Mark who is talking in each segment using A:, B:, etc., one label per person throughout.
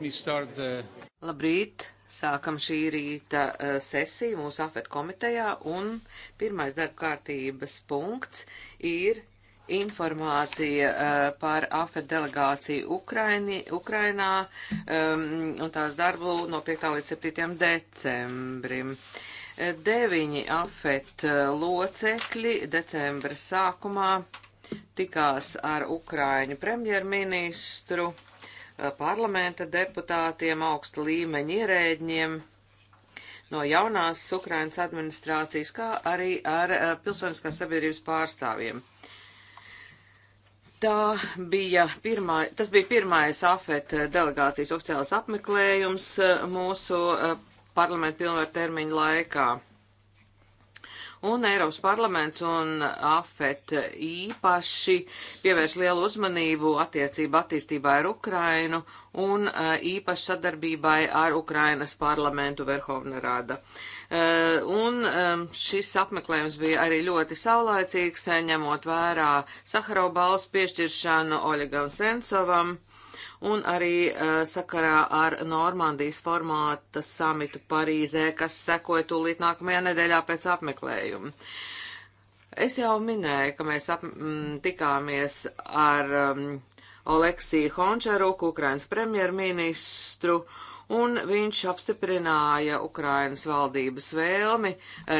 A: The... Labrīt! Sākam šī rīta uh, eh, sesiju mūsu afet komitejā un pirmais darba kārtības punkts ir informācija uh, par afet delegāciju Ukraini, Ukrainā um, un tās darbu no 5. līdz 7. decembrim. Eh, deviņi afet locekļi decembra sākumā tikās ar Ukraiņu premjerministru parlamenta deputātiem, augsta līmeņa ierēģiem no jaunās Ukrainas administrācijas, kā arī ar eh, pilsoniskās sabiedrības pārstāvjiem. Tā bija pirmā, tas bija pirmais AFET eh, delegācijas oficiāls apmeklējums eh, mūsu parlamenta pilnvaru termiņu laikā un Eiropas parlaments un AFET īpaši pievērš lielu uzmanību attiecību attīstībai ar Ukrainu un e, īpaši sadarbībai ar Ukrainas parlamentu Verhovnerāda. E, un e, šis apmeklējums bija arī ļoti saulēcīgs, ņemot vērā Saharau balsu piešķiršanu Oļegam Sensovam un arī uh, sakarā ar Normandijas formāta samitu Parīzē, kas sekoja tūlīt nākamajā nedēļā pēc apmeklējuma. Es jau minēju, ka mēs ap, m, mm, tikāmies ar um, Oleksiju Hončaruku, Ukrainas premjerministru, un viņš apstiprināja Ukrainas valdības vēlmi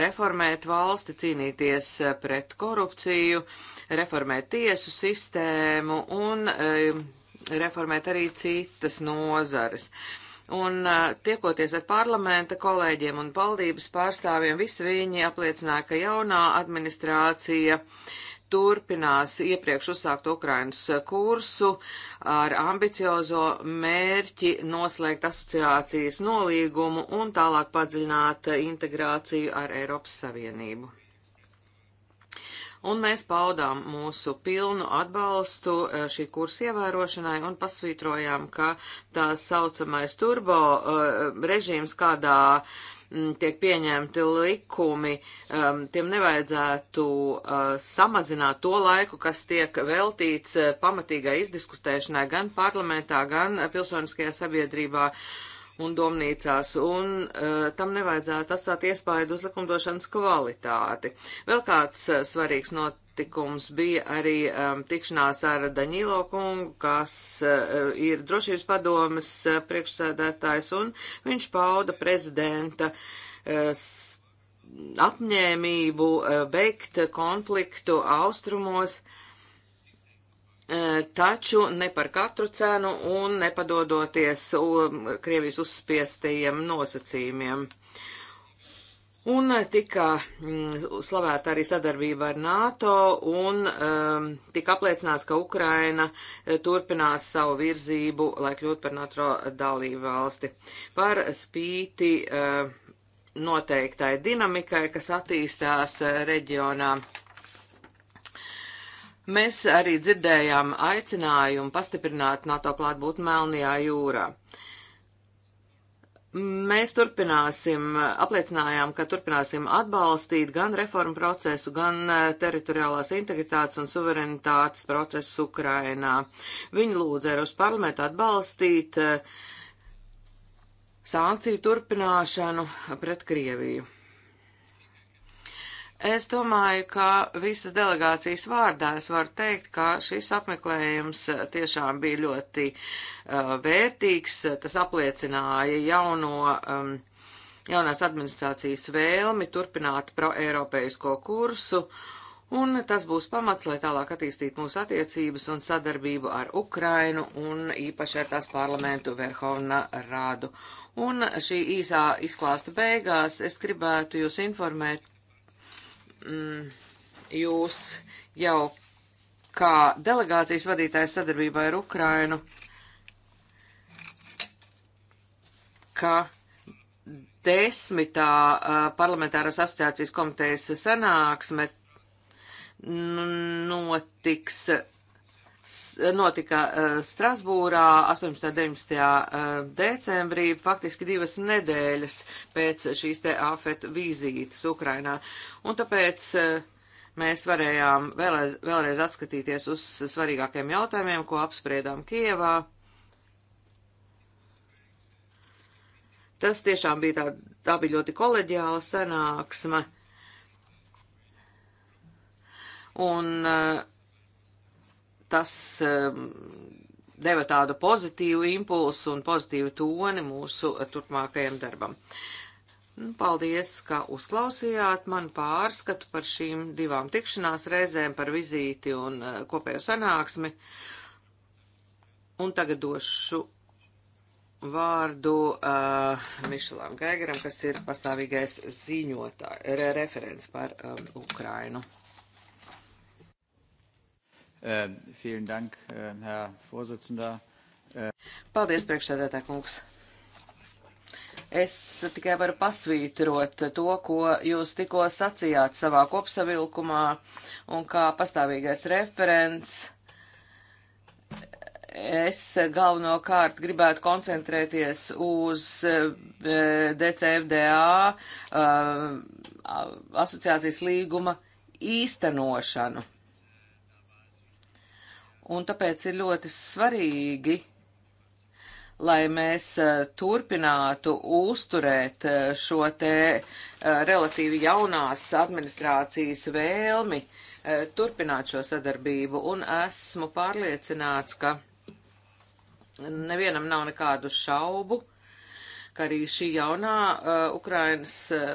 A: reformēt valsti, cīnīties pret korupciju, reformēt tiesu sistēmu un um, reformēt arī citas nozares. Un tiekoties ar parlamenta kolēģiem un valdības pārstāvjiem, visi viņi apliecināja, ka jaunā administrācija turpinās iepriekš uzsākt Ukrainas kursu ar ambiciozo mērķi noslēgt asociācijas nolīgumu un tālāk padziļināt integrāciju ar Eiropas Savienību un mēs paudām mūsu pilnu atbalstu eh, šī kursa ievērošanai un pasvītrojām, ka tā saucamais turbo eh, režīms, kādā mm, tiek pieņemti likumi, ehm, tiem nevajadzētu eh, samazināt to laiku, kas tiek veltīts pamatīgai izdiskutēšanai gan parlamentā, gan pilsoniskajā sabiedrībā un domnīcās, un uh, tam nevajadzētu atstāt iespaidu uz likumdošanas kvalitāti. Vēl kāds uh, svarīgs no notikums bija arī um, tikšanās ar Daņilo kungu, kas uh, ir drošības padomas uh, priekšsēdētājs, un viņš pauda prezidenta uh, apņēmību uh, beigt konfliktu austrumos. Uh, E, taču ne par katru cenu un nepadodoties Krievijas uzspiestajiem nosacījumiem. Un tika mm, slavēta arī sadarbība ar NATO un um, tika apliecināts, ka Ukraina e, turpinās savu virzību, lai kļūtu par NATO dalību valsti. Par spīti uh, noteiktai dinamikai, kas attīstās reģionā. Uh, Mēs arī dzirdējām aicinājumu pastiprināt NATO klātbūtni Melnajā jūrā. Mēs turpināsim, apliecinājām, ka turpināsim atbalstīt gan reformu procesu, gan e, teritoriālās integritātes un suverenitātes procesu Ukrainā. Viņi lūdza Eiropas parlamentu atbalstīt e, sankciju turpināšanu pret Krieviju. Es domāju, ka visas delegācijas vārdā es varu teikt, ka šis apmeklējums tiešām bija ļoti uh, vērtīgs. Tas apliecināja jauno, um, jaunās administrācijas vēlmi turpināt pro-eiropeisko kursu, un tas būs pamats, lai tālāk attīstītu mūsu attiecības un sadarbību ar Ukrainu un īpaši ar tās parlamentu Verhovna Rādu. Un šī īsā izklāsta beigās es gribētu jūs informēt mm, jūs jau kā delegācijas vadītājs sadarbībā ar Ukrainu, ka desmitā uh, parlamentāras asociācijas komitejas sanāksme notiks notika eh, Strasbūrā 18. un 19. decembrī, faktiski divas nedēļas pēc šīs te AFET vizītes Ukrainā. Un tāpēc eh, mēs varējām vēlreiz, vēlreiz atskatīties uz svarīgākiem jautājumiem, ko apspriedām Kievā. Tas tiešām bija tā, tā bija ļoti koleģiāla sanāksme. Un uh, tas um, deva tādu pozitīvu impulsu un pozitīvu toni mūsu turpmākajam darbam. Nu, paldies, ka uzklausījāt man pārskatu par šīm divām tikšanās reizēm, par vizīti un uh, kopējo sanāksmi. Un tagad došu vārdu uh, Mišelam Geigeram, kas ir pastāvīgais ziņotājs, re referents par um, Ukrainu. Äh, vielen Dank, äh, Herr Vorsitzender. Äh, Paldies, priekšsēdētā kungs. Es tikai varu pasvītrot to, ko jūs tikko sacījāt savā kopsavilkumā un kā pastāvīgais referents. Es galvenokārt gribētu koncentrēties uz e, DCFDA e, asociācijas līguma īstenošanu. Un tāpēc ir ļoti svarīgi, lai mēs e, turpinātu uzturēt e, šo te e, relatīvi jaunās administrācijas vēlmi, turpināt šo sadarbību. Un esmu pārliecināts, ka nevienam nav nekādu šaubu ka arī šī jaunā uh, Ukrainas uh,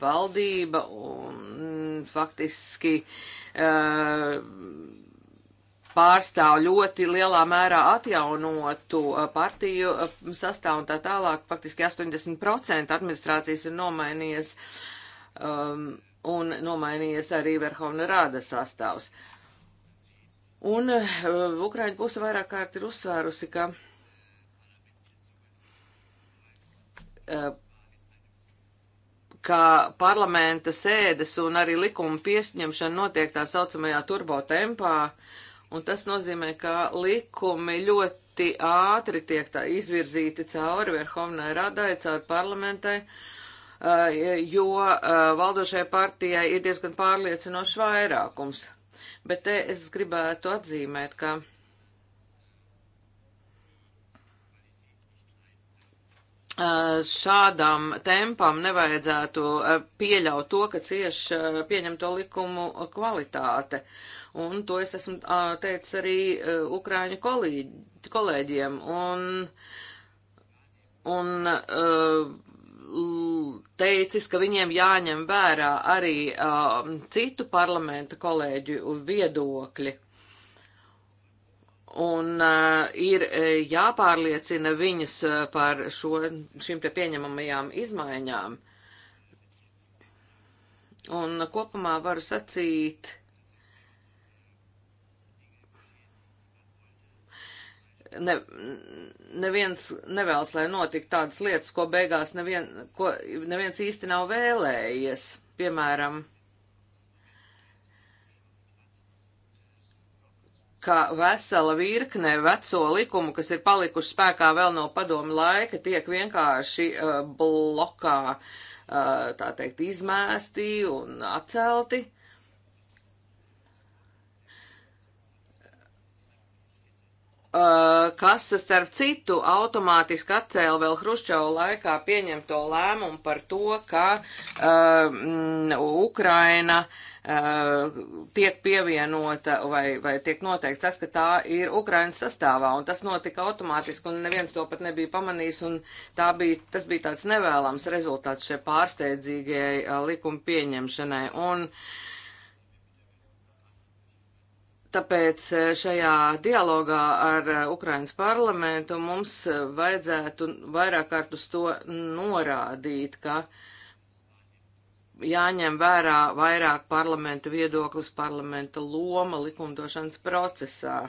A: valdība un, um, faktiski uh, pārstāv ļoti lielā mērā atjaunotu uh, partiju uh, sastāvu un tā tālāk. Faktiski 80% administrācijas ir nomainījies um, un nomainījies arī Verhovna Rāda sastāvs. Un uh, Ukraiņu puse vairāk kārt ir uzsvērusi, ka uh, ka parlamenta sēdes un arī likuma pieņemšana notiek tā saucamajā turbo tempā, uh, Un tas nozīmē, ka likumi ļoti ātri tiek tā izvirzīti cauri Verhovnai radai, cauri parlamentai, eh, jo eh, valdošajai partijai ir diezgan pārliecinošs vairākums. Bet te es gribētu atzīmēt, ka Eh, šādam tempam nevajadzētu eh, pieļaut to, ka cieš eh, pieņemto likumu kvalitāte. Un to es esmu teicis arī Ukrāņu kolēģiem. Un, un teicis, ka viņiem jāņem vērā arī citu parlamentu kolēģu viedokļi un uh, ir eh, jāpārliecina viņus eh, par šo, šīm te pieņemamajām izmaiņām. Un kopumā varu sacīt, ne, neviens nevēlas, lai notiktu tādas lietas, ko beigās nevien, ko neviens īsti nav vēlējies. Piemēram, ka vesela virkne veco likumu, kas ir palikuši spēkā vēl no padomu laika, tiek vienkārši uh, blokā, uh, tā teikt, izmēsti un atcelti. Uh, kas, starp citu, automātiski atcēla vēl Hruščovu laikā pieņemto lēmumu par to, ka uh, m, Ukraina uh, Uh, tiek pievienota vai, vai tiek noteikts tas, ka tā ir Ukrainas sastāvā, un tas notika automātiski, un neviens to pat nebija pamanījis, un tā bija, tas bija tāds nevēlams rezultāts šai pārsteidzīgajai uh, likuma pieņemšanai. Un, Tāpēc uh, šajā dialogā ar Ukrainas parlamentu mums vajadzētu vairāk kārtus to norādīt, ka uh, jāņem vērā vairāk parlamenta viedoklis, parlamenta loma likumdošanas procesā.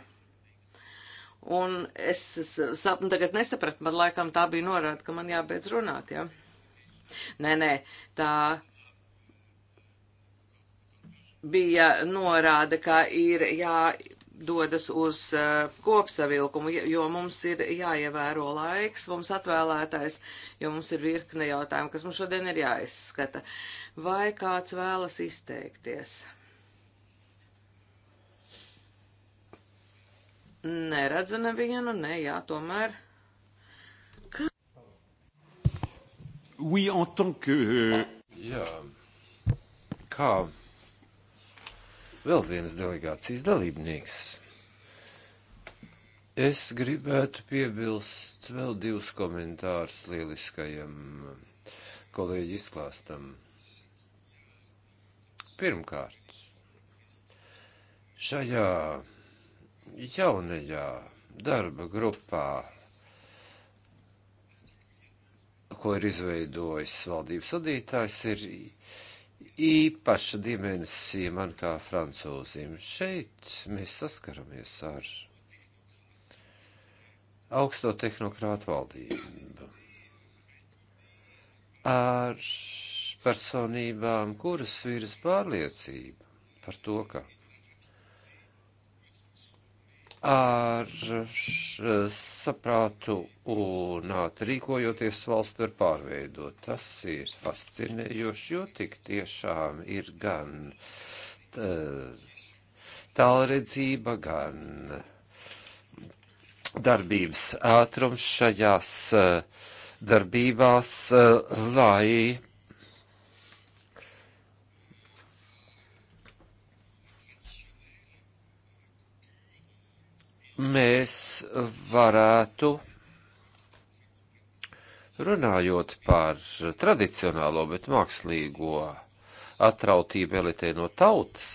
A: Un es, es sap, nu, tagad nesapratu, man laikam tā bija norāda, ka man jābeidz runāt, jā? Ja? Nē, nē, tā bija norāda, ka ir jā. Ja, dodas uz eh, kopsavilkumu, jo mums ir jāievēro laiks, mums atvēlētais, jo mums ir virkne jautājumu, kas mums šodien ir jāizskata. Vai kāds vēlas izteikties? Neredzu nevienu, ne, jā, tomēr. Ka... Oui, en tant que... Euh, jā,
B: kā vēl viens delegācijas dalībnieks. Es gribētu piebilst vēl divus komentārus lieliskajam kolēģi izklāstam. Pirmkārt, šajā jaunajā darba grupā, ko ir izveidojis valdības vadītājs, ir īpaša dimensija man kā francūzim. Šeit mēs saskaramies ar augsto tehnokrātu valdību, ar personībām, kuras virs pārliecība par to, ka ar saprātu un ātri rīkojoties valsts var pārveidot. Tas ir fascinējoši, jo tik tiešām ir gan tālredzība, gan darbības ātrums šajās darbībās, lai mēs varētu, runājot par tradicionālo, bet mākslīgo atrautību elitē no tautas,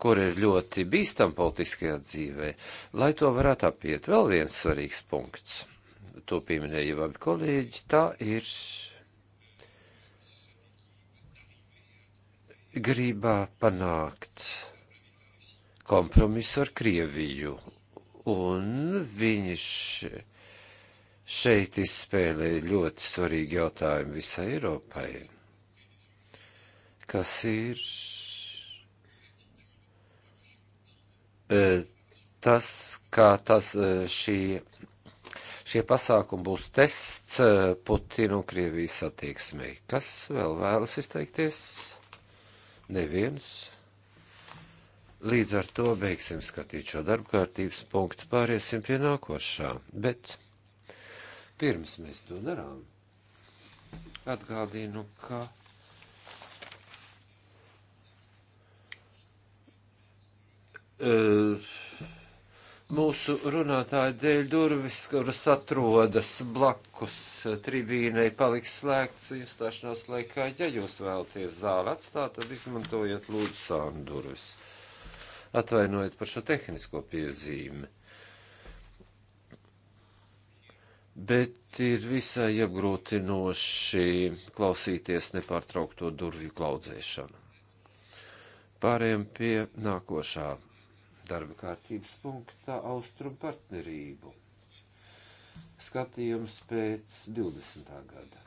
B: kur ir ļoti bīstam politiskajā dzīvē, lai to varētu apiet. Vēl viens svarīgs punkts, to pieminēja jau abi kolēģi, tā ir gribā panākt kompromisu ar Krieviju. Un viņš šeit izspēlē ļoti svarīgi jautājumi visai Eiropai, kas ir e, tas, kā tas e, šī, šie pasākumi būs tests e, Putina un Krievijas attieksmei. Kas vēl vēlas izteikties? Neviens. Līdz ar to beigsim skatīt šo darbu kārtības punktu, pāriesim pie nākošā. Bet pirms mēs to darām, atgādīju, ka uh, mūsu runātāja dēļ durvis, kuras atrodas blakus tribīnei, paliks slēgts iestāšanās laikā. Ja jūs vēlaties zāli atstāt, tad izmantojiet lūdzu sānu durvis. Uh, Atvainojiet par šo tehnisko piezīmi. Bet ir visai apgrūtinoši klausīties nepārtraukto durvju klaudzēšanu. Pārējām pie nākošā darba kārtības punktā - austrumu partnerību. Skatījums pēc 20. gada.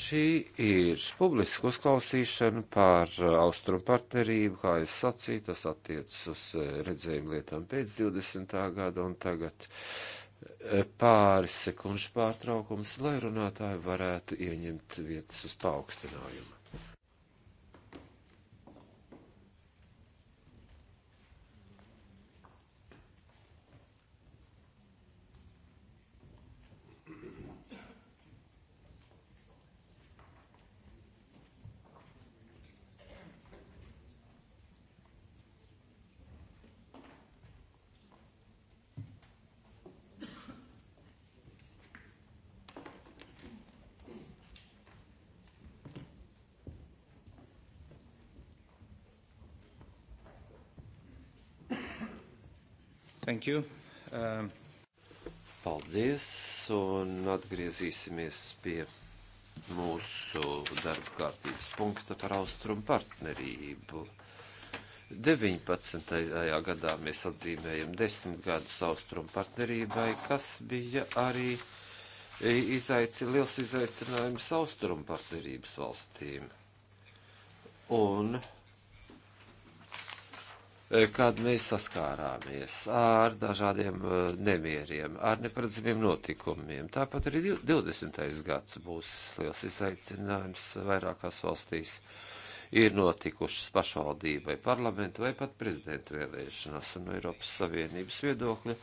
B: Šī ir publiska uzklausīšana par uh, austrumu partnerību, kā es sacīju, tas attiecas uz uh, redzējumu lietām pēc 20. gada un tagad uh, pāris sekundžu pārtraukums, lai runātāji varētu ieņemt vietas uz paaugstinājumu.
C: Thank you. Um...
B: Paldies, un atgriezīsimies pie mūsu darba kārtības punkta par austrumu partnerību. 19. gadā mēs atzīmējam desmit gadus austrumu partnerībai, kas bija arī izaici, liels izaicinājums austrumu partnerības valstīm. Un Eh, kad mēs saskārāmies ar dažādiem eh, nemieriem, ar neparedzamiem notikumiem. Tāpat arī 20. gads būs liels izaicinājums vairākās valstīs. Ir notikušas pašvaldībai, parlamentu vai pat prezidentu vēlēšanās un no Eiropas Savienības viedokļa.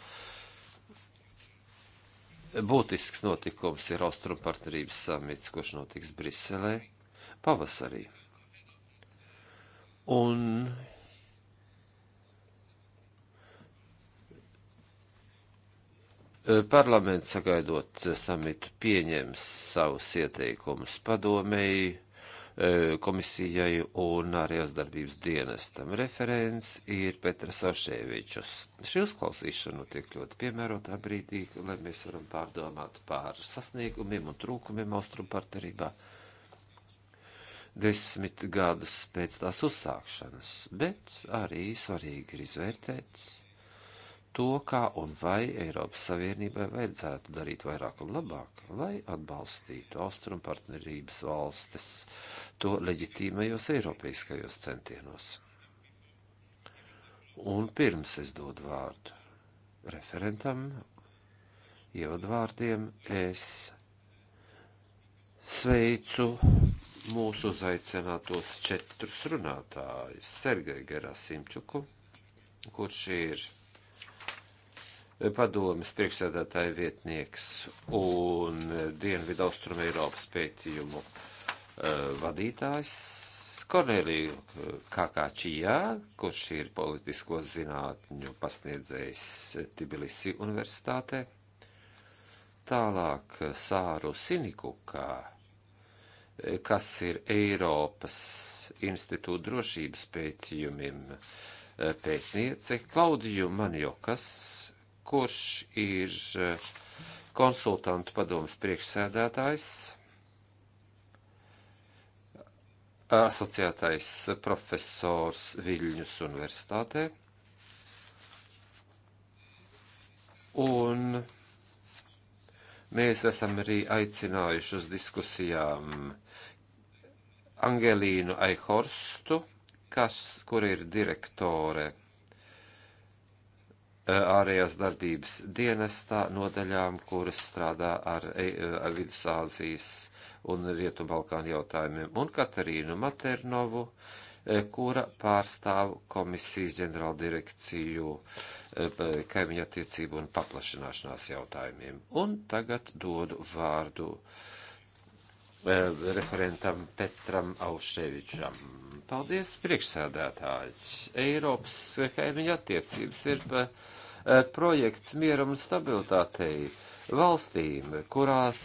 B: Būtisks notikums ir Austrum partnerības samits, kurš notiks Briselē pavasarī. Un Parlaments sagaidot eh, samitu pieņems savus ieteikumus padomēji, eh, komisijai un ārējās darbības dienestam. Referents ir Petrs Ošēvičus. Šī uzklausīšana tiek ļoti piemērotā brīdī, lai mēs varam pārdomāt pār sasniegumiem un trūkumiem Austrum partnerībā desmit gadus pēc tās uzsākšanas, bet arī svarīgi ir izvērtēt to, kā un vai Eiropas Savienībai vajadzētu darīt vairāk un labāk, lai atbalstītu austrumu partnerības valstis to leģitīmajos eiropeiskajos centienos. Un pirms es dodu vārdu referentam, ievadvārdiem, es sveicu mūsu uzaicinātos četrus runātājus - Sergeju Gerasimčuku, kurš ir padomas priekšsēdētāja vietnieks un Dienvidu Austrum Eiropas pētījumu eh, vadītājs Korneliju Kakačijā, kurš ir politisko zinātņu pasniedzējs Tbilisi universitātē. Tālāk eh, Sāru Sinikukā, eh, kas ir Eiropas institūta drošības pētījumiem pētniece, Klaudiju Manjokas, kurš ir eh, konsultantu padomas priekšsēdētājs, asociētais profesors Viļņus universitātē. Un mēs esam arī aicinājuši uz diskusijām Angelīnu Aihorstu, kas, kur ir direktore Eh, ārējās darbības dienestā nodaļām, kuras strādā ar, eh, ar Vidusāzijas un Rietubalkānu jautājumiem, un Katarīnu Maternovu, eh, kura pārstāv komisijas ģenerāldirekciju kaimiņu attiecību un paplašināšanās jautājumiem. Un tagad dodu vārdu uh, Eh, referentam Petram Auševičam. Paldies, priekšsēdētājs. Eiropas kaimiņa attiecības ir pa, eh, eh, projekts mieram un stabilitātei valstīm, kurās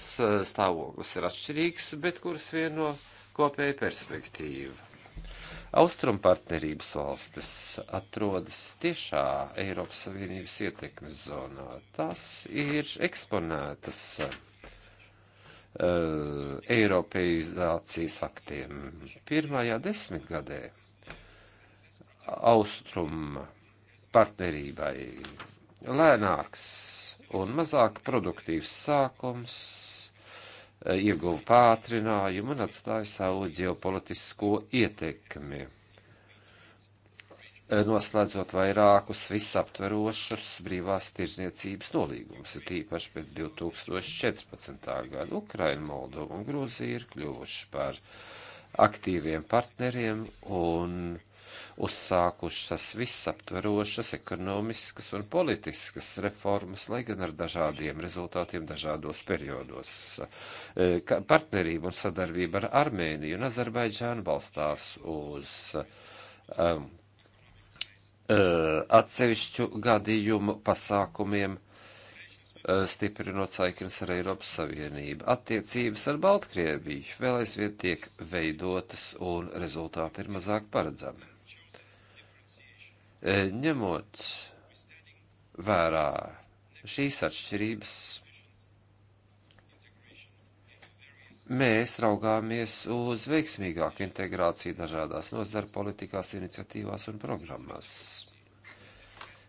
B: stāvoklis ir atšķirīgs, bet kuras vieno kopēja perspektīva. Austrum partnerības valstis atrodas tiešā Eiropas Savienības ietekmes zonā. Tās ir eksponētas uh, eiropeizācijas faktiem. Pirmajā desmitgadē austruma partnerībai lēnāks un mazāk produktīvs sākums eh, ieguva pātrinājumu un atstāja savu ģeopolitisko ietekmi noslēdzot vairākus visaptverošus brīvās tirzniecības nolīgumus, tīpaši pēc 2014. gada Ukraina, Moldova un Grūzija ir kļuvuši par aktīviem partneriem un uzsākušas visaptverošas ekonomiskas un politiskas reformas, lai gan ar dažādiem rezultātiem dažādos periodos. E, ka partnerība un sadarbība ar Armēniju un Azerbaidžānu balstās uz um, atsevišķu gadījumu pasākumiem, stiprinot saiknes ar Eiropas Savienību. Attiecības ar Baltkrieviju vēl aizvien tiek veidotas un rezultāti ir mazāk paredzami. Ņemot vērā šīs atšķirības, mēs raugāmies uz veiksmīgāku integrāciju dažādās nozara politikās, iniciatīvās un programmās.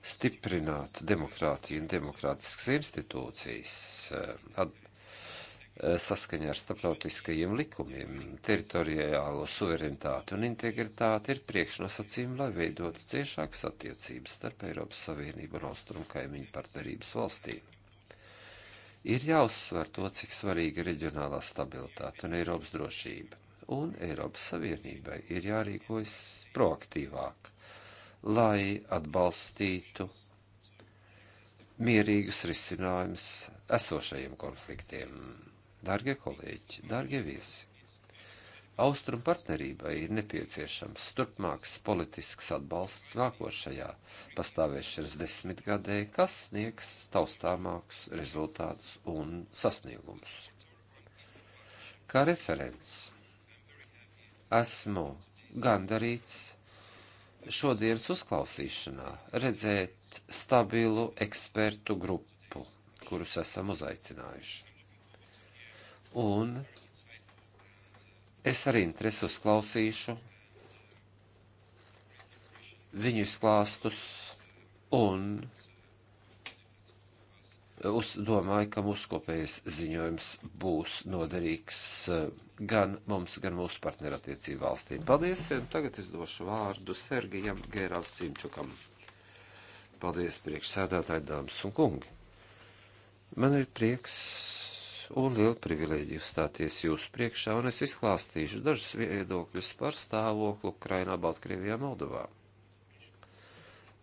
B: Stiprināt demokrātiju un demokrātiskas institūcijas, eh, at, eh, saskaņā ar starptautiskajiem likumiem, teritoriālo suverenitāti un integritāti ir priekšnosacījumi, lai veidotu ciešākas attiecības starp Eiropas Savienību un Austrumu kaimiņu partnerības valstīm. Ir jāuzsver to, cik svarīga ir reģionālā stabilitāte un Eiropas drošība. Un Eiropas Savienībai ir jārīkojas proaktīvāk, lai atbalstītu mierīgus risinājumus esošajiem konfliktiem. Dargie kolēģi, dargie viesi! Austrum partnerībai ir nepieciešams turpmāks politisks atbalsts nākošajā pastāvēšanas desmitgadē, kas sniegs taustāmākus rezultātus un sasniegumus. Kā referents esmu gandarīts šodienas uzklausīšanā redzēt stabilu ekspertu grupu, kurus esam uzaicinājuši. Un Es ar interesi uzklausīšu viņu sklāstus un uz, domāju, ka mūsu kopējais ziņojums būs noderīgs eh, gan mums, gan mūsu partnerattiecību valstīm. Paldies, un tagad es došu vārdu Sergijam Gērals Simčukam. Paldies, priekšsēdētāji, dāmas un kungi. Man ir prieks un liela privilēģija uzstāties jūsu priekšā, un es izklāstīšu dažus viedokļus par stāvokli Ukrainā, Baltkrievijā, Moldovā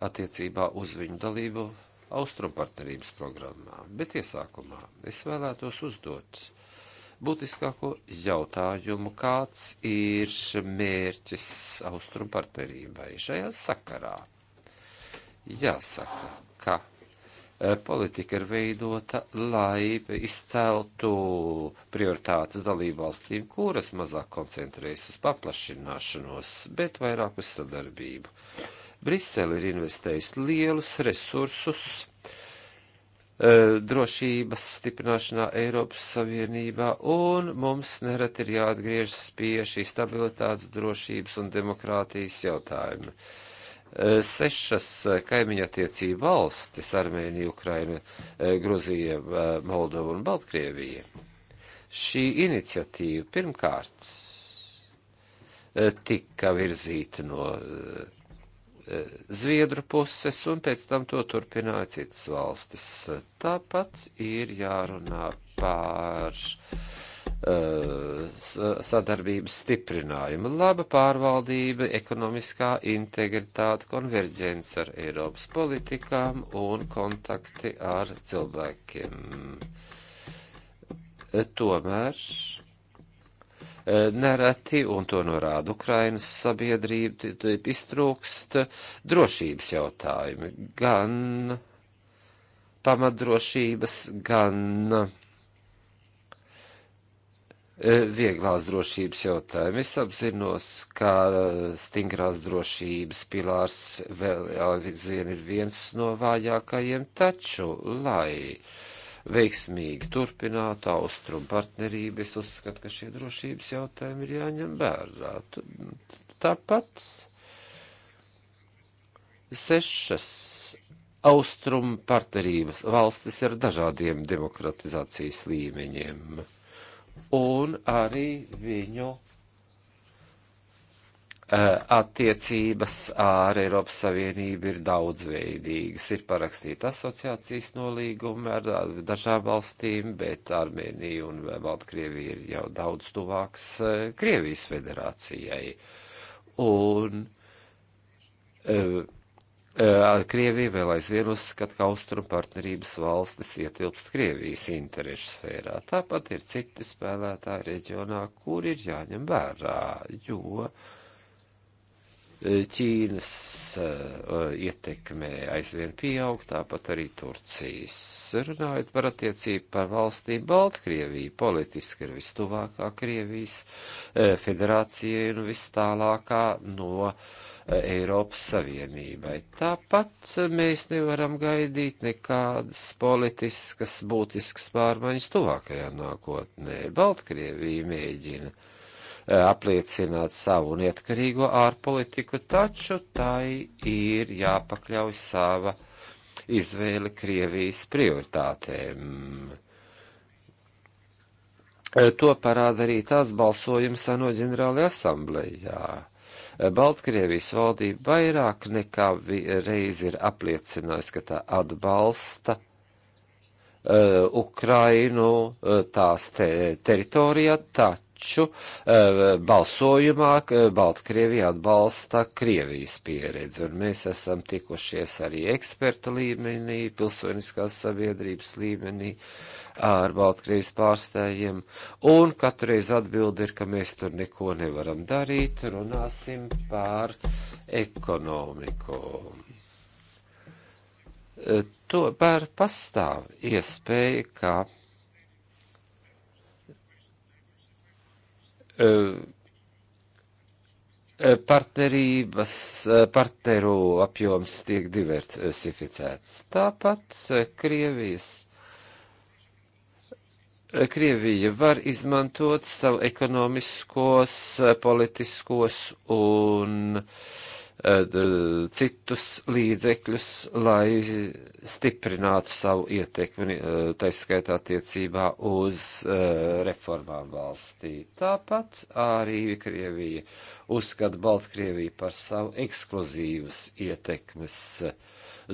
B: attiecībā uz viņu dalību Austrumpartnerības programmā. Bet iesākumā es vēlētos uzdot būtiskāko jautājumu, kāds ir mērķis Austrumpartnerībai šajā sakarā. Jāsaka, ka Eh, politika ir veidota, lai izceltu prioritātes dalībvalstīm, kuras mazāk koncentrējas uz paplašināšanos, bet vairāk uz sadarbību. Brisele ir investējusi lielus resursus eh, drošības stiprināšanā Eiropas Savienībā, un mums nereti ir jāatgriežas pie šī stabilitātes, drošības un demokrātijas jautājuma. Uh, sešas kaimiņa attiecību valstis - Armēnija, Ukraina, e, Gruzija, e, Moldova un Baltkrievija. Šī iniciatīva pirmkārt e, tika virzīta no Zviedru puses, un pēc tam to turpināja citas valstis. Tāpat ir jārunā pār uh, Eh, sadarbības stiprinājumu, laba pārvaldība, ekonomiskā integritāte, konverģence ar Eiropas politikām un kontakti ar cilvēkiem. Eh, tomēr eh, nereti, un to norāda Ukrainas sabiedrība, iztrūkst drošības jautājumi, gan pamatdrošības, gan E, vieglās drošības jautājumu. Es apzinos, ka e, stingrās drošības pilārs vēl aizvien ir viens no vājākajiem, taču, lai veiksmīgi turpinātu austrumu partnerību, es uzskatu, ka šie drošības jautājumi ir jāņem vērā. Tāpat sešas austrumu partnerības valstis ar dažādiem demokratizācijas līmeņiem un arī viņu eh, attiecības ar Eiropas Savienību ir daudzveidīgas. Ir parakstīta asociācijas nolīguma ar dažām valstīm, bet Armēnija un Baltkrievija ir jau daudz tuvāks eh, Krievijas federācijai. Un, uh, Krievija vēl aizvien uzskata, ka austrumu partnerības valstis ietilpst Krievijas interešu sfērā. Tāpat ir citi spēlētāji reģionā, kur ir jāņem vērā, jo Ķīnas ietekmē aizvien pieaug, tāpat arī Turcijas. Runājot par attiecību par valstīm, Baltkrievija politiski ir vistuvākā Krievijas federācija un vis tālākā no. Uh, Eiropas Savienībai. Tāpat mēs nevaram gaidīt nekādas politiskas, būtiskas pārmaiņas tuvākajā nākotnē. Baltkrievija mēģina eh, apliecināt savu neatkarīgo ārpolitiku, taču tai ir jāpakļauj sava izvēle Krievijas prioritātēm. Eh, to parāda arī tās balsojums ANO ģenerālajā asamblējā. Eh, Baltkrievijas valdība vairāk nekā reiz ir apliecinājusi, ka tā atbalsta uh, Ukrainu uh, tās te, teritorijā, taču uh, balsojumā uh, Baltkrievija atbalsta Krievijas pieredzi, un mēs esam tikušies arī ekspertu līmenī, pilsoniskās sabiedrības līmenī. Uh, ar Baltkrievis pārstājiem, un katru reizi atbildi ir, ka mēs tur neko nevaram darīt, runāsim par ekonomiku. E, to par pastāv iespēja, ka e, e, partnerības, partneru apjoms tiek diversificēts. Tāpat Krievijas Krievija var izmantot savu ekonomiskos, politiskos un eh, citus līdzekļus, lai stiprinātu savu ietekmi, eh, taiskaitā attiecībā uz eh, reformām valstī. Tāpat arī Krievija uzskata Baltkrieviju par savu ekskluzīvas ietekmes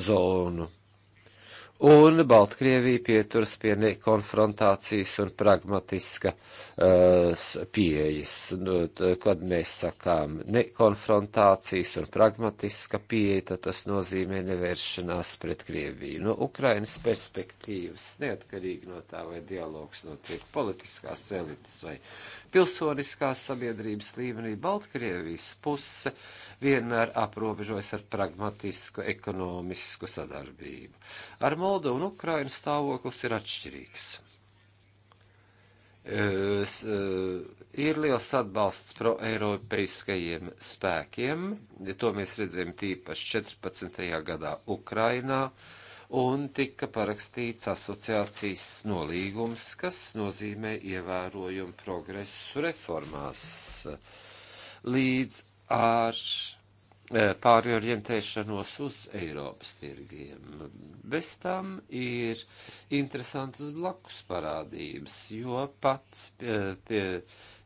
B: zonu un Baltkrievija pieturas pie konfrontācijas un pragmatiska uh, pieejas. Nu, kad mēs sakām nekonfrontācijas un pragmatiska pieeja, tad tas nozīmē nevēršanās pret Krieviju. No Ukrainas perspektīvas, neatkarīgi no tā, vai dialogs notiek politiskās elites vai pilsoniskās sabiedrības līmenī Baltkrievijas puse vienmēr aprobežojas ar pragmatisku ekonomisku sadarbību. Ar Moldovu un Ukrainu stāvoklis ir atšķirīgs. Es, ir liels atbalsts proeiropeiskajiem spēkiem, ja to mēs redzējām tīpaši 14. gadā Ukrainā, uh, un tika parakstīts asociācijas nolīgums, kas nozīmē ievērojumu progresu reformās līdz ar e, pāriorientēšanos uz Eiropas tirgiem. Bez tam ir interesantas blakus parādības, jo pats pie, pie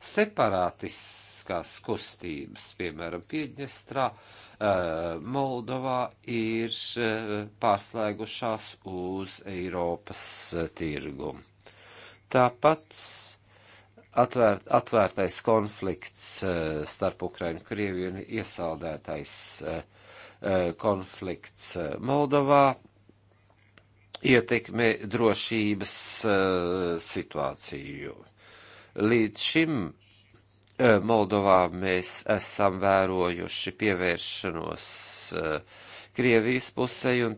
B: separātiskās kustības, piemēram, Piedņestrā, uh, Eh, Moldovā ir eh, pārslēgušās uz Eiropas eh, tirgu. Tāpat atvērt, atvērtais konflikts starp Ukrainu Krieviju un iesaldētais konflikts Moldovā ietekmē drošības situāciju. Līdz šim Moldovā mēs esam vērojuši pievēršanos Krievijas pusē un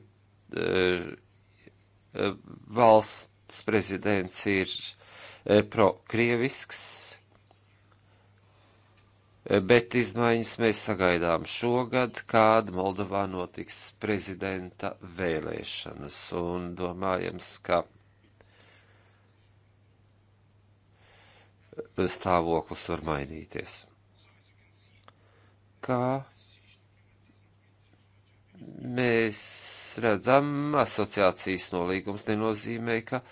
B: valsts prezidents ir prokrievisks, bet izmaiņas mēs sagaidām šogad, kad Moldovā notiks prezidenta vēlēšanas, un domājams, ka stāvoklis var mainīties. Kā mēs redzam, asociācijas nolīgums nenozīmē, ka uh,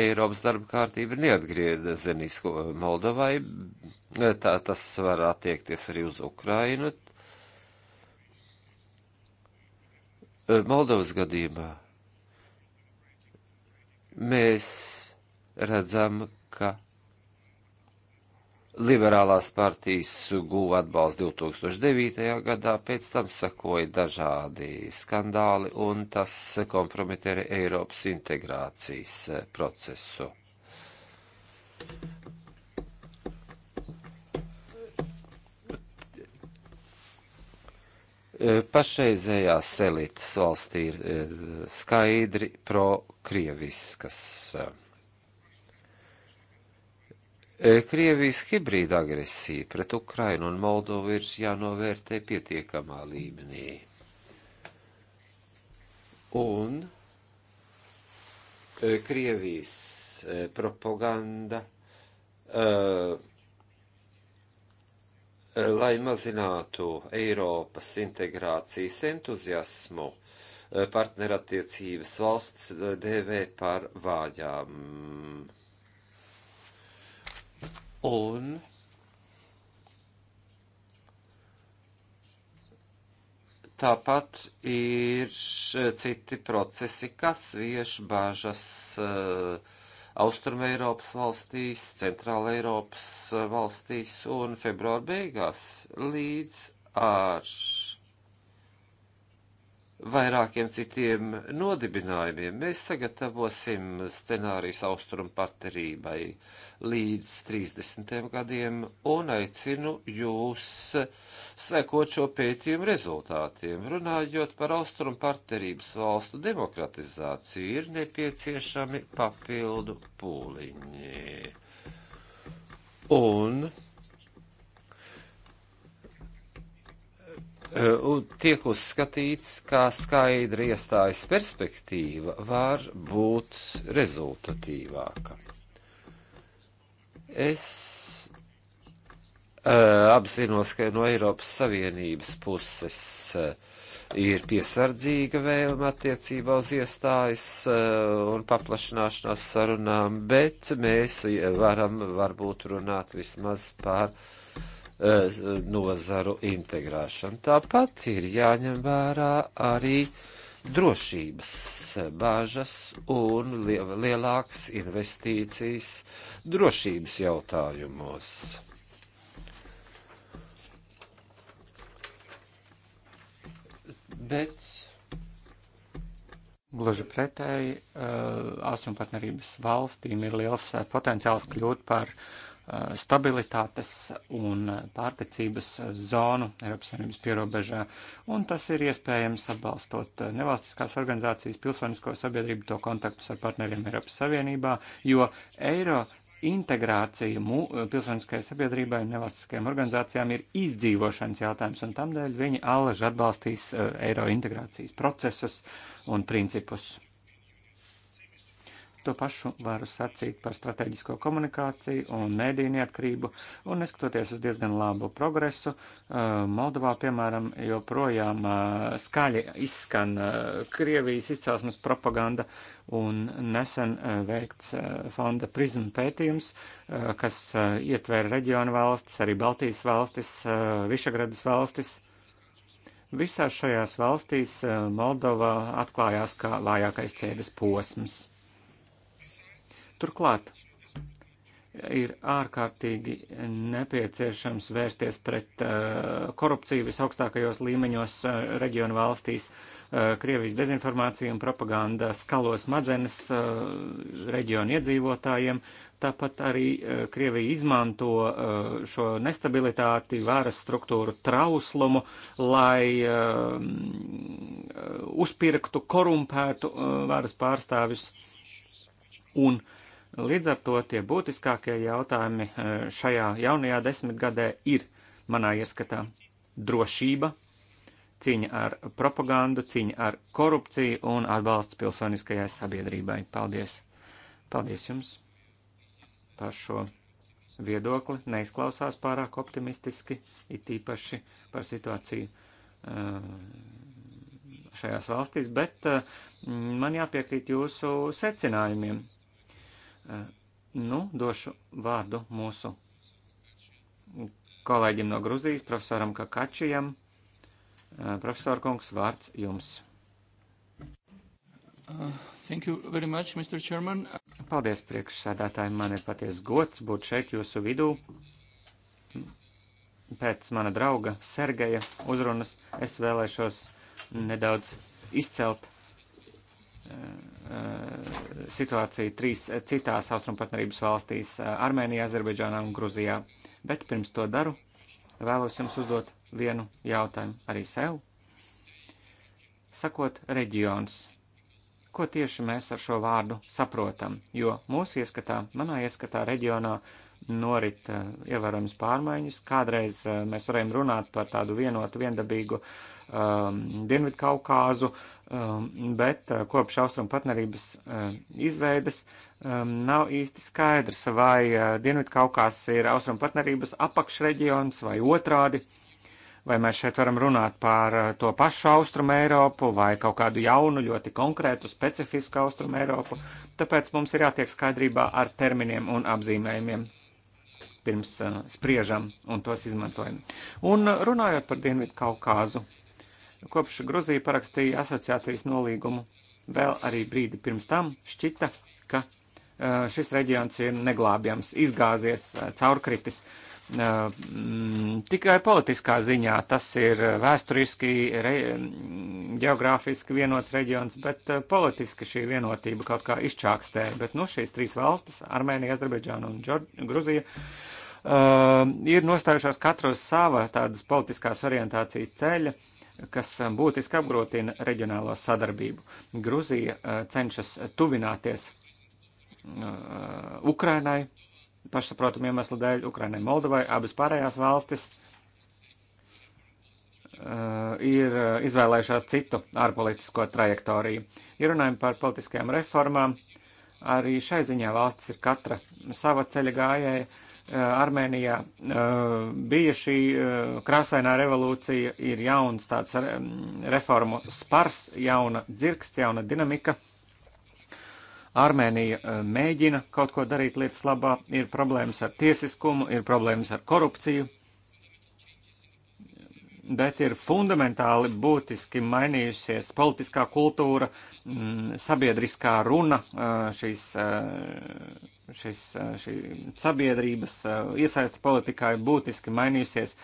B: Eiropas darba kārtība ir neatgriezenīs Moldovai. Tā tas var attiekties arī uz Ukrainu. Moldovas gadījumā mēs redzam, ka Liberālās partijas guva atbalstu 2009. gadā, pēc tam sakoja dažādi skandāli, un tas kompromitē arī Eiropas integrācijas procesu. Pašreizējās elites valstī ir eh, skaidri pro-krieviskas. E, Krievijas hibrīda agresija pret Ukrainu un Moldovu ir jānovērtē pietiekamā līmenī. Un e, Krievijas e, propaganda, lai mazinātu Eiropas integrācijas entuziasmu, partnerattiecības valsts dēvē par vājām. Un tāpat ir eh, citi procesi, kas vieš bāžas uh, Austruma Eiropas valstīs, Centrāla Eiropas eh, valstīs un februāra beigās līdz ar vairākiem citiem nodibinājumiem. Mēs sagatavosim scenārijus austrumu partnerībai līdz 30. gadiem un aicinu jūs sekot šo pētījumu rezultātiem. Runājot par austrumu partnerības valstu demokratizāciju, ir nepieciešami papildu pūliņi. Un Eh, tiek uzskatīts, kā skaidri iestājas perspektīva var būt rezultatīvāka. Es uh, apzinos, ka no Eiropas Savienības puses uh, ir piesardzīga vēlme attiecībā uz iestājas uh, un paplašināšanās sarunām, bet mēs varam varbūt runāt vismaz par uh, Eh, nozaru integrēšanu. Tāpat ir jāņem vērā arī drošības bāžas un lielākas investīcijas drošības jautājumos.
C: Bet Gluži pretēji, austrumpartnerības eh, valstīm ir liels eh, potenciāls kļūt par uh, Eh, stabilitātes un pārticības zonu Eiropas Savienības pierobežā, un tas ir iespējams atbalstot nevalstiskās organizācijas pilsonisko sabiedrību to kontaktus ar partneriem Eiropas Savienībā, jo eiro integrācija mū, eh, pilsoniskajai sabiedrībai un nevalstiskajām organizācijām ir izdzīvošanas jautājums, un tamdēļ viņi allaž atbalstīs eh, eiro integrācijas procesus un principus. To pašu varu sacīt par strateģisko komunikāciju un mēdīju neatkarību, un neskatoties uz diezgan labu progresu, uh, Moldovā, piemēram, joprojām uh, skaļi izskan uh, Krievijas izcelsmes propaganda, un nesen veikts fonda prizma pētījums, kas ietvēra reģionu valstis, arī Baltijas valstis, Višagradas valstis. Visās šajās valstīs Moldova atklājās kā vājākais ķēdes posms. Turklāt ir ārkārtīgi nepieciešams vērsties pret uh, korupciju visaugstākajos līmeņos uh, reģionu valstīs. Uh, Krievijas dezinformācija un propaganda skalo smadzenes uh, reģionu iedzīvotājiem. Tāpat arī uh, Krievija izmanto uh, šo nestabilitāti, vāras struktūru trauslumu, lai um, uzpirktu, korumpētu vāras pārstāvis un uh, Līdz ar to tie būtiskākie jautājumi e, šajā jaunajā desmitgadē ir, manā ieskatā, drošība, cīņa ar propagandu, cīņa ar korupciju un atbalsts pilsoniskajai sabiedrībai. Paldies! Paldies jums par šo viedokli. Neizklausās pārāk optimistiski, it īpaši par situāciju e, šajās valstīs, bet e, man jāpiekrīt jūsu secinājumiem. Eh, nu, došu vārdu mūsu kolēģim no Gruzijas, profesoram Kakačijam. Eh, profesor Kungs, vārds jums. Uh, thank you very much, Mr. Chairman. Paldies, priekšsēdētāji. Man ir paties gods būt šeit jūsu vidū. Pēc mana drauga Sergeja uzrunas es vēlēšos nedaudz izcelt Eh, situāciju trīs citās austrumpartnerības valstīs eh, - Armēnijā, Azerbaidžānā un Gruzijā. Bet pirms to daru, vēlos jums uzdot vienu jautājumu arī sev. Sakot, reģions. Ko tieši mēs ar šo vārdu saprotam? Jo mūsu ieskatā, manā ieskatā, reģionā norit uh, ievērojams pārmaiņas. Kādreiz uh, mēs varējām runāt par tādu vienotu, viendabīgu um, ehm, Dienvidu Kaukāzu, Um, bet uh, kopš austrumu partnerības uh, izveides um, nav īsti skaidrs, vai uh, Dienvidkaukās ir austrumu partnerības apakšreģions vai otrādi, vai mēs šeit varam runāt par to pašu austrumu Eiropu vai kaut kādu jaunu, ļoti konkrētu, specifisku austrumu Eiropu. Tāpēc mums ir jātiek skaidrībā ar terminiem un apzīmējumiem pirms spriežam un tos izmantojam. Un runājot par Dienvidkaukāzu. Kaukāzu Kopš Gruzija parakstīja asociācijas nolīgumu, vēl arī brīdi pirms tam šķita, ka šis reģions ir neglābjams, izgāzies, caurkritis. Tikai politiskā ziņā tas ir vēsturiski, re, geogrāfiski vienots reģions, bet politiski šī vienotība kaut kā izčākstē. Bet nu, šīs trīs valstis - Armēnija, Azerbaidžāna un Džor Gruzija. Uh, ir nostājušās katros sava tādas politiskās orientācijas ceļa, kas eh, būtiski apgrūtina reģionālo sadarbību. Gruzija eh, cenšas tuvināties eh, Ukrainai, pašsaprotamu iemeslu dēļ, Ukrainai, Moldovai, abas pārējās valstis ir izvēlējušās citu ārpolitisko trajektoriju. Ja runājam par politiskajām reformām, arī šai ziņā valstis ir katra sava ceļa gājēja Eh, Armēnijā eh, bija šī eh, krāsainā revolūcija, ir jauns tāds mm, reformu spars, jauna dzirksts, jauna dinamika. Armēnija mēģina kaut ko darīt lietas labā, ir problēmas ar tiesiskumu, ir problēmas ar korupciju, bet ir fundamentāli būtiski mainījusies politiskā kultūra, mm, sabiedriskā runa, šīs, šīs, šī sabiedrības iesaista politikā ir būtiski mainījusies,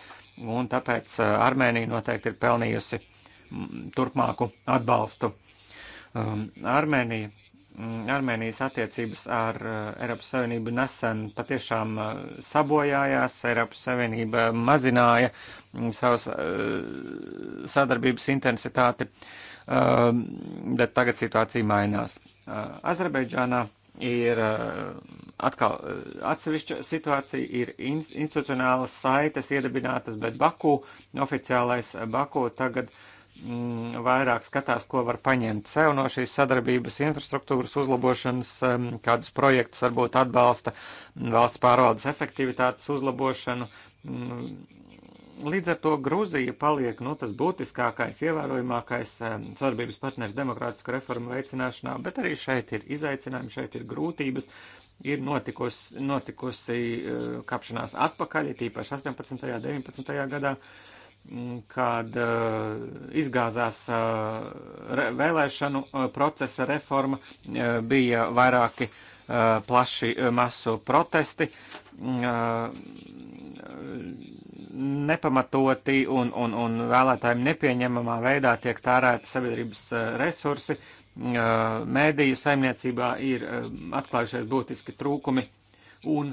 C: un tāpēc Armēnija noteikti ir pelnījusi mm, turpmāku atbalstu. Armēnija Mm, Armēnijas attiecības ar uh, Eiropas Savienību nesen patiešām uh, sabojājās. Eiropas Savienība mazināja mm, savas uh, sadarbības intensitāti, um, bet tagad situācija mainās. Azerbaidžānā ir atkal atsevišķa situācija, ir institucionālas saites iedibinātas, bet Baku, oficiālais Baku tagad ir Mm, vairāk skatās, ko var paņemt sev no šīs sadarbības infrastruktūras uzlabošanas, mm, kādus projektus varbūt atbalsta mm, valsts pārvaldes efektivitātes uzlabošanu. Līdz ar to Grūzija paliek nu, tas būtiskākais, ievērojamākais sadarbības partners demokrātisku reformu veicināšanā, bet arī šeit ir izaicinājumi, šeit ir grūtības, ir notikusi, notikusi kāpšanās atpakaļ, tīpaši 18. un 19. gadā. Uh, kad eh, izgāzās eh, vēlēšanu eh, procesa reforma, bija vairāki plaši masu protesti, mm, nepamatoti un, un, un vēlētājiem nepieņemamā veidā tiek tērēti sabiedrības resursi, mēdīju mm, saimniecībā ir atklājušies būtiski trūkumi un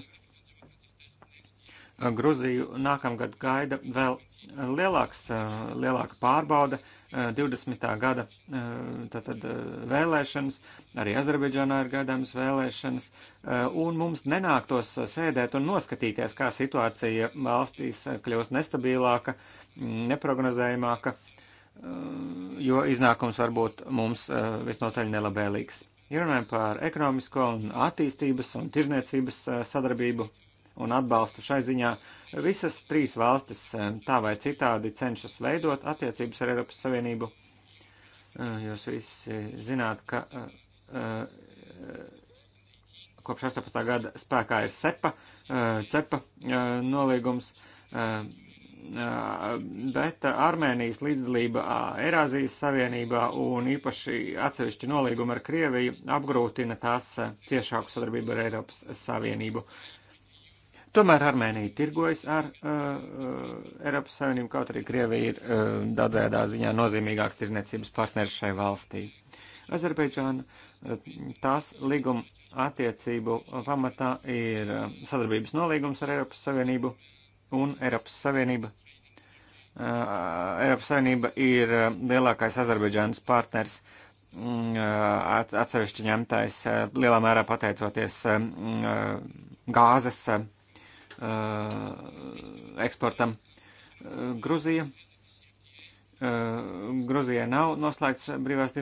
C: Gruziju nākamgad gaida vēl lielāks, eh, lielāka pārbauda 20. Eh, gada eh, tātad, vēlēšanas, arī Azerbaidžānā ir gaidāmas vēlēšanas, un mums nenāktos sēdēt un noskatīties, kā situācija valstīs kļūst nestabilāka, mm, neprognozējumāka, jo iznākums var būt mums visnotaļ nelabēlīgs. Ja runājam par ekonomisko un attīstības un tirzniecības sadarbību un atbalstu šai ziņā. Visas trīs valstis eh, tā vai citādi cenšas veidot attiecības ar Eiropas Savienību. Eh, jūs visi zināt, ka eh, kopš 18. gada spēkā ir sepa, cepa nolīgums, bet Armēnijas līdzdalība Eirāzijas Savienībā un īpaši atsevišķi nolīgumi ar Krieviju apgrūtina tās ciešāku sadarbību ar Eiropas Savienību. Uh, Tomēr Armēnija tirgojas ar uh, uh, Eiropas Savienību, kaut arī Krievija ir uh, daudzējādā ziņā nozīmīgāks tirzniecības partners šai valstī. Azerbaidžāna uh, tās līguma attiecību pamatā ir uh, sadarbības nolīgums ar Eiropas Savienību un Eiropas Savienība. Uh, Eiropas Savienība ir uh, lielākais Azerbaidžānas partners mm, uh, atsevišķi ņemtais uh, lielā mērā pateicoties um, uh, gāzes Uh, eksportam. Uh, Gruzija. Uh, Gruzijai nav noslēgts brīvās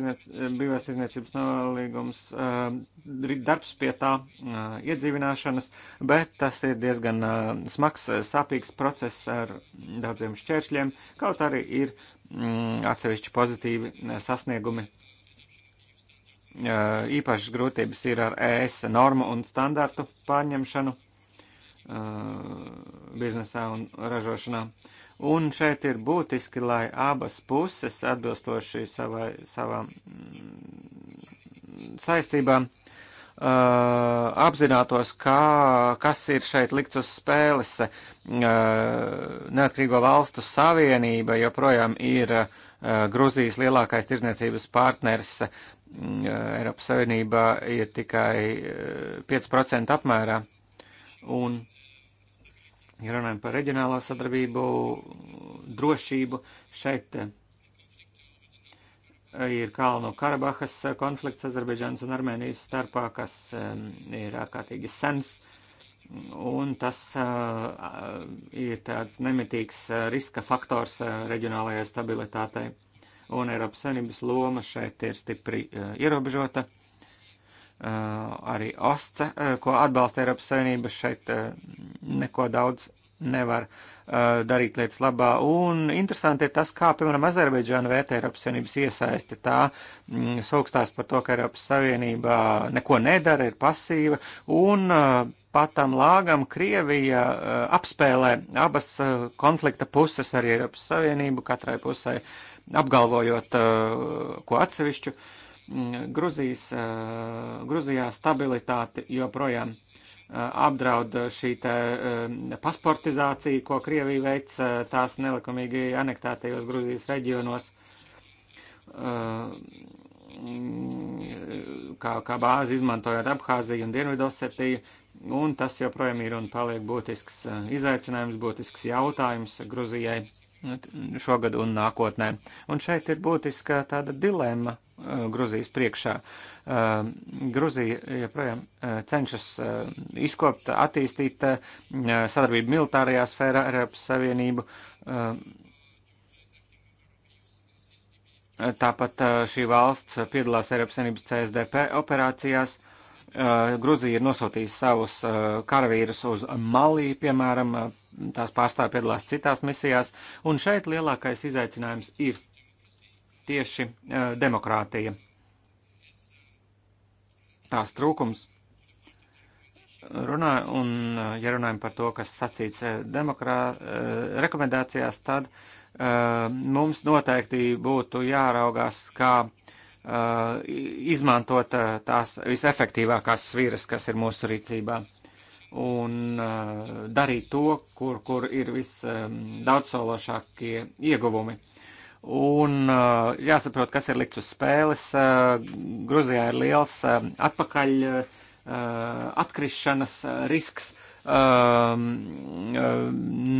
C: tirzniecības nolīgums, darbs pie tā iedzīvināšanas, bet tas ir diezgan smags, sāpīgs process ar daudziem šķēršļiem, kaut arī ir mm, atsevišķi pozitīvi sasniegumi. Īpašas grūtības ir ar ES normu un standartu pārņemšanu Uh, biznesā un ražošanā. Un šeit ir būtiski, lai abas puses atbilstoši savai, savām mm, saistībām uh, apzinātos, kā, kas ir šeit likts uz spēles. Uh, Neatkarīgo valstu savienība joprojām ir uh, Gruzijas lielākais tirdzniecības partners. Mm, uh, Eiropas Savienībā ir tikai uh, 5% apmērā. Un Ja runājam par reģionālo sadarbību, drošību, šeit eh, ir Kalnu Karabahas konflikts Azerbaidžānas un Armēnijas starpā, kas eh, ir ārkārtīgi sens. Un tas uh, ir tāds nemitīgs riska faktors reģionālajai stabilitātei. Un Eiropas Savienības loma šeit ir stipri uh, ierobežota. Uh, Eh, arī OSCE, eh, ko atbalsta Eiropas Savienība, šeit eh, neko daudz nevar darīt lietas labā. Un interesanti ir tas, kā, piemēram, Azerbaidžāna vērtē Eiropas Savienības iesaisti. Tā mm, saukstās par to, ka Eiropas Savienība neko nedara, ir pasīva, un patam lāgam Krievija apspēlē abas konflikta puses, arī Eiropas Savienību, katrai pusē apgalvojot ko atsevišķu. Uh, Gruzijas, eh, Gruzijā stabilitāti joprojām eh, apdraud šī te eh, pasportizācija, ko Krievija veic tās nelikumīgi anektētajos Gruzijas reģionos kā, kā bāzi izmantojot Abhāziju un Dienvidosetiju, un tas joprojām ir un paliek būtisks izaicinājums, būtisks jautājums Gruzijai šogad un nākotnē. Un šeit ir būtiska tāda dilemma eh, Gruzijas priekšā. Eh, Gruzija joprojām eh, cenšas izkopt, attīstīt sadarbību militārajā sfērā ar Eiropas Savienību. Tāpat šī valsts piedalās Eiropas Savienības CSDP operācijās. Gruzija ir nosūtījusi savus karavīrus uz Malī, piemēram, tās pārstāvja piedalās citās misijās, un šeit lielākais izaicinājums ir tieši e, demokrātija. Tās trūkums. Runā, un, e, ja runājam par to, kas sacīts e, demokrā, rekomendācijās, tad mums noteikti būtu jāraugās, kā izmantot tās visefektīvākās sviras, kas ir mūsu rīcībā un eh, darīt to, kur, kur ir visdaudzsološākie ieguvumi. Un eh, jāsaprot, kas ir likts uz spēles. Eh, Gruzijā ir liels atpakaļ atkrišanas risks,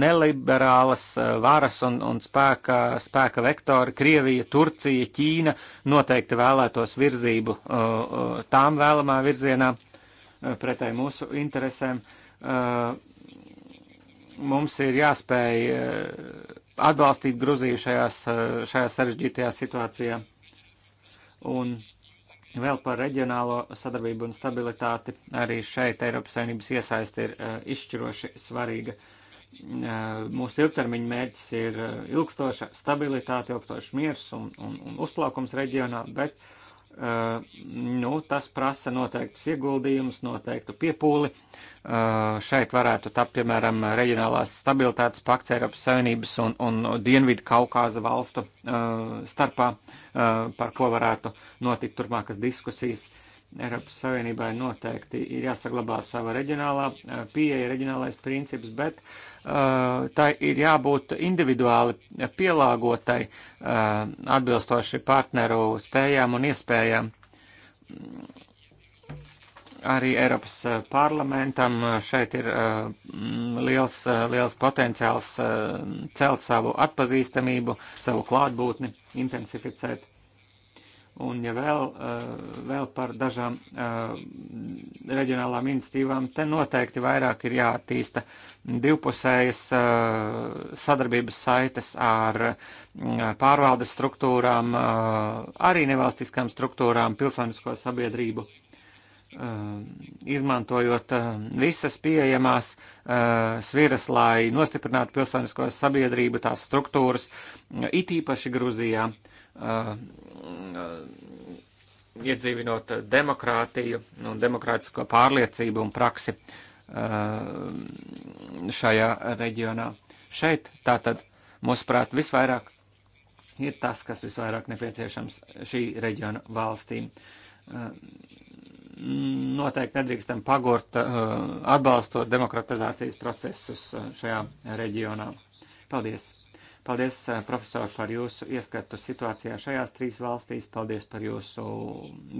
C: neliberālas varas un, un spēka, spēka vektori. Krievija, Turcija, Ķīna noteikti vēlētos virzību tām vēlamā virzienā pretēji mūsu interesēm. Eh, mums ir jāspēj eh, atbalstīt Gruziju šajās, eh, šajā sarežģītajā situācijā. Un vēl par reģionālo sadarbību un stabilitāti arī šeit Eiropas Savienības iesaist ir izšķiroši svarīga mūsu ilgtermiņa mērķis ir ilgstoša stabilitāte, ilgstošs miers un, un, un uzplaukums reģionā, bet Eh, nu, tas prasa noteiktus ieguldījumus, noteiktu piepūli. Eh, šeit varētu tapt, piemēram, reģionālās stabilitātes pakts Eiropas Savienības un, un Dienvidu Kaukāza valstu eh, starpā, par ko varētu notikt turpmākas diskusijas. Eiropas Savienībai noteikti ir jāsaglabā sava reģionālā eh, pieeja, reģionālais princips, bet uh, tai ir jābūt individuāli pielāgotai uh, atbilstoši partneru spējām un iespējām. Arī Eiropas parlamentam šeit ir uh, liels, liels potenciāls celt savu atpazīstamību, savu klātbūtni, intensificēt Un ja vēl, eh, vēl par dažām eh, reģionālām iniciatīvām, te noteikti vairāk ir jāattīsta divpusējas eh, sadarbības saites ar mm, pārvaldes struktūrām, arī nevalstiskām struktūrām, pilsonisko sabiedrību izmantojot visas pieejamās sviras, lai nostiprinātu pilsonisko sabiedrību, tās struktūras, it īpaši Gruzijā. Uh, Uh, iedzīvinot demokrātiju un demokrātisko pārliecību un praksi uh, šajā reģionā. Šeit tātad, mūsuprāt, visvairāk ir tas, kas visvairāk nepieciešams šī reģiona valstīm. Uh, noteikti nedrīkstam pagurt atbalstot demokratizācijas procesus šajā reģionā. Paldies! Paldies, eh, profesor, par jūsu ieskatu situācijā šajās trīs valstīs. Paldies par jūsu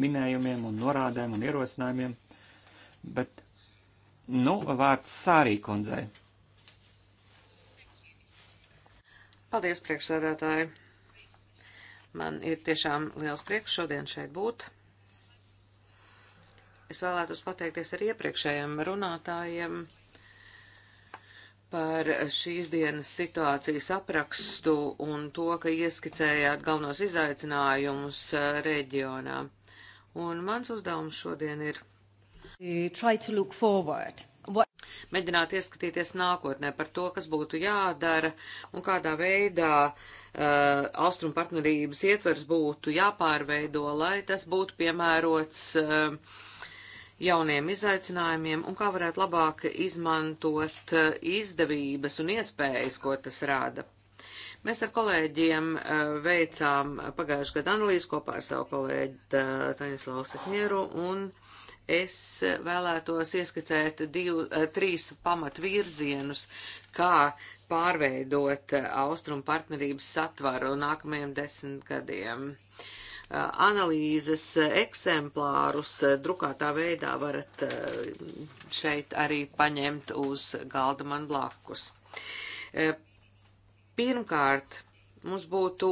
C: minējumiem un norādēm un ierosinājumiem. Bet, nu, vārds Sārī kundzei.
A: Paldies, priekšsēdētāji. Man ir tiešām liels prieks šodien šeit būt. Es vēlētos pateikties ar iepriekšējiem runātājiem par šīs dienas situācijas aprakstu un to, ka ieskicējāt galvenos izaicinājumus uh, reģionā. Un mans uzdevums šodien ir. What... Mēģināt ieskatīties nākotnē par to, kas būtu jādara un kādā veidā uh, austrumu partnerības ietvers būtu jāpārveido, lai tas būtu piemērots uh, jauniem izaicinājumiem un kā varētu labāk izmantot eh, izdevības un iespējas, ko tas rāda. Mēs ar kolēģiem eh, veicām pagājušajā gadā analīzi kopā ar savu kolēģi eh, Taņislavu Seknieru, un es vēlētos ieskicēt divu, trīs pamatvirzienus, kā pārveidot austrumu partnerības satvaru nākamajiem desmit gadiem. Uh, Eh, analīzes eh, eksemplārus eh, drukātā veidā varat šeit arī paņemt uz galda man blakus. Pirmkārt, mums būtu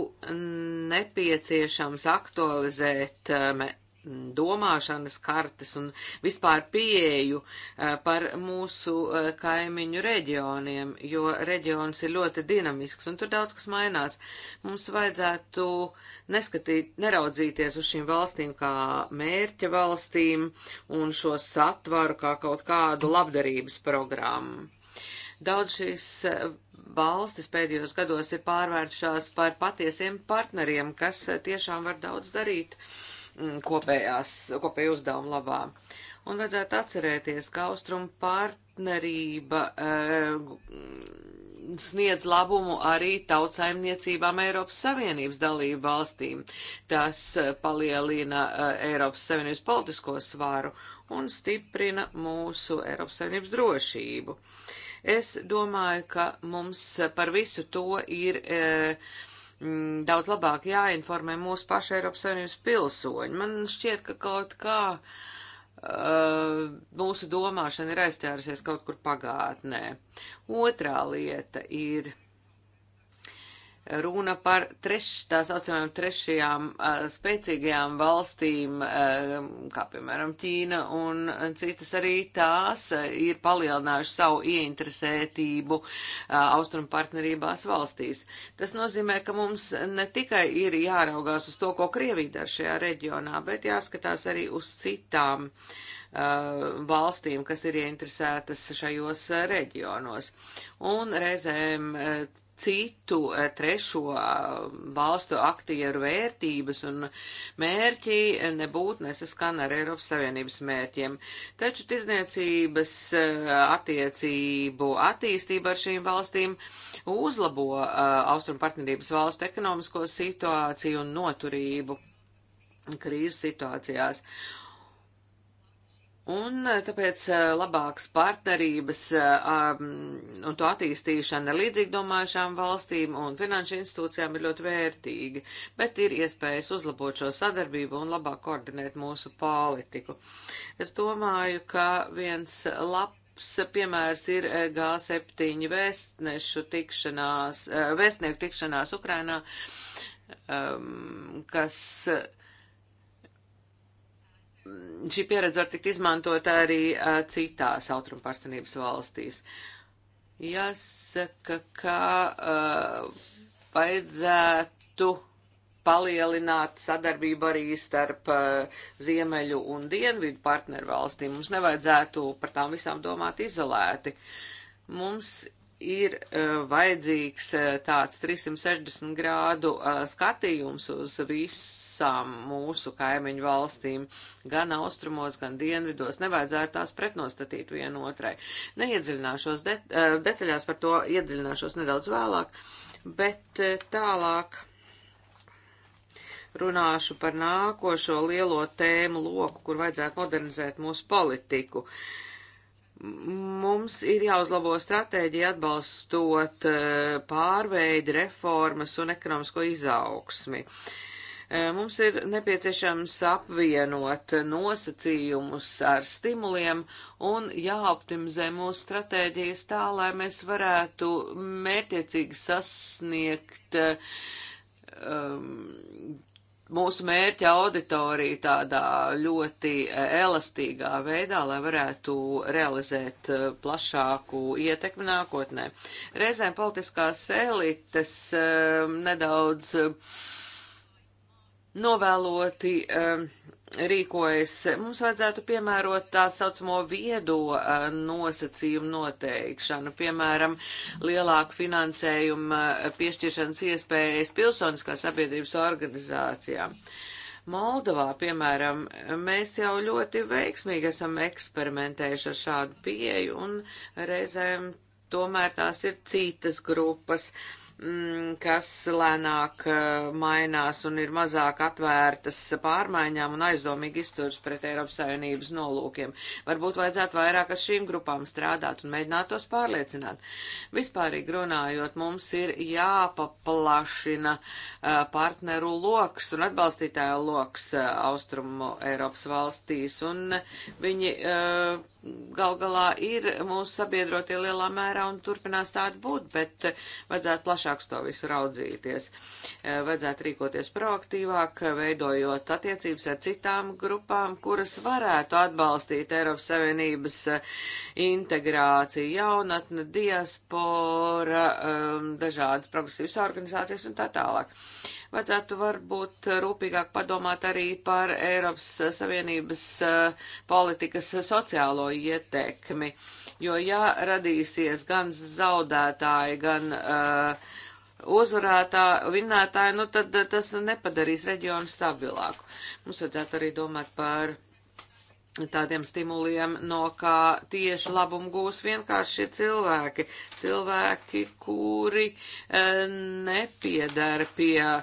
A: nepieciešams aktualizēt domāšanas kartes un vispār pieeju eh, par mūsu eh, kaimiņu reģioniem, jo reģions ir ļoti dinamisks un tur daudz kas mainās. Mums vajadzētu neskatīt, neraudzīties uz šīm valstīm kā mērķa valstīm un šo satvaru kā kaut kādu labdarības programmu. Daudz šīs eh, valstis pēdējos gados ir pārvērtušās par patiesiem partneriem, kas tiešām var daudz darīt uh, Mm, kopējās, kopēju uzdevumu labā. Un vajadzētu atcerēties, ka austrumu partnerība uh, sniedz labumu arī tautsaimniecībām Eiropas Savienības dalību valstīm. Tas uh, palielina uh, Eiropas Savienības politisko svaru un stiprina mūsu Eiropas Savienības drošību. Es domāju, ka mums par visu to ir. Uh, mm, daudz labāk jāinformē mūsu pašu Eiropas Savienības pilsoņi. Man šķiet, ka kaut kā uh, mūsu domāšana ir aizķērusies kaut kur pagātnē. Otrā lieta ir runa par treš, tā saucamajām trešajām uh, spēcīgajām valstīm, uh, kā piemēram Ķīna un citas arī tās uh, ir palielinājuši savu ieinteresētību uh, austrumu partnerībās valstīs. Tas nozīmē, ka mums ne tikai ir jāraugās uz to, ko Krievija dara šajā reģionā, bet jāskatās arī uz citām uh, valstīm, kas ir ieinteresētas šajos reģionos. Un reizēm citu eh, trešo eh, valstu aktieru vērtības un mērķi eh, nebūtu nesaskan ar Eiropas Savienības mērķiem. Taču tirzniecības attiecību attīstība ar šīm valstīm uzlabo Austrum partnerības valstu ekonomisko situāciju un noturību krīzes situācijās. Un eh, tāpēc eh, labāks partnerības um, un to attīstīšana ar līdzīgdomājušām valstīm un finanšu institūcijām ir ļoti vērtīga, bet ir iespējas uzlabot šo sadarbību un labāk koordinēt mūsu politiku. Es domāju, ka viens labs piemērs ir G7 vēstnešu tikšanās, vēstnieku tikšanās Ukrainā, um, kas šī pieredze var tikt izmantota arī uh, citās austrumpārstenības valstīs. Jāsaka, ka uh, vajadzētu palielināt sadarbību arī starp uh, ziemeļu un dienvidu partneru valstīm. Mums nevajadzētu par tām visām domāt izolēti. Mums ir uh, vajadzīgs uh, tāds 360 grādu skatījums uz visu visām mūsu kaimiņu valstīm, gan austrumos, gan dienvidos. Nevajadzētu tās pretnostatīt vienotrai. Neiedziļināšos det, eh, detaļās par to, iedziļināšos nedaudz vēlāk, bet eh, tālāk runāšu par nākošo lielo tēmu loku, kur vajadzētu modernizēt mūsu politiku. Mums ir jāuzlabo stratēģija atbalstot eh, pārveidi, reformas un ekonomisko izaugsmi. Uh, Eh, mums ir nepieciešams apvienot nosacījumus ar stimuliem un jāoptimizē mūsu stratēģijas tā, lai mēs varētu mērķiecīgi sasniegt um, mūsu mērķa auditoriju tādā ļoti elastīgā veidā, lai varētu realizēt eh, plašāku ietekmi nākotnē. Reizēm politiskās elites um, nedaudz uh, novēloti um, rīkojas, mums vajadzētu piemērot tā saucamo viedo uh, nosacījumu noteikšanu, piemēram, lielāku finansējumu uh, piešķiršanas iespējas pilsoniskās sabiedrības organizācijām. Moldovā, piemēram, mēs jau ļoti veiksmīgi esam eksperimentējuši ar šādu pieeju un reizēm tomēr tās ir citas grupas. Uh, Mm, kas lēnāk eh, mainās un ir mazāk atvērtas pārmaiņām un aizdomīgi izturs pret Eiropas Savienības nolūkiem. Varbūt vajadzētu vairāk ar šīm grupām strādāt un mēģināt tos pārliecināt. Vispārīgi runājot, mums ir jāpaplašina eh, partneru loks un atbalstītāju loks eh, austrumu Eiropas valstīs, un viņi gal galā ir mūsu sabiedrotie lielā mērā un turpinās tādi būt, bet eh, vajadzētu plašāk to visu raudzīties. Eh, vajadzētu rīkoties proaktīvāk, veidojot attiecības ar citām grupām, kuras varētu atbalstīt Eiropas Savienības eh, integrāciju, jaunatne, diaspora, ehm, dažādas progresīvas organizācijas un tā tālāk vajadzētu varbūt rūpīgāk padomāt arī par Eiropas Savieniības politikas sociālo ietekmi, jo ja radīsies gan zaudētāji, gan uh, uzvarētā, vinnētāji, nu tad uh, tas nepadarīs reģionu stabilāku. Mums vajadzētu arī domāt par tādiem stimuliem, no kā tieši labumu gūs vienkārši cilvēki. Cilvēki, kuri e, nepiedara pie e,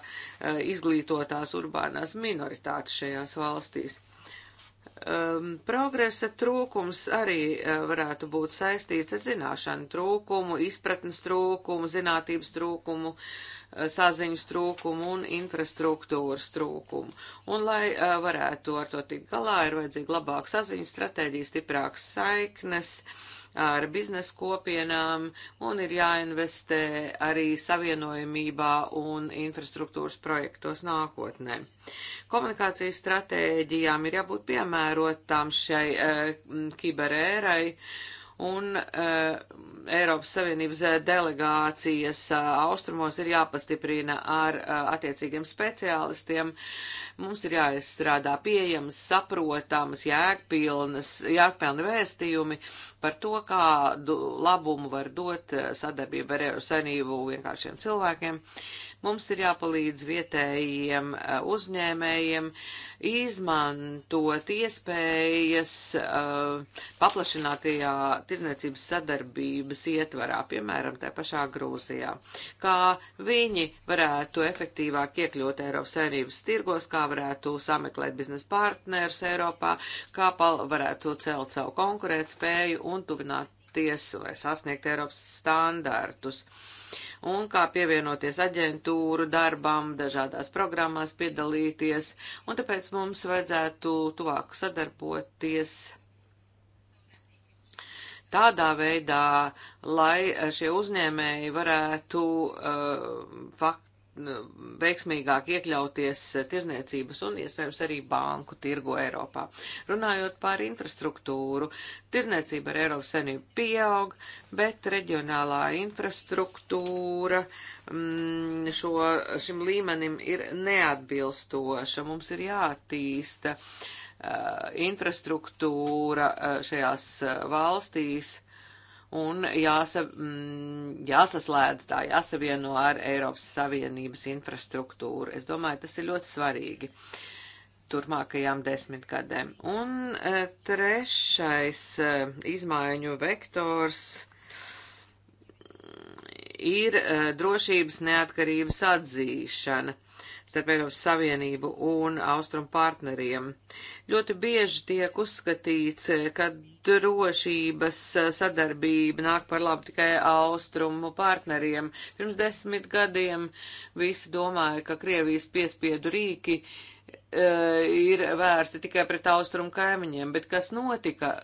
A: izglītotās urbānās minoritātes šajās valstīs. Um, progresa trūkums arī uh, varētu būt saistīts ar zināšanu trūkumu, izpratnes trūkumu, zinātības trūkumu, uh, saziņas trūkumu un infrastruktūras trūkumu. Un, lai uh, varētu ar to tikt galā, ir vajadzīga labāka saziņas stratēģija, stiprākas saiknes. Uh, ar biznes kopienām un ir jāinvestē arī savienojumībā un infrastruktūras projektos nākotnē. Komunikācijas stratēģijām ir jābūt piemērotām šai uh, kiberērai un uh, Eiropas Savienības eh, delegācijas uh, austrumos ir jāpastiprina ar uh, attiecīgiem speciālistiem. Mums ir jāizstrādā pieejamas, saprotamas, jēgpilnas, jēgpilni vēstījumi, par to, kādu labumu var dot eh, sadarbība ar Eiropas Savienību vienkāršiem cilvēkiem. Mums ir jāpalīdz vietējiem eh, uzņēmējiem izmantot iespējas uh, paplašinātajā tirniecības sadarbības ietvarā, piemēram, tā pašā Grūzijā, kā viņi varētu efektīvāk iekļūt Eiropas Savienības tirgos, kā varētu sameklēt biznesa partnerus Eiropā, kā varētu celt savu konkurētspēju un un tuvināties vai sasniegt Eiropas standartus. Un kā pievienoties aģentūru darbam, dažādās programmās piedalīties, un tāpēc mums vajadzētu tuvāk sadarboties tādā veidā, lai šie uzņēmēji varētu uh, fakt veiksmīgāk iekļauties tirzniecības un iespējams arī banku tirgu Eiropā. Runājot par infrastruktūru, tirzniecība ar Eiropas savienību pieaug, bet reģionālā infrastruktūra mm, šo, šim līmenim ir neatbilstoša. Mums ir jātīsta uh, eh, infrastruktūra uh, šajās uh, valstīs un jāsa, mm, jāsaslēdz tā, jāsavieno ar Eiropas Savienības infrastruktūru. Es domāju, tas ir ļoti svarīgi turpmākajām desmitgadēm. Un e, trešais e, izmaiņu vektors ir e, drošības neatkarības atzīšana starp Eiropas Savienību un Austrum partneriem. Ļoti bieži tiek uzskatīts, ka drošības sadarbība nāk par labu tikai Austrumu partneriem. Pirms desmit gadiem visi domāja, ka Krievijas piespiedu rīki e, ir vērsti tikai pret austrumu kaimiņiem, bet kas notika?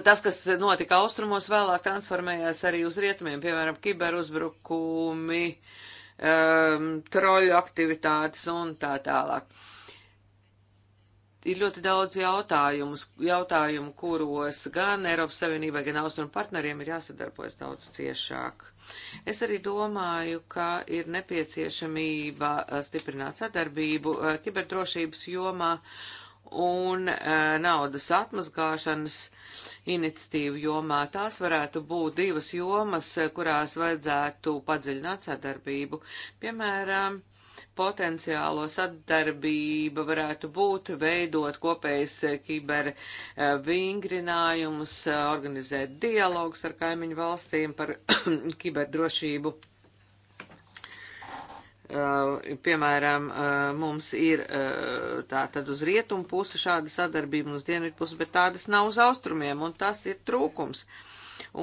A: tas, kas notika austrumos, vēlāk transformējās arī uz rietumiem, piemēram, kiberuzbrukumi, um, troļu aktivitātes un tā tālāk. Ir ļoti daudz jautājumus, jautājumu, kuros gan Eiropas Savienībai, gan austrumu partneriem ir jāsadarbojas daudz ciešāk. Es arī domāju, ka ir nepieciešamība uh, stiprināt sadarbību uh, kiberdrošības jomā. Uh, un uh, naudas atmazgāšanas iniciatīvu jomā. Tās varētu būt divas jomas, e, kurās vajadzētu padziļināt sadarbību. Piemēram, potenciālo sadarbība varētu būt veidot kopējas e, kiber vingrinājumus, organizēt dialogus ar kaimiņu valstīm par kiberdrošību Eh, piemēram, eh, mums ir eh, tā tad uz rietumu pusi šāda sadarbība, uz dienvidu pusi, bet tādas nav uz austrumiem, un tas ir trūkums.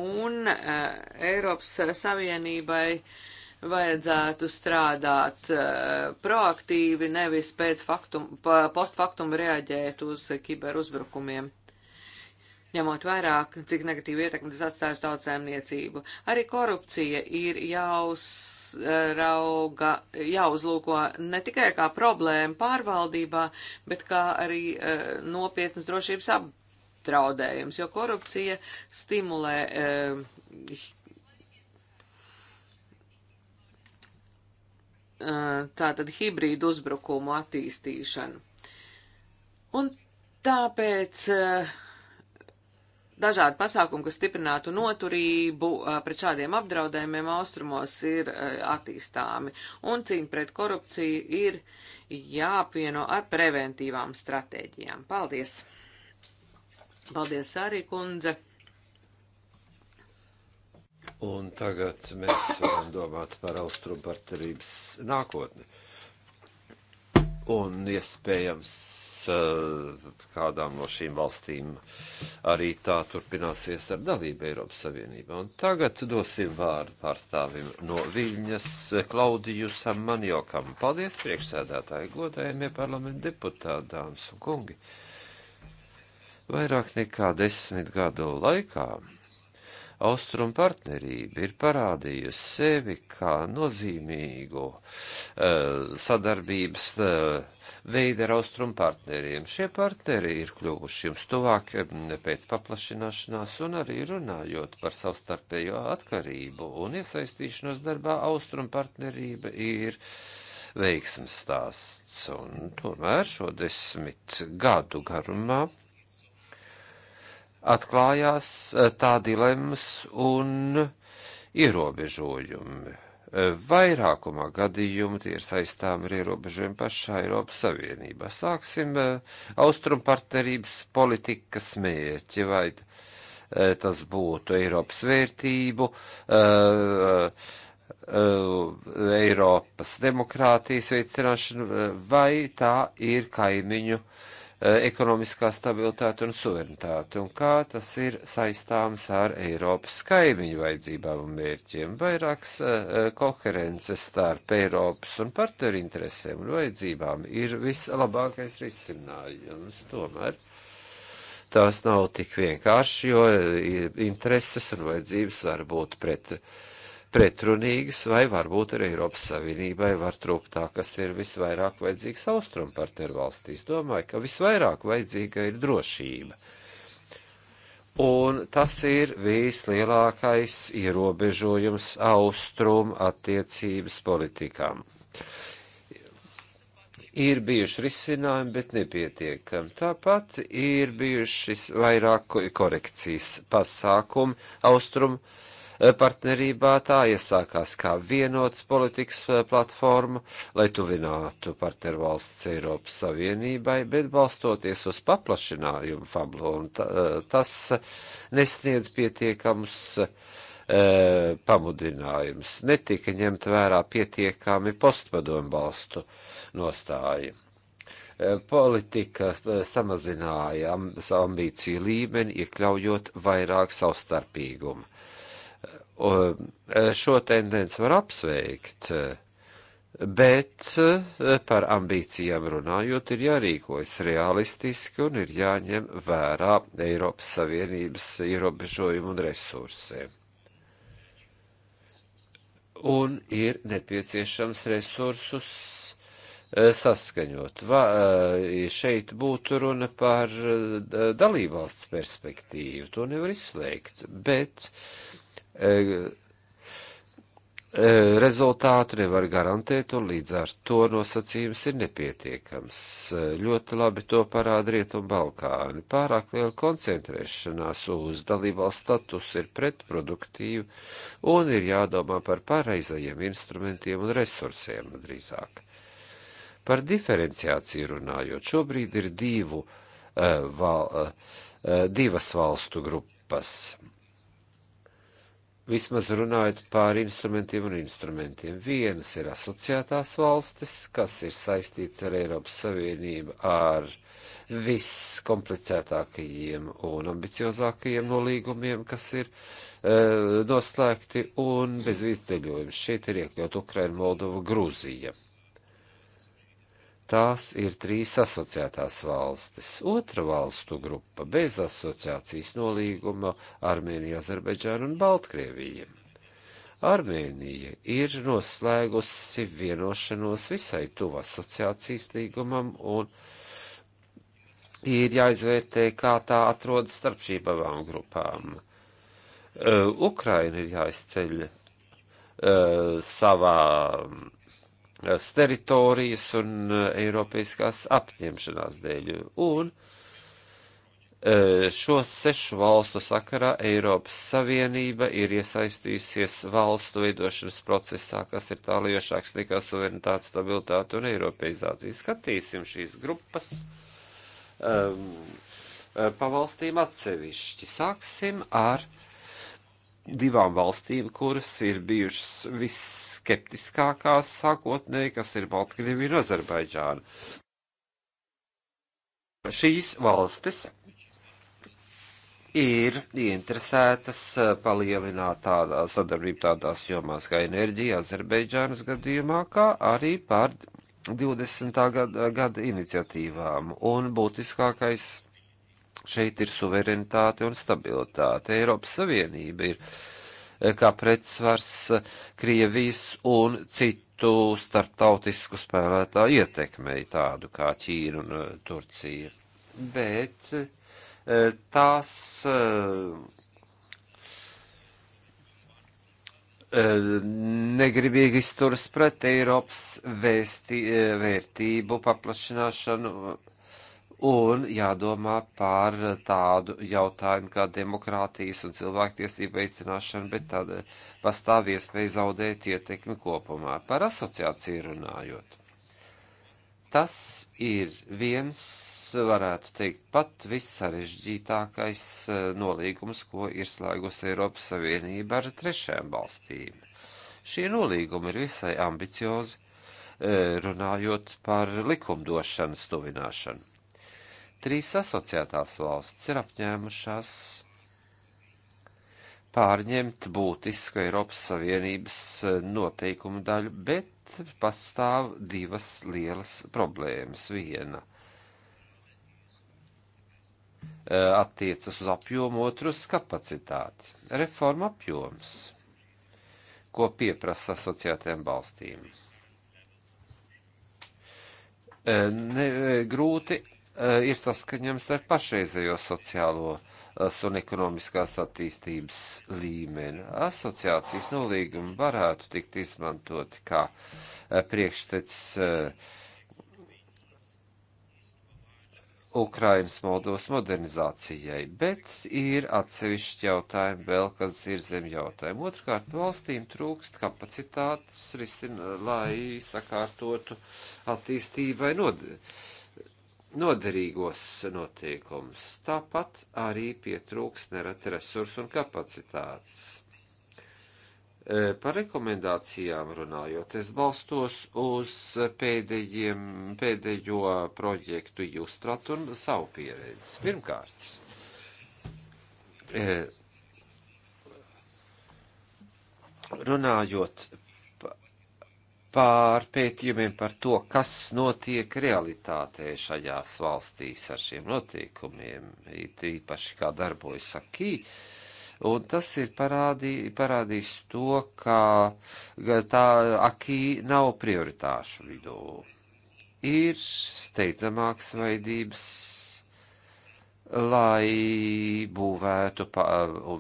A: Un Eiropas Savienībai vajadzētu strādāt proaktīvi, nevis pēc faktum, postfaktum reaģēt uz kiberuzbrukumiem ņemot vairāk, cik negatīvi ietekmi tas atstāja uz tautsēmniecību. Arī korupcija ir jāuzrauga, jāuzlūko ne tikai kā problēma pārvaldībā, bet kā arī uh, nopietnas drošības apdraudējums, jo korupcija stimulē uh, tātad hibrīdu uzbrukumu attīstīšanu. Un tāpēc uh, Dažādi pasākumi, kas stiprinātu noturību pret šādiem apdraudējumiem austrumos, ir attīstāmi, un cīņa pret korupciju ir jāapvieno ar preventīvām stratēģijām. Paldies! Paldies, arī kundze!
B: Un tagad mēs varam domāt par austrumu partnerības nākotni un iespējams eh, kādām no šīm valstīm arī tā turpināsies ar dalību Eiropas Savienībā. Un tagad dosim vārdu pārstāvim no Viļņas Klaudijusam Manjokam. Paldies priekšsēdētāji, godējumie parlamenta deputāti, dāmas un kungi. Vairāk nekā desmit gadu laikā Austrum partnerība ir parādījusi sevi kā nozīmīgu uh, sadarbības uh, eh, veidu ar Austrum partneriem. Šie partneri ir kļuvuši jums tuvāk eh, pēc paplašināšanās un arī runājot par savstarpējo atkarību un iesaistīšanos darbā Austrum partnerība ir veiksmes stāsts. Un tomēr šo desmit gadu garumā atklājās eh, tā dilemmas un ierobežojumi. Eh, vairākumā gadījumu tie ir saistām ar ierobežojumu pašā Eiropas Savienībā. Sāksim eh, austrumpartnerības politikas mērķi vai tas būtu Eiropas vērtību, Eiropas demokrātijas veicināšana vai tā ir kaimiņu uh, Eh, ekonomiskā stabilitāte un suverenitāte, un kā tas ir saistāms ar Eiropas kaimiņu vajadzībām un mērķiem, vairāks eh, eh, koherences starp Eiropas un partneru interesēm un vajadzībām ir vislabākais risinājums. Tomēr tās nav tik vienkārši, jo intereses un vajadzības var būt pret pretrunīgas, vai varbūt arī Eiropas Savienībai var trūkt tā, kas ir visvairāk vajadzīgs austrumu partneru valstīs. Domāju, ka visvairāk vajadzīga ir drošība. Un tas ir vislielākais ierobežojums austrumu attiecības politikām ir bijuši risinājumi, bet nepietiekami. Tāpat ir bijušas vairāk korekcijas pasākumi austrumu Eh, partnerībā. Tā iesākās kā vienots politikas eh, platforma, lai tuvinātu partneru valsts Eiropas Savienībai, bet balstoties uz paplašinājumu fablonu, eh, tas nesniedz pietiekamus pamudinājums, netika ņemt vērā pietiekami postpadomu balstu nostāji. Politika samazināja savu ambīciju līmeni, iekļaujot vairāk savstarpīgumu. Eh, šo tendenci var apsveikt, eh, bet eh, par ambīcijām runājot ir jārīkojas realistiski un ir jāņem vērā Eiropas Savienības ierobežojumu un resursiem un ir nepieciešams resursus saskaņot. Va, šeit būtu runa par dalībvalsts perspektīvu, to nevar izslēgt, bet uh, E, e, rezultātu nevar garantēt, un līdz ar to nosacījums ir nepietiekams. E, ļoti labi to parāda Rietumbalkāni. Pārāk liela koncentrēšanās uz dalībvalsts status ir pretproduktīva, un ir jādomā par pareizajiem instrumentiem un resursiem drīzāk. Par diferenciāciju runājot, šobrīd ir divu, uh, val, uh, divas valstu grupas vismaz runājot par instrumentiem un instrumentiem. Vienas ir asociētās valstis, kas ir saistīts ar Eiropas Savienību ar viss komplicētākajiem un ambiciozākajiem nolīgumiem, kas ir e, noslēgti, un bezvīz ceļojums. Šeit ir iekļaut Ukraina, Moldova, Grūzija. Tās ir trīs asociētās valstis. Otra valstu grupa bez asociācijas nolīguma - Armēnija, Azerbaidžāna un Baltkrievija. Armēnija ir noslēgusi vienošanos visai tuvu asociācijas līgumam un ir jāizvērtē, kā tā atrodas starp šīm abām grupām. Uh, Ukraina ir jāizceļ uh, savā Eh, teritorijas un eh, eiropeiskās apņemšanās dēļ. Un eh, šo sešu valstu sakarā Eiropas Savienība ir iesaistījusies valstu veidošanas procesā, kas ir tālējošāks nekā suverenitāte, stabilitāte un eiropeizācija. Skatīsim šīs grupas um, ehm, pa valstīm atsevišķi. Sāksim ar uh, divām valstīm, kuras ir bijušas visskeptiskākās sākotnēji, kas ir Baltkrievija un Azerbaidžāna. Šīs valstis ir ieinteresētas eh, palielināt tādā sadarbību tādās jomās kā enerģija Azerbaidžānas gadījumā, kā arī pār 20. gada, gada iniciatīvām. Un būtiskākais šeit ir suverenitāte un stabilitāte. Eiropas Savienība ir eh, kā pretsvars eh, Krievijas un citu starptautisku spēlētāju ietekmei, tādu kā Ķīna un eh, Turcija. Bet tās negribīgi izturas pret Eiropas vēsti, vērtību paplašināšanu un jādomā par tādu jautājumu kā demokrātijas un cilvēktiesība veicināšana, bet tad pastāv iespēja zaudēt ietekmi kopumā par asociāciju runājot. Tas ir viens, varētu teikt, pat vissarežģītākais eh, nolīgums, ko ir slēgusi Eiropas Savienība ar trešajām valstīm. Šie nolīgumi ir visai ambiciozi, eh, runājot par likumdošanas tuvināšanu Trīs asociētās valstis ir apņēmušās pārņemt būtisku Eiropas Savienības eh, noteikumu daļu, bet pastāv divas lielas problēmas. Viena eh, attiecas uz apjomu, otru uz kapacitāti. Reforma apjoms, ko pieprasa asociētiem valstīm. Eh, ne, grūti Eh, ir saskaņams ar pašreizējo sociālo eh, un ekonomiskās attīstības līmeni. Asociācijas nolīgumi varētu tikt izmantoti kā eh, priekštecis Ukrainas Moldovas modernizācijai, bet ir atsevišķi jautājumi vēl, kas ir zem jautājumu. Otrkārt, valstīm trūkst kapacitātes, risin, lai sakārtotu attīstībai nodeļu noderīgos noteikumus. Tāpat arī pietrūks nereti resursu un kapacitātes. E, par rekomendācijām runājot, es balstos uz pēdējiem, pēdējo projektu Justratu un savu pieredzi. Pirmkārt, e, runājot pār pētījumiem par to, kas notiek realitātē šajās valstīs ar šiem notiekumiem, it īpaši kā darbojas akī. Un tas ir parādī, parādījis to, ka tā akī nav prioritāšu vidū. Ir steidzamāks vaidības lai būvētu pa,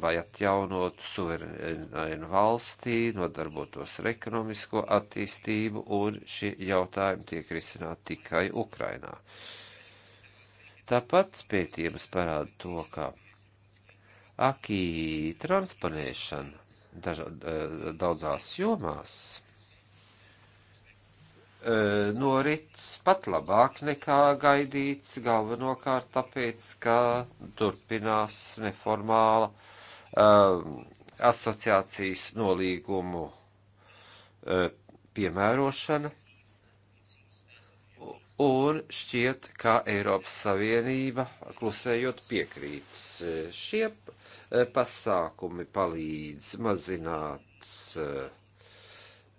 B: vai atjaunotu suverēnu valstī, nodarbotos ar ekonomisko attīstību, un šie jautājumi tiek risināti tikai Ukrainā. Tāpat pētījums parāda to, ka akī transponēšana daža, eh, daudzās jomās E, norits pat labāk nekā gaidīts, galvenokārt tāpēc, ka turpinās neformāla um, asociācijas nolīgumu uh, piemērošana, un šķiet, ka Eiropas Savienība klusējot piekrīt. Šie pasākumi palīdz mazināt uh,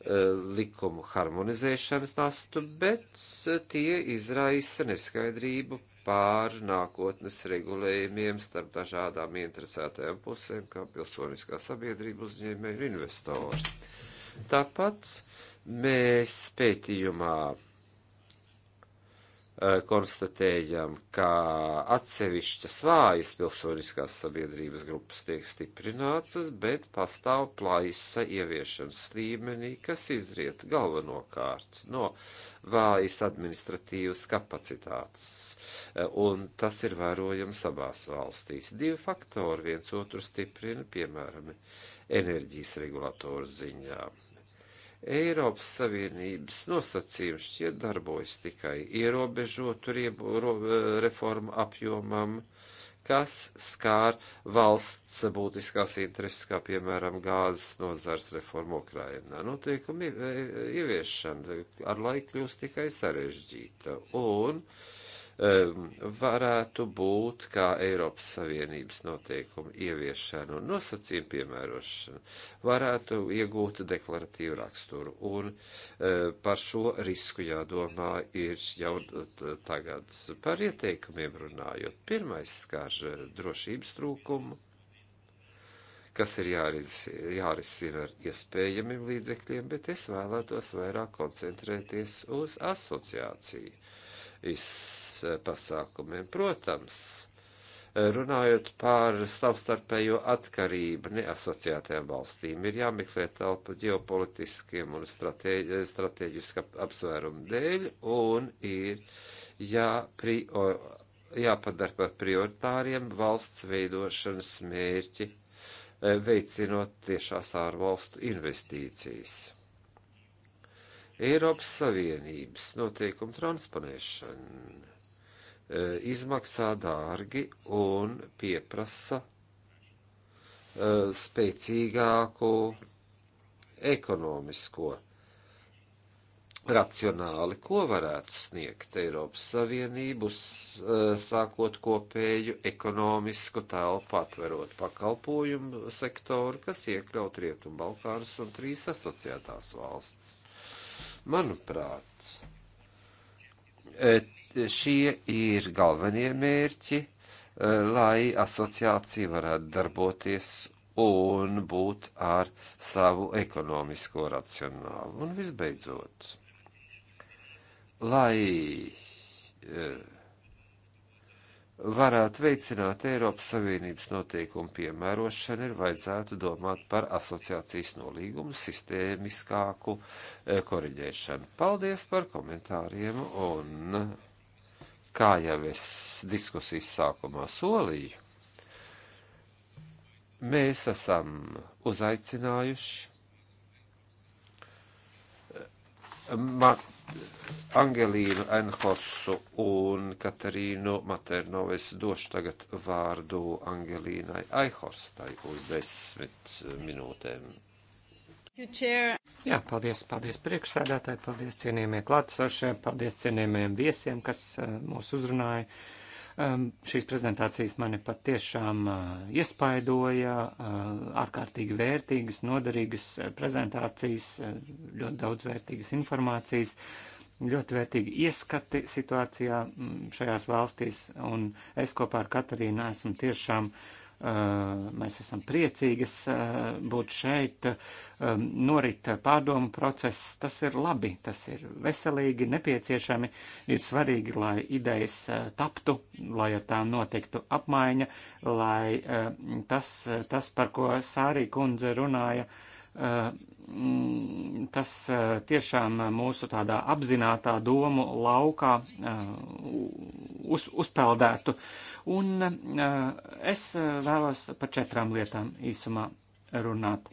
B: Eh, likumu harmonizēšanas nastu, bet tie izraisa neskaidrību pār nākotnes regulējumiem starp dažādām interesētajām pusēm, kā pilsoniskā sabiedrība uzņēmēji un investori. Tāpat mēs pētījumā Eh, konstatējam, ka atsevišķas vājas pilsoniskās sabiedrības grupas tiek stiprinātas, bet pastāv plaisa ieviešanas līmenī, kas izriet galvenokārt no vājas administratīvas kapacitātes. Eh, un tas ir vērojams abās valstīs. Divi faktori viens otru stiprina, piemēram, enerģijas regulatoru ziņā. Eiropas Savienības nosacījums šķiet darbojas tikai ierobežotu reformu apjomam, kas skār valsts būtiskās intereses, kā piemēram gāzes nozars reforma Ukrainā. Noteikumi e, e, ieviešana ar laiku kļūst tikai sarežģīta. Un, uh, varētu būt kā Eiropas Savienības noteikumu ieviešana un nosacījumu piemērošana, varētu iegūt deklaratīvu raksturu. Un eh, par šo risku jādomā ir jau tagad par ieteikumiem runājot. Pirmais skar eh, drošības trūkumu kas ir jāris, jārisina ar iespējamiem līdzekļiem, bet es vēlētos vairāk koncentrēties uz asociāciju. Es Eh, pasākumiem. Protams, eh, runājot par savstarpējo atkarību neasociētajām valstīm, ir jāmeklē telpa ģeopolitiskiem un eh, strateģiska apsvērumu dēļ un ir jāprio, jāpadara par prioritāriem valsts veidošanas mērķi, veicinot tiešās ārvalstu investīcijas. Eiropas Savienības noteikumu transponēšana Eh, izmaksā dārgi un pieprasa eh, spēcīgāku ekonomisko racionāli, ko varētu sniegt Eiropas Savienību, eh, sākot kopēju ekonomisku telpu, atverot pakalpojumu sektoru, kas iekļaut Rietumu Balkānus un trīs asociētās valstis. Manuprāt, et, šie ir galvenie mērķi, eh, lai asociācija varētu darboties un būt ar savu ekonomisko racionālu. Un visbeidzot, lai eh, varētu veicināt Eiropas Savienības noteikumu piemērošanu, ir vajadzētu domāt par asociācijas nolīgumu sistēmiskāku eh, koriģēšanu. Paldies par komentāriem un kā jau es diskusijas sākumā solīju, mēs esam uzaicinājuši eh, Mat Angelīnu Enhosu un Katarīnu Maternovu. Es došu tagad vārdu Angelīnai Aihorstai uz desmit
C: minūtēm. Jā, paldies, paldies priekšsēdētāji, paldies cienījumie klātesošie, paldies cienījumiem viesiem, kas eh, mūs uzrunāja. Um, šīs prezentācijas mani pat tiešām uh, eh, iespaidoja, uh, ārkārtīgi vērtīgas, noderīgas prezentācijas, uh, ļoti daudz vērtīgas informācijas, ļoti vērtīgi ieskati situācijā mm, šajās valstīs, un es kopā ar Katarīnu esmu tiešām uh, Eh, mēs esam priecīgas eh, būt šeit, eh, norit pārdomu process, tas ir labi, tas ir veselīgi, nepieciešami, ir svarīgi, lai idejas taptu, lai ar tām notiktu apmaiņa, lai tas, tas par ko Sārī kundze runāja, Mm, tas eh, tiešām mūsu tādā apzinātā domu laukā eh, uz, uzpeldētu. Un eh, es vēlos par četrām lietām īsumā runāt.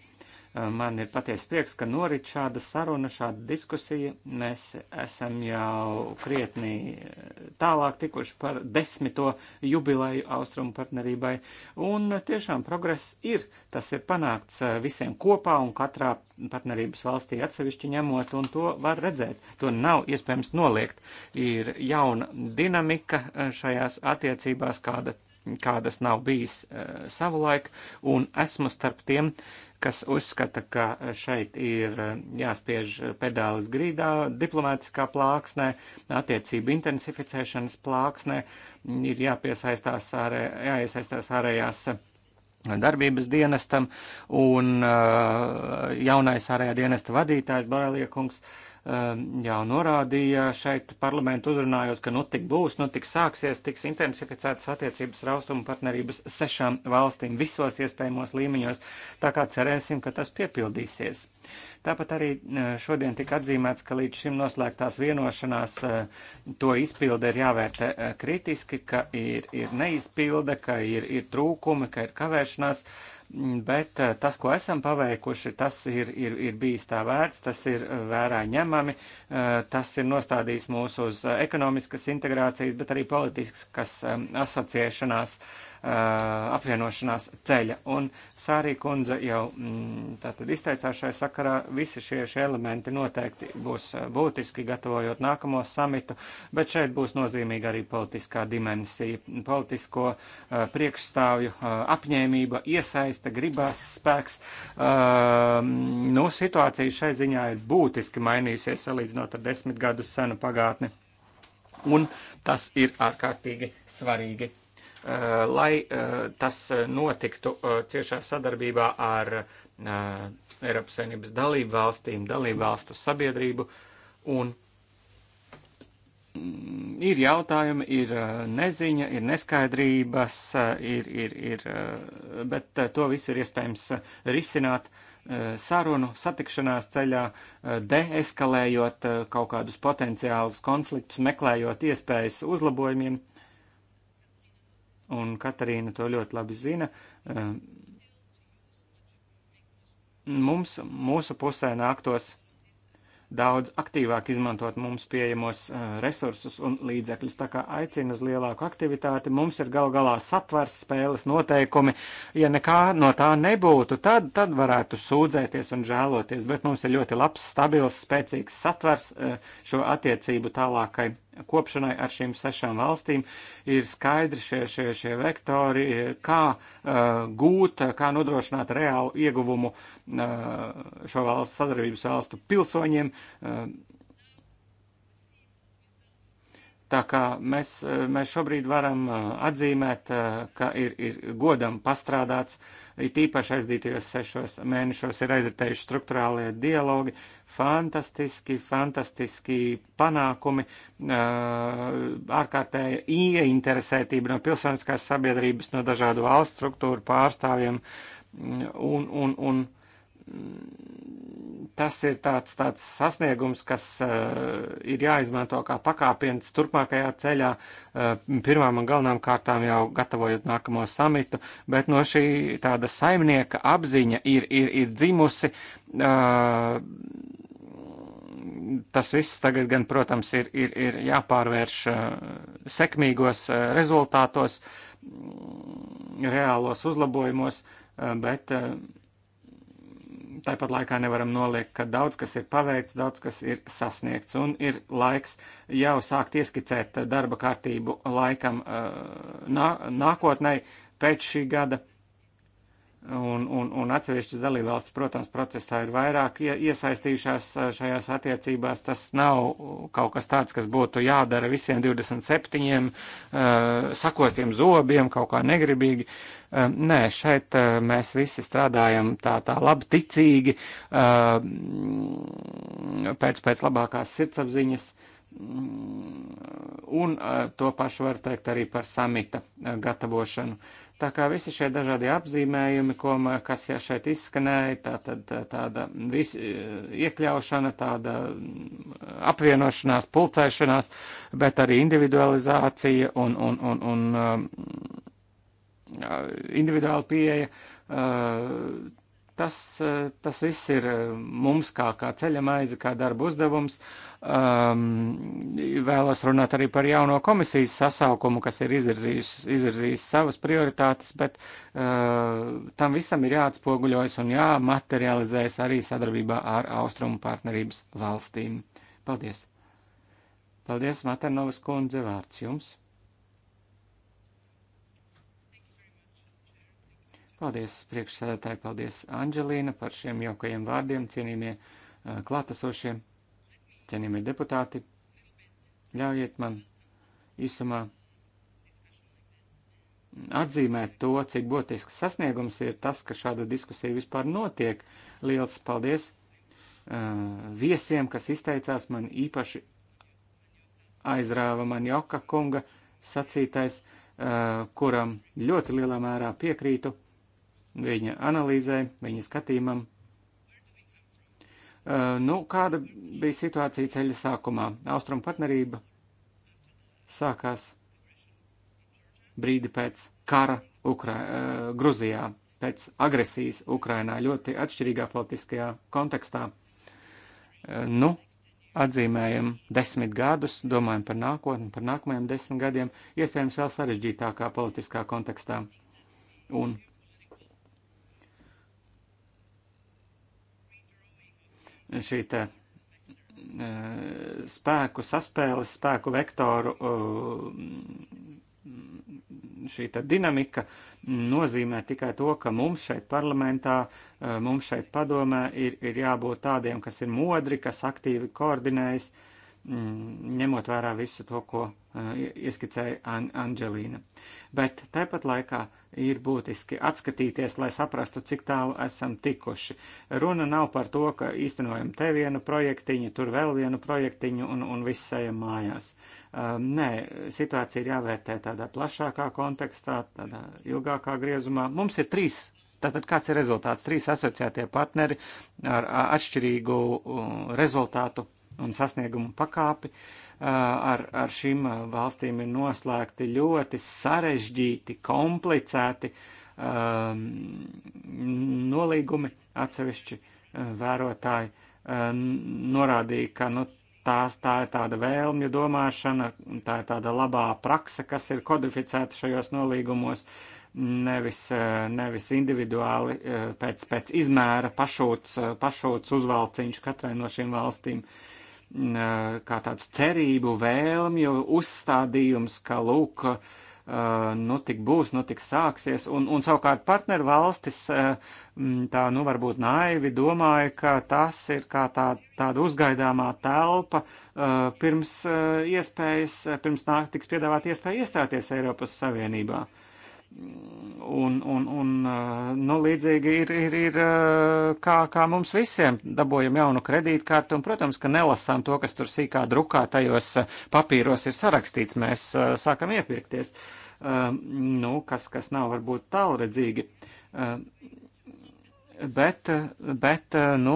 C: Eh, man ir patiesi prieks, ka norit šāda saruna, šāda diskusija. Mēs esam jau krietni eh, tālāk tikuši par desmito jubileju austrumu partnerībai. Un tiešām progress ir. Tas ir panākts eh, visiem kopā un katrā partnerības valstī atsevišķi ņemot, un to var redzēt. To nav iespējams noliegt. Ir jauna dinamika šajās attiecībās, kāda kādas nav bijis uh, savulaik, un esmu starp tiem uh, kas uzskata, ka šeit ir eh, jāspiež pedālis grīdā, diplomātiskā plāksnē, attiecību intensificēšanas plāksnē, ir jāpiesaistās ārē, jāiesaistās ārējās darbības dienestam un eh, jaunais ārējā dienesta vadītājs Bareliekungs Ehm, jau norādīja šeit parlamentu uzrunājot, ka nu tik būs, nu tik sāksies, tiks intensificētas attiecības ar austrumu partnerības sešām valstīm visos iespējamos līmeņos, tā kā cerēsim, ka tas piepildīsies. Tāpat arī e, šodien tika atzīmēts, ka līdz šim noslēgtās vienošanās e, to izpilde ir jāvērtē e, kritiski, ka ir, ir neizpilde, ka ir, ir trūkumi, ka ir kavēšanās. Uh, bet eh, tas, ko esam paveikuši, tas ir, ir, ir bijis tā vērts, tas ir eh, vērā ņemami, eh, tas ir nostādījis mūs uz ekonomiskas integrācijas, bet arī politiskas asociēšanās uh, apvienošanās ceļa. Un Sārī kundze jau mm, tātad izteicās šai sakarā, visi šie, šie elementi noteikti būs būtiski gatavojot nākamo samitu, bet šeit būs nozīmīga arī politiskā dimensija, politisko uh, priekšstāvju uh, apņēmība, iesaista, gribas spēks. Uh, nu, situācija šai ziņā ir būtiski mainījusies salīdzinot ar desmit gadu senu pagātni. Un tas ir ārkārtīgi svarīgi Eh, lai eh, tas eh, notiktu ciešā sadarbībā ar Eiropas Savienības dalību valstīm, dalību valstu sabiedrību. Un mm, ir jautājumi, ir neziņa, ir neskaidrības, ir, ir, ir, bet to visu ir iespējams risināt sarunu, satikšanās ceļā, deeskalējot kaut kādus potenciālus konfliktus, meklējot iespējas uzlabojumiem un Katarīna to ļoti labi zina. Ehm, mums, mūsu pusē nāktos daudz aktīvāk izmantot mums pieejamos ehm, resursus un līdzekļus. Tā kā aicina uz lielāku aktivitāti, mums ir gal galā satvers spēles noteikumi. Ja nekā no tā nebūtu, tad, tad varētu sūdzēties un žēloties, bet mums ir ļoti labs, stabils, spēcīgs satvers ehm, šo attiecību tālākai kopšanai ar šīm sešām valstīm ir skaidri šie, šie, šie vektori, kā uh, gūt, kā nodrošināt reālu ieguvumu uh, šo valstu sadarbības valstu pilsoņiem. Uh, Tā kā mēs, mēs šobrīd varam atzīmēt, ka ir, ir godam pastrādāts, it īpaši aizdītajos sešos mēnešos ir aizritējuši struktūrālie dialogi, uh, fantastiski, fantastiski panākumi, ārkārtēja ieinteresētība no pilsoniskās sabiedrības, no dažādu valstu struktūru pārstāvjiem mm, un, un, un tas ir tāds, tāds sasniegums, kas uh, ir jāizmanto kā pakāpiens turpmākajā ceļā, uh, pirmām un galvenām kārtām jau gatavojot nākamo samitu, bet no šī tāda saimnieka apziņa ir, ir, ir dzimusi. Uh, Tas viss tagad, gan, protams, ir, ir, ir jāpārvērš uh, sekmīgos uh, rezultātos, mm, reālos uzlabojumos, uh, bet uh, tāpat laikā nevaram noliekt, ka daudz kas ir paveikts, daudz kas ir sasniegts un ir laiks jau sākt ieskicēt darba kārtību laikam nā, nākotnē pēc šī gada. Un, un, un atsevišķas dalībvalstis, protams, procesā ir vairāk iesaistījušās šajās attiecībās. Tas nav kaut kas tāds, kas būtu jādara visiem 27 uh, sakostiem zobiem kaut kā negribīgi. Uh, Nē, šeit mēs visi strādājam tā, tā labi ticīgi, pēc, pēc labākās sirdsapziņas. Mm, un eh, to pašu var teikt arī par samita eh, gatavošanu. Tā kā visi šie dažādi apzīmējumi, ko, kas jau šeit izskanēja, tā tad tāda vis, eh, iekļaušana, tāda mm, apvienošanās, pulcēšanās, bet arī individualizācija un, un, un, un individuāla pieeja. Tas, tas viss ir mums kā, kā ceļa maize, kā darba uzdevums. Um, vēlos runāt arī par jauno komisijas sasaukumu, kas ir izvirzījis, izvirzījis savas prioritātes, bet uh, tam visam ir jāatspoguļojas un jāmaterializējas arī sadarbībā ar Austrumu partnerības valstīm. Paldies! Paldies, Maternovas kundze, vārds jums! Paldies priekšsēdētāji, paldies Anģelīna par šiem jaukajiem vārdiem, cienījamie eh, klātesošie, cienījamie deputāti. Ļaujiet man īsumā atzīmēt to, cik būtisks sasniegums ir tas, ka šāda diskusija vispār notiek. Liels paldies uh, viesiem, kas izteicās man īpaši aizrāva man Joka kunga sacītais, uh, kuram ļoti lielā mērā piekrītu viņa analīzē, viņa skatījumam. Uh, nu, kāda bija situācija ceļa sākumā? Austrum partnerība sākās brīdi pēc kara Ukra uh, Gruzijā, pēc agresijas Ukrainā, ļoti atšķirīgā politiskajā kontekstā. Uh, nu, atzīmējam desmit gadus, domājam par nākotni, par nākamajiem desmit gadiem, iespējams vēl sarežģītākā politiskā kontekstā. Un šī te spēku saspēles, spēku vektoru, šī te dinamika nozīmē tikai to, ka mums šeit parlamentā, e, mums šeit padomē ir, ir jābūt tādiem, kas ir modri, kas aktīvi koordinējas, ņemot vērā visu to, ko ieskicēja An Anģelīna. Bet tāpat laikā ir būtiski atskatīties, lai saprastu, cik tālu esam tikuši. Runa nav par to, ka īstenojam te vienu projektiņu, tur vēl vienu projektiņu un, un viss ejam mājās. Um, nē, situācija ir jāvērtē tādā plašākā kontekstā, tādā ilgākā griezumā. Mums ir trīs Tātad kāds ir rezultāts? Trīs asociētie partneri ar atšķirīgu rezultātu un sasniegumu pakāpi. Uh, ar, ar šīm valstīm ir noslēgti ļoti sarežģīti, komplicēti um, nolīgumi. Atsevišķi vērotāji um, norādīja, ka nu, tās, tā ir tāda vēlmju domāšana, tā ir tāda labā prakse, kas ir kodificēta šajos nolīgumos, nevis, nevis individuāli pēc, pēc izmēra pašūts, pašūts uzvalciņš katrai no šīm valstīm. Uh, kā tāds cerību, vēlmju uzstādījums, ka lūk, nu tik būs, nu tik sāksies, un, un savukārt partneru valstis tā, nu varbūt naivi domāja, ka tas ir kā tā, tāda uzgaidāmā telpa pirms iespējas, pirms nāk tiks piedāvāt iespēju iestāties Eiropas Savienībā. Uh, Un, un, un eh, nu, līdzīgi ir, ir, ir eh, kā, kā mums visiem dabūjam jaunu kredītkārtu, un, protams, ka nelasām to, kas tur sīkā drukā tajos eh, papīros ir sarakstīts, mēs sākam iepirkties, nu, kas, kas nav varbūt tālredzīgi. Bet, bet nu,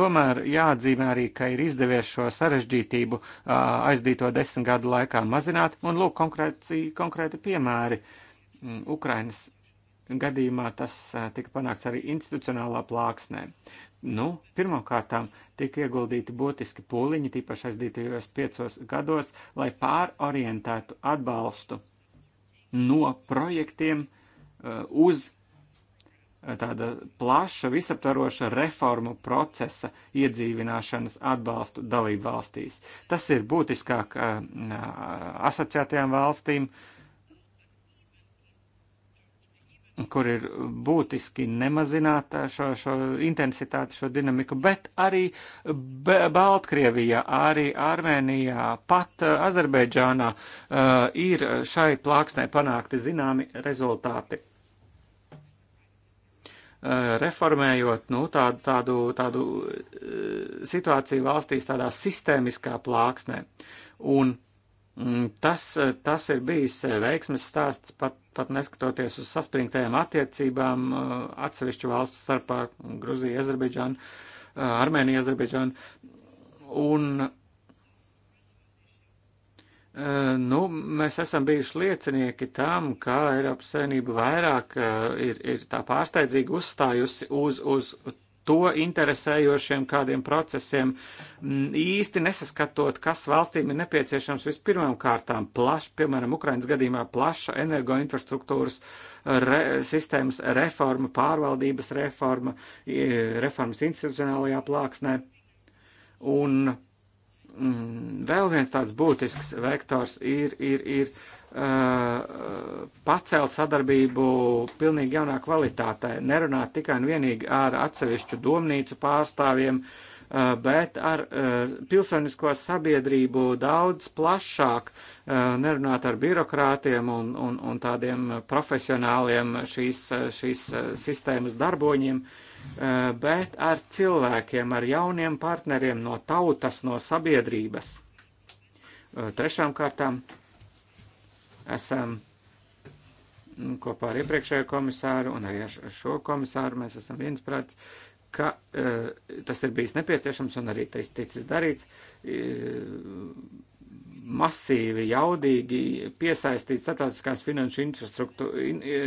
C: tomēr jāatzīmē arī, ka ir izdevies šo sarežģītību aizdīto desmit gadu laikā mazināt, un lūk konkrēti, konkrēti piemēri. Uh, Mm, Ukrainas gadījumā tas tika panākts arī institucionālā plāksnē. Nu, pirmkārt, tika ieguldīti būtiski pūliņi, tīpaši aizdītajos piecos gados, lai pārorientētu atbalstu no projektiem uz tāda plaša, visaptvaroša reformu procesa iedzīvināšanas atbalstu dalību valstīs. Tas ir būtiskāk asociētajām valstīm, uh, kur ir būtiski nemazināt šo, šo intensitāti, šo dinamiku, bet arī B Baltkrievijā, arī Armēnijā, pat uh, Azerbaidžānā uh, ir šai plāksnē panākti zināmi rezultāti. Uh, reformējot nu, tādu, tādu, tādu uh, situāciju valstīs, tādā sistēmiskā plāksnē. Un mm, tas, tas ir bijis veiksmes stāsts pat pat neskatoties uz saspringtajām attiecībām uh, atsevišķu valstu starpā - Gruzija, Azerbaidžāna, uh, Armēnija, Azerbaidžāna. Un, uh, nu, mēs esam bijuši liecinieki tam, ka Eiropas Savienība vairāk ir, ir tā pārsteidzīgi uzstājusi uz, uz to interesējošiem kādiem procesiem, īsti nesaskatot, kas valstīm ir nepieciešams vispirmām kārtām plaši, piemēram, Ukrainas gadījumā plaša energoinfrastruktūras eh, re, sistēmas reforma, pārvaldības reforma, reformas institucionālajā plāksnē. Un mm, vēl viens tāds būtisks vektors ir, ir, ir Eh, pacelt sadarbību pilnīgi jaunā kvalitātē, nerunāt tikai un vienīgi ar atsevišķu domnīcu pārstāvjiem, eh, bet ar eh, pilsonisko sabiedrību daudz plašāk, nerunāt ar birokrātiem un, un, un tādiem profesionāliem šīs, šīs sistēmas darboņiem, bet ar cilvēkiem, ar jauniem partneriem no tautas, no sabiedrības. Trešām kārtām esam mm, kopā ar iepriekšējo komisāru un arī ar šo komisāru mēs esam viensprāts, ka e, tas ir bijis nepieciešams un arī ticis darīts, e, masīvi, jaudīgi piesaistīt starptautiskās finanšu in, e,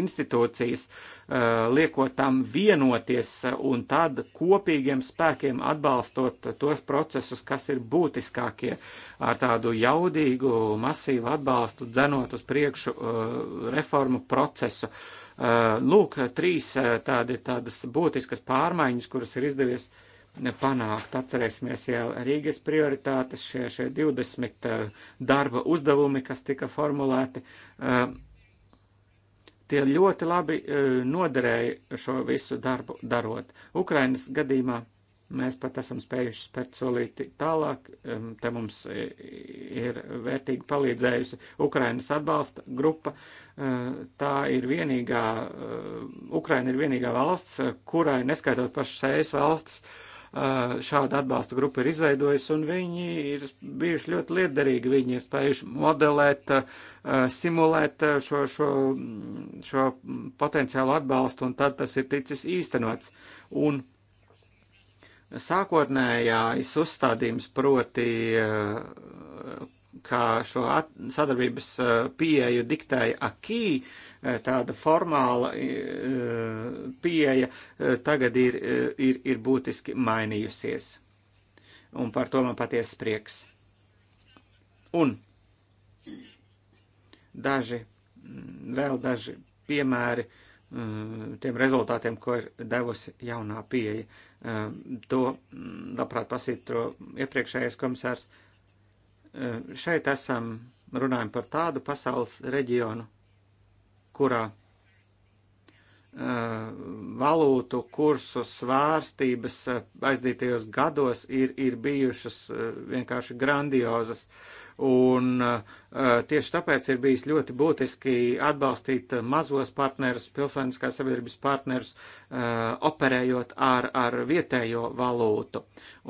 C: institūcijas, e, liekot tam vienoties un tad kopīgiem spēkiem atbalstot tos procesus, kas ir būtiskākie, ar tādu jaudīgu, masīvu atbalstu, dzenot uz priekšu e, reformu procesu. Lūk, trīs tādi, tādas būtiskas pārmaiņas, kuras ir izdevies uh, panākt. Atcerēsimies jau Rīgas prioritātes, šie, šie 20 eh, darba uzdevumi, kas tika formulēti. Eh, tie ļoti labi eh, noderēja šo visu darbu darot. Ukrainas gadījumā mēs pat esam spējuši spērt solīti tālāk. Te mums ir vērtīgi palīdzējusi Ukrainas atbalsta grupa. Tā ir vienīgā, Ukraina ir vienīgā valsts, kurai neskaitot pašas ES valsts, uh, Eh, šāda atbalsta grupa ir izveidojusi, un viņi ir bijuši ļoti liederīgi. Viņi ir spējuši modelēt, eh, simulēt eh, šo, šo, šo potenciālu atbalstu, un tad tas ir ticis īstenots. Un sākotnējais uzstādījums proti, kā šo sadarbības pieeju diktēja akī, Eh, tāda formāla eh, pieeja eh, tagad ir, ir, ir būtiski mainījusies. Un par to man patiesi prieks. Un daži, mm, vēl daži piemēri mm, tiem rezultātiem, ko ir devusi jaunā pieeja. To mm, labprāt pasvītro iepriekšējais komisārs. Šeit esam runājam par tādu pasaules reģionu, kurā valūtu kursu svārstības aizdītajos gados ir, ir bijušas vienkārši grandiozas. Un eh, tieši tāpēc ir bijis ļoti būtiski atbalstīt mazos partnerus, pilsoniskās sabiedrības partnerus, eh, operējot ar, ar vietējo valūtu.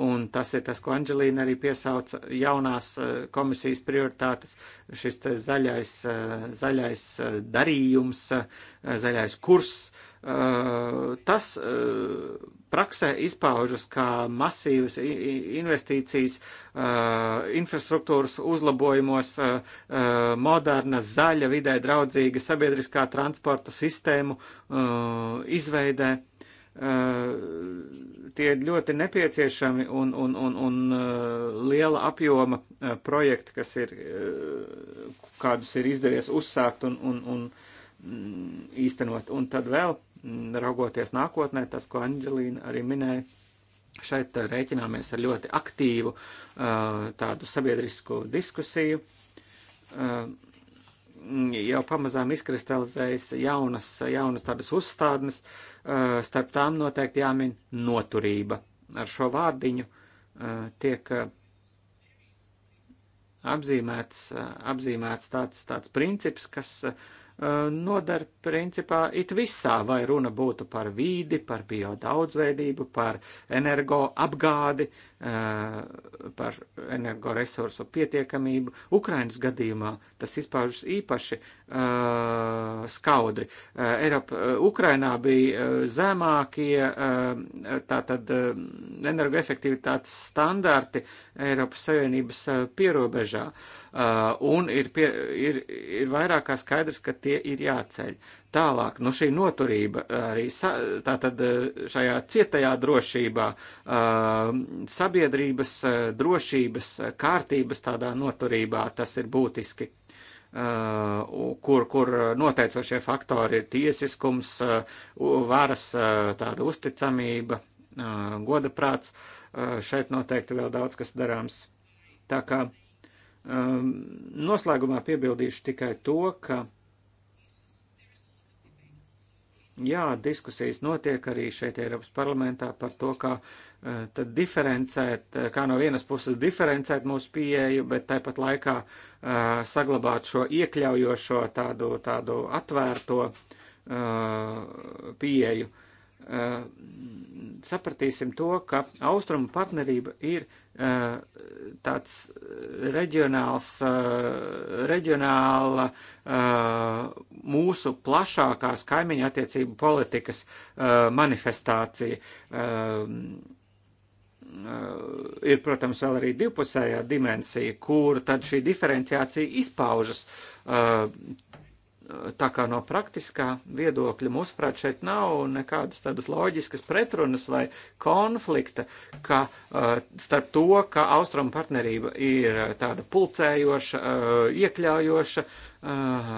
C: Un tas ir tas, ko Anģelīna arī piesauca jaunās eh, komisijas prioritātes, šis zaļais, zaļais darījums, zaļais kurss tas eh, praksē izpaužas kā masīvas investīcijas eh, infrastruktūras uzlabojumos, eh, moderna, zaļa, vidē draudzīga sabiedriskā transporta sistēmu izveidē. Tie ir ļoti nepieciešami un, un, un, un liela apjoma projekti, kas ir, kādus ir izdevies uzsākt un, un, un mm, īstenot. Un tad vēl Mm, raugoties nākotnē, tas, ko Anģelīna arī minēja, šeit eh, rēķināmies ar ļoti aktīvu eh, tādu sabiedrisku diskusiju. Eh, jau pamazām izkristalizējas jaunas, jaunas tādas uzstādnes, starp tām noteikti jāmin noturība. Ar šo vārdiņu tiek apzīmēts, apzīmēts tāds, tāds princips, kas uh, Eh, nodara principā it visā, vai runa būtu par vīdi, par biodaudzveidību, par energoapgādi, eh, par energoresursu pietiekamību. Ukrainas gadījumā tas izpaužas īpaši eh, skaudri. Eiropa, Ukrainā bija zemākie tātad energoefektivitātes standarti Eiropas Savienības pierobežā. Uh, Uh, un ir, pie, ir, ir vairāk kā skaidrs, ka tie ir jāceļ. Tālāk, nu šī noturība arī sa, tātad uh, šajā cietajā drošībā, uh, sabiedrības drošības kārtības tādā noturībā tas ir būtiski. Uh, kur, kur noteicošie faktori ir tiesiskums, uh, varas uh, tāda uzticamība, uh, godaprāts. Uh, šeit noteikti vēl daudz kas darāms. Tā kā uh, Um, noslēgumā piebildīšu tikai to, ka jā, diskusijas notiek arī šeit Eiropas parlamentā par to, kā uh, tad diferencēt, uh, kā no vienas puses diferencēt mūsu pieeju, bet tāpat laikā uh, saglabāt šo iekļaujošo tādu, tādu atvērto uh, pieeju. Uh, Eh, sapratīsim to, ka austrumu partnerība ir eh, tāds eh, reģionāls, reģionāla mūsu plašākās kaimiņa attiecību politikas manifestācija. Ir, protams, vēl arī divpusējā dimensija, kur tad šī diferenciācija izpaužas tā kā no praktiskā viedokļa mūsuprāt šeit nav nekādas tādas loģiskas pretrunas vai konflikta, ka uh, starp to, ka austrumu partnerība ir eh, tāda pulcējoša, uh, iekļaujoša uh,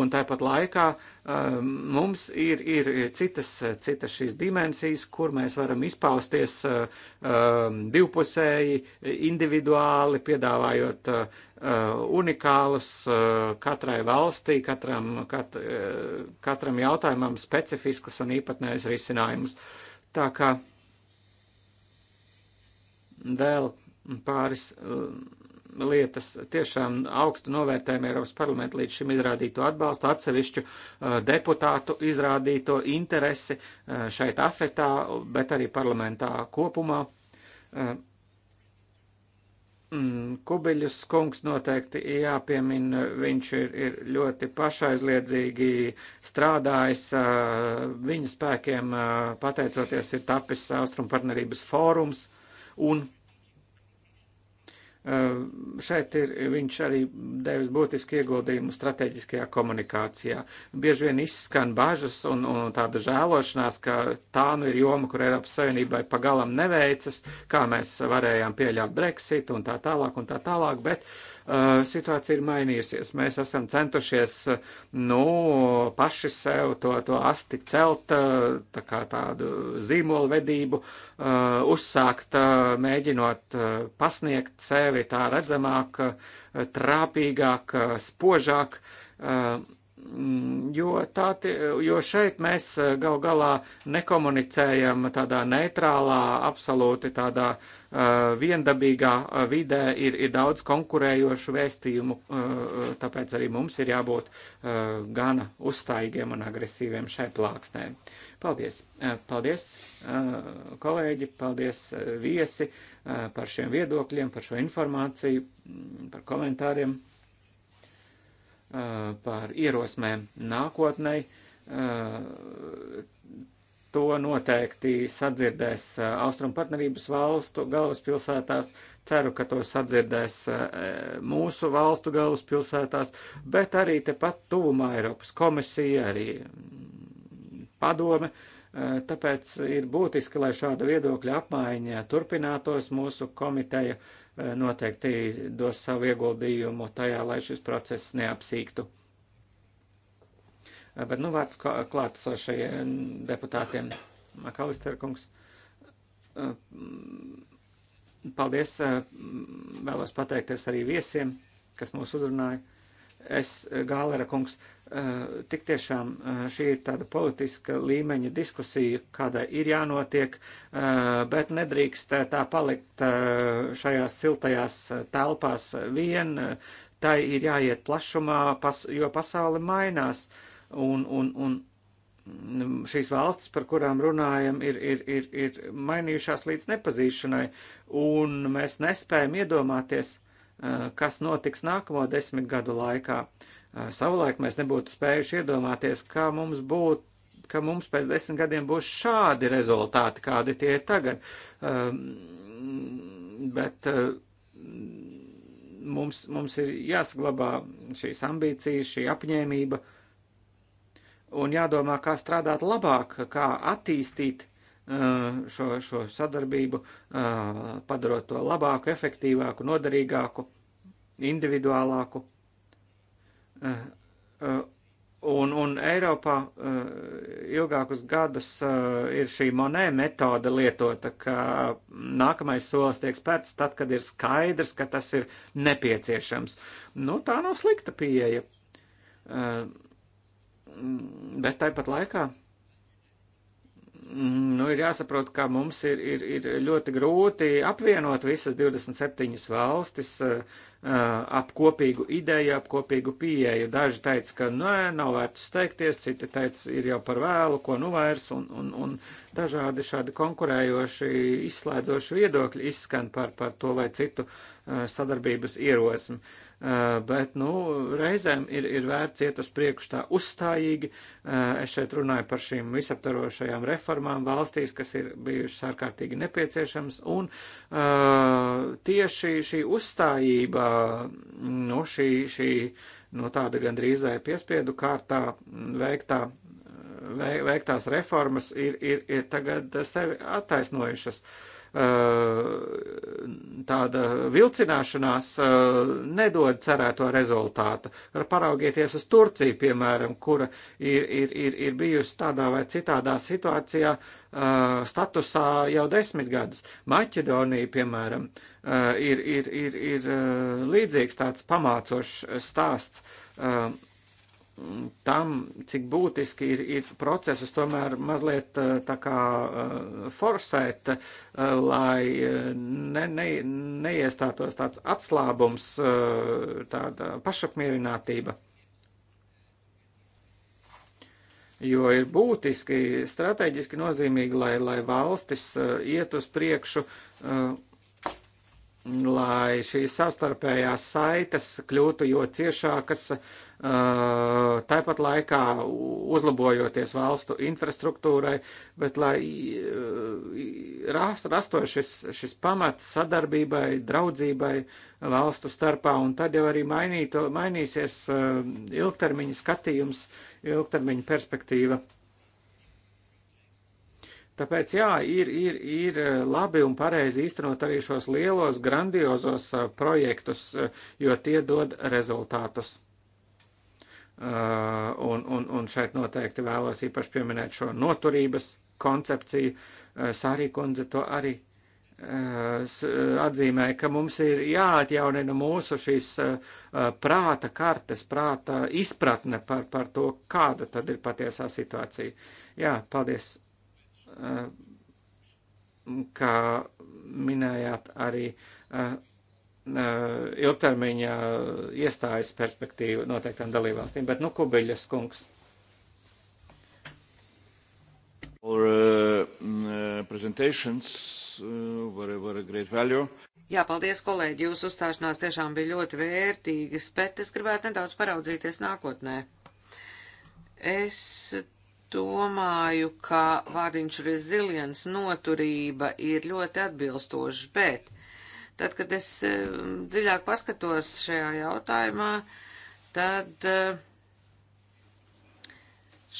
C: un tāpat laikā uh, Ehm, mums ir, ir citas, citas šīs dimensijas, kur mēs varam izpausties eh, ehm, divpusēji, individuāli, piedāvājot eh, unikālus eh, katrai valstī, katram, kat, katram jautājumam specifiskus un īpatnējus risinājumus. Tā kā vēl pāris lietas tiešām augstu novērtējam Eiropas parlamentu līdz šim izrādīto atbalstu, atsevišķu uh, deputātu izrādīto interesi uh, šeit afetā, bet arī parlamentā kopumā. Uh, mm, Kubiļus kungs noteikti jāpiemin, viņš ir, ir ļoti pašaizliedzīgi strādājis, viņa spēkiem pateicoties ir tapis Austrum partnerības fórums un Ehm, šeit ir, viņš arī devis būtiski ieguldījumu strateģiskajā komunikācijā. Bieži vien izskan bažas un, un tāda žēlošanās, ka tā nu ir joma, kur Eiropas Savienībai pagalam neveicas, kā mēs varējām pieļaut Brexit un tā tālāk un tā tālāk, bet uh, Eh, situācija ir mainījusies. Mēs esam centušies, eh, nu, paši sev to, to asti celt, eh, tā kā tādu zīmolu vedību, uzsākt, mēģinot pasniegt sevi tā redzamāk, trāpīgāk, spožāk jo, tā, jo šeit mēs eh, gal galā nekomunicējam tādā neitrālā, absolūti tādā uh, viendabīgā eh, vidē, ir, ir daudz konkurējošu vēstījumu, uh, tāpēc arī mums ir jābūt uh, gana uzstājīgiem un agresīviem šai plāksnē. Paldies! Paldies, kolēģi! Paldies, viesi, par šiem viedokļiem, par šo informāciju, mm, par komentāriem! Uh, par ierosmēm nākotnei, uh, to noteikti sadzirdēs uh, Austrum partnerības valstu galvaspilsētās. Ceru, ka to sadzirdēs mūsu valstu galvaspilsētās, bet arī tepat tuvumā Eiropas komisija, arī mm, padome. Tāpēc ir būtiski, lai šāda viedokļa apmaiņa turpinātos mūsu komiteja Eh, noteikti dos savu ieguldījumu tajā, lai šis process neapsīktu. Eh, bet, nu, vārds klātesošajiem deputātiem. Makalister kungs, eh, paldies, vēlos pateikties arī viesiem, kas mūs uzrunāja. Es, Gālera kungs, Eh, tik tiešām eh, šī ir tāda politiska līmeņa diskusija, kāda ir jānotiek, eh, bet nedrīkst tā palikt šajās siltajās telpās vien, tai ir jāiet plašumā, pas, jo pasaule mainās, un, un, un šīs valstis, par kurām runājam, ir, ir, ir, ir mainījušās līdz nepazīšanai, un mēs nespējam iedomāties, kas notiks nākamo desmit gadu laikā. Uh, Eh, savulaik mēs nebūtu spējuši iedomāties, kā mums būtu ka mums pēc desmit gadiem būs šādi rezultāti, kādi tie ir tagad. Um, bet uh, mums, mums ir jāsaglabā šīs ambīcijas, šī apņēmība un jādomā, kā strādāt labāk, kā attīstīt eh, šo, šo sadarbību, padarot to labāku, efektīvāku, noderīgāku, individuālāku. Eh, eh, un, un Eiropā uh, ilgākus gadus uh, ir šī monē metode lietota, ka nākamais solis tiek spērts tad, kad ir skaidrs, ka tas ir nepieciešams. Nu, tā nav slikta pieeja. Uh, bet tāpat laikā mm, nu, ir jāsaprot, ka mums ir, ir, ir ļoti grūti apvienot visas 27 valstis Eh, ap kopīgu ideju, ap kopīgu pieeju. Daži teica, ka nē, nav vērts steigties, citi teica, ir jau par vēlu, ko nu vairs, un, un, un dažādi šādi konkurējoši, izslēdzoši viedokļi izskan par, par to vai citu eh, sadarbības ierosmi. Uh, Uh, bet, nu, reizēm ir, ir vērts iet uz priekšu tā uzstājīgi. Uh, es šeit runāju par šīm visaptarošajām reformām valstīs, kas ir bijušas ārkārtīgi nepieciešams, un uh, tieši šī uzstājība, nu, šī, šī nu, tāda gandrīz vai piespiedu kārtā veiktā veiktās reformas ir, ir, ir tagad sevi attaisnojušas. Uh, Eh, tāda vilcināšanās eh, nedod cerēto rezultātu. Var paraugieties uz Turciju, piemēram, kura ir, ir, ir, ir bijusi tādā vai citādā situācijā eh, statusā jau desmit gadus. Maķedonija, piemēram, ir, ir, ir, ir līdzīgs tāds pamācošs stāsts tam, cik būtiski ir, ir procesus tomēr mazliet eh, tā kā eh, forsēt, eh, lai ne, ne, neiestātos tāds atslābums, tāda pašapmierinātība. Jo ir būtiski, strateģiski nozīmīgi, lai, lai valstis iet uz priekšu lai šīs savstarpējās saites kļūtu jo ciešākas, tāpat laikā uzlabojoties valstu infrastruktūrai, bet lai rastoja šis, šis pamats sadarbībai, draudzībai valstu starpā, un tad jau arī mainīto, mainīsies ilgtermiņa skatījums, ilgtermiņa perspektīva. Tāpēc, jā, ir, ir, ir labi un pareizi īstenot arī šos lielos, grandiozos projektus, jo tie dod rezultātus. Uh, un, un, un šeit noteikti vēlos īpaši pieminēt šo noturības koncepciju. Uh, Sārī kundze to arī uh, atzīmēja, ka mums ir jāatjaunina mūsu šīs prāta kartes, prāta izpratne par, par to, kāda tad ir patiesā situācija. Jā, paldies, kā minējāt arī Eh, ilgtermiņa iestājas perspektīvu noteiktām dalībvalstīm. Bet, nu, Kubiļas kungs.
A: Or, uh, eh, eh,
B: presentations uh, were, were a great value.
A: Jā, paldies, kolēģi, jūsu uzstāšanās tiešām bija ļoti vērtīgas, bet es gribētu nedaudz paraudzīties nākotnē. Es domāju, ka vārdiņš resilience, noturība ir ļoti atbilstošs, bet Tad, kad es um, dziļāk paskatos šajā jautājumā, tad uh,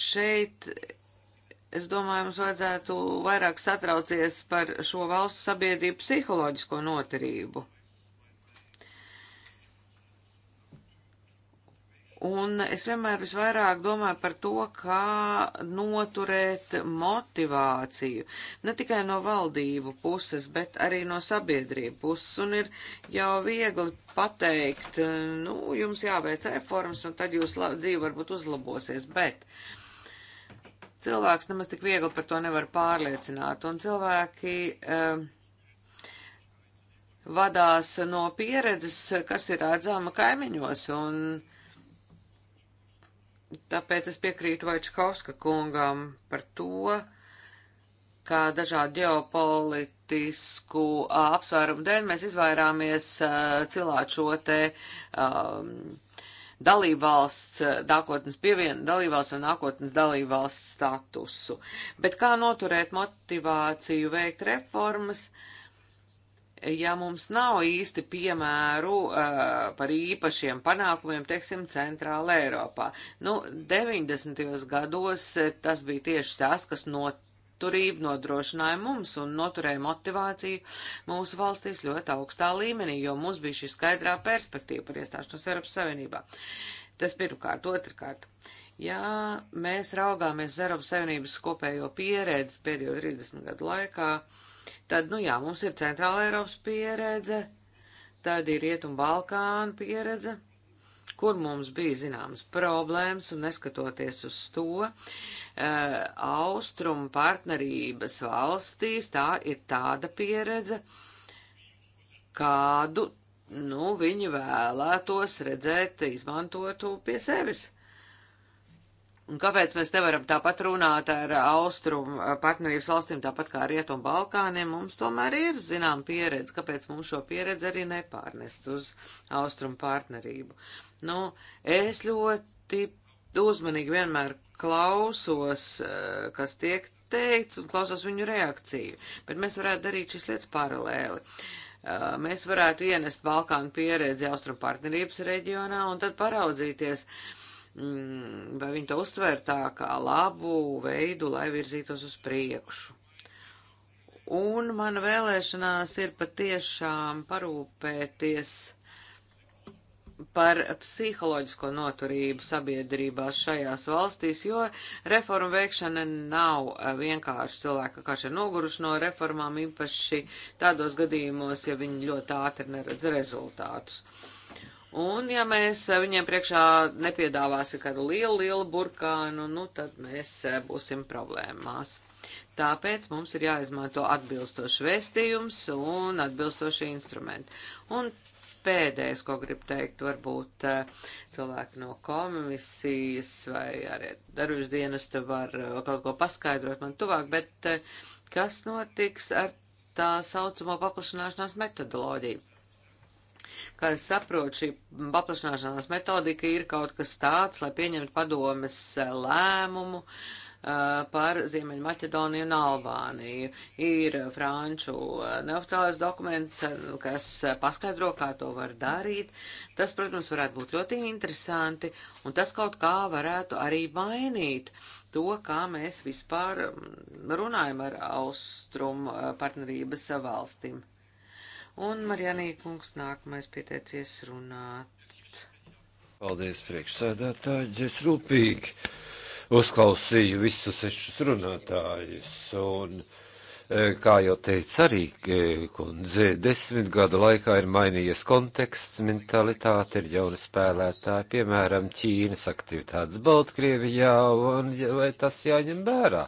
A: šeit, es domāju, mums vajadzētu vairāk satraukties par šo valstu sabiedrību psiholoģisko noturību. Un es vienmēr visvairāk domāju par to, kā noturēt motivāciju. Ne tikai no valdību puses, bet arī no sabiedrību puses. Un ir jau viegli pateikt, nu, jums jāveic reformas, un tad jūs dzīve varbūt uzlabosies. Bet cilvēks nemaz tik viegli par to nevar pārliecināt. Un cilvēki. Uh, vadās no pieredzes, kas ir redzama kaimiņos, un Tāpēc es piekrītu Vaičkovska kungam par to, ka dažādu ģeopolitisku apsvērumu dēļ mēs izvairāmies a, cilāt šo te um, dalībvalsts, nākotnes pievienu, dalībvalsts vai nākotnes dalībvalsts statusu. Bet kā noturēt motivāciju veikt reformas, ja mums nav īsti piemēru uh, par īpašiem panākumiem, teiksim, Centrāla Eiropā. Nu, 90. gados eh, tas bija tieši tas, kas noturību nodrošināja mums un noturēja motivāciju mūsu valstīs ļoti augstā līmenī, jo mums bija šī skaidrā perspektīva par iestāšanos Eiropas Savienībā. Tas pirmkārt, otrkārt. Ja mēs raugāmies Eiropas Savienības kopējo pieredzi pēdējo 30 gadu laikā, uh, Tad, nu jā, mums ir Centrāla Eiropas pieredze, tad ir Rietum Balkāna pieredze, kur mums bija zināmas problēmas, un neskatoties uz to, e, eh, austrumu partnerības valstīs tā ir tāda pieredze, kādu, nu, viņi vēlētos redzēt izmantotu pie sevis. Un kāpēc mēs nevaram tāpat runāt ar austrumu partnerības valstīm, tāpat kā rietumu Balkāniem? Mums tomēr ir zinām pieredze, kāpēc mums šo pieredzi arī nepārnest uz austrumu partnerību. Nu, es ļoti uzmanīgi vienmēr klausos, eh, kas tiek teikts, un klausos viņu reakciju, bet mēs varētu darīt šīs lietas paralēli. Eh, mēs varētu ienest Balkānu pieredzi austrumu partnerības reģionā un tad paraudzīties. Uh, Mm, vai viņi to uztver tā kā labu veidu, lai virzītos uz priekšu. Un mana vēlēšanās ir patiešām parūpēties par psiholoģisko noturību sabiedrībās šajās valstīs, jo reformu veikšana nav vienkārši cilvēka, kā šie noguruši no reformām, īpaši tādos gadījumos, ja viņi ļoti ātri neredz rezultātus. Uh, Un ja mēs eh, viņiem priekšā nepiedāvāsim kādu lielu, lielu burkānu, nu tad mēs eh, būsim problēmās. Tāpēc mums ir jāizmanto atbilstoši vēstījums un atbilstoši instrumenti. Un pēdējais, ko gribu teikt, varbūt eh, cilvēki no komisijas vai arī darbiņas dienesta var kaut ko paskaidrot man tuvāk, bet kas notiks ar tā saucamo paplašanāšanās metodoloģiju? Kā es saprotu, šī paplašināšanās metodika ir kaut kas tāds, lai pieņemtu padomes lēmumu uh, par Ziemeļu Maķedoniju un Albāniju. Ir franču uh, neoficiālais dokuments, uh, kas paskaidro, kā to var darīt. Tas, protams, varētu būt ļoti interesanti, un tas kaut kā varētu arī mainīt to, kā mēs vispār um, runājam ar austrumu partnerības valstīm. Un Marjanī kungs nākamais pieteicies runāt.
B: Paldies, priekšsēdētāji, es rūpīgi uzklausīju visus sešus runātājus. Un, e, kā jau teica arī e, kundze, desmit gadu laikā ir mainījies konteksts, mentalitāte, ir jauni spēlētāji, piemēram, Ķīnas aktivitātes Baltkrievijā, un vai tas jāņem vērā?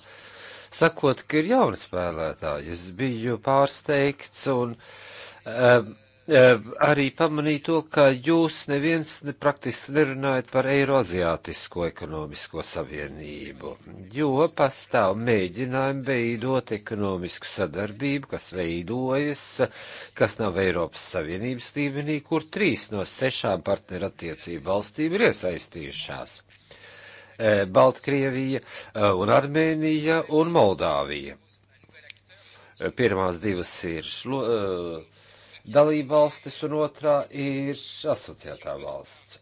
B: Sakot, ka ir jauni spēlētāji, es biju pārsteigts un. Uh, Ehm, ehm, arī pamanīju to, ka jūs neviens ne praktiski nerunājat par Eiroaziātisko ekonomisko savienību, jo pastāv mēģinājumi veidot ekonomisku sadarbību, kas veidojas, kas nav Eiropas Savienības līmenī, kur trīs no sešām partnerattiecību valstīm ir iesaistījušās. Ehm, Baltkrievija eh, un Armēnija un Moldāvija. Pirmās divas ir šlo, uh, eh, dalība valstis un otrā ir asociētā valsts.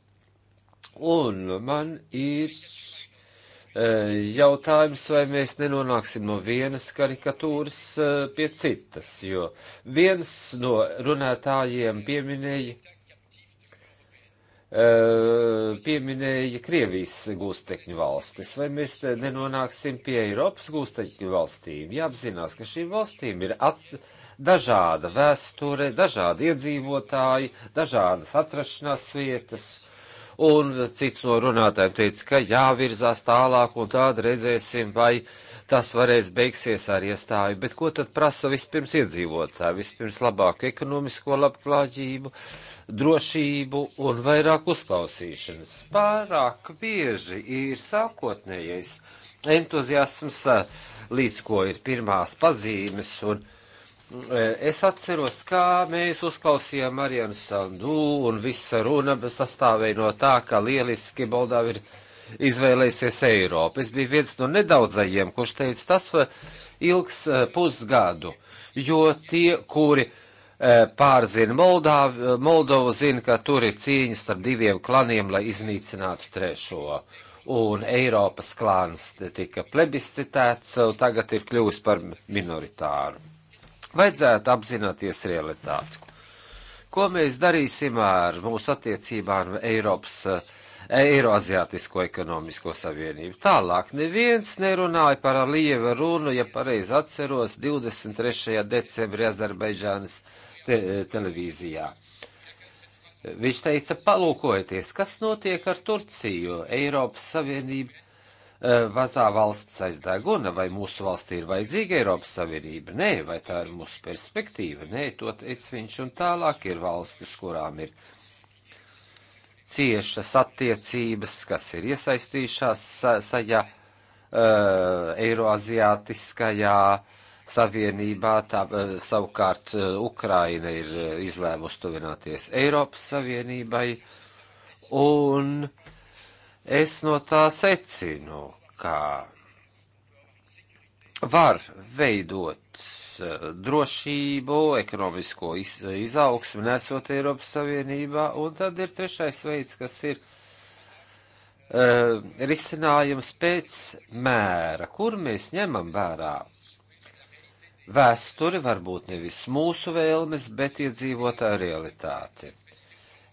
B: Un man ir e, jautājums, vai mēs nenonāksim no vienas karikatūras e, pie citas, jo viens no runētājiem pieminēja, e, pieminēja Krievijas gūstekņu valstis, vai mēs nenonāksim pie Eiropas gūstekņu valstīm. Jāapzinās, ka šīm valstīm ir atsevišķi dažāda vēsture, dažādi iedzīvotāji, dažādas atrašanās vietas. Un cits no runātājiem teica, ka jāvirzās tālāk, un tādu redzēsim, vai tas varēs beigsies ar iestāju. Bet ko tad prasa vispirms iedzīvotāji? Vispirms labāku ekonomisko labklājību, drošību un vairāk uzklausīšanas. Pārāk bieži ir sākotnējais entuziasms, līdz ko ir pirmās pazīmes, un E, es atceros, kā mēs uzklausījām Marianu Sandu, un visa runa sastāvēja no tā, ka lieliski Moldāvi ir izvēlējusies Eiropu. Es biju viens no nedaudzajiem, kurš teica, tas ilgs e, pusgadu, jo tie, kuri e, pārzina Moldāvi, Moldovu, zina, ka tur ir cīņas starp diviem klaniem, lai iznīcinātu trešo un Eiropas klāns tika plebiscitēts, tagad ir kļuvis par minoritāru. Vajadzētu apzināties realitāti. Ko mēs darīsim ar mūsu attiecībām Eiropas uh, Eiroaziātisko ekonomisko savienību. Tālāk neviens nerunāja par Alieva runu, ja pareizi atceros, 23. decembrī Azerbaidžānas te eh, televīzijā. Viņš teica, palūkojieties, kas notiek ar Turciju. Eiropas Savienība Eh, vazā valsts aiz deguna, vai mūsu valstī ir vajadzīga Eiropas Savienība? Nē, vai tā ir mūsu perspektīva? Nē, to teica viņš, un tālāk ir valstis, kurām ir ciešas attiecības, kas ir iesaistījušās sajā sa, uh, Eiroaziātiskajā savienībā, tā uh, savukārt uh, Ukraina ir izlēmusi tuvināties Eiropas Savienībai, un uh, Es no tā secinu, ka var veidot eh, drošību, ekonomisko iz, izaugsmu, nesot Eiropas Savienībā, un tad ir trešais veids, kas ir uh, risinājums pēc mēra, kur mēs ņemam vērā vēsturi, varbūt nevis mūsu vēlmes, bet iedzīvotāju realitāti.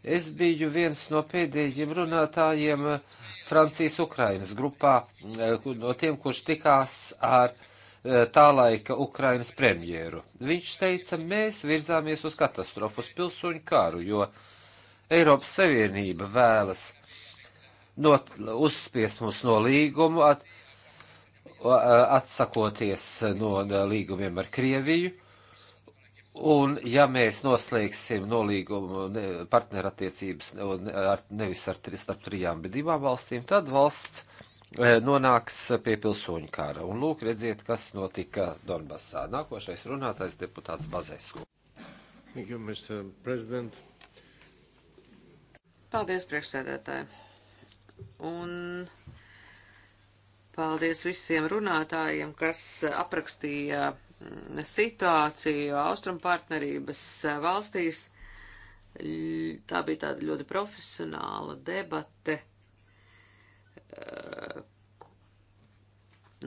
B: Es biju viens no pēdējiem runātājiem eh, Francijas-Ukrainas grupā, eh, no tiem, kurš tikās ar eh, tā laika Ukrainas premjeru. Viņš teica, mēs virzāmies uz katastrofu, uz pilsoņu kāru, jo Eiropas Savienība vēlas no, uzspiest mums no līgumu, at, atsakoties no līgumiem ar Krieviju Un ja mēs noslēgsim nolīgumu partnerattiecības nevis ar starp trijām, bet divām valstīm, tad valsts eh, nonāks pie pilsoņu kara. Un lūk, redziet, kas notika Donbassā. Nākošais runātais deputāts Bazēsku.
A: Paldies, priekšsēdētāji. Un paldies visiem runātājiem, kas aprakstīja situāciju Austrum partnerības eh, valstīs. Tā bija tāda ļoti profesionāla debate eh,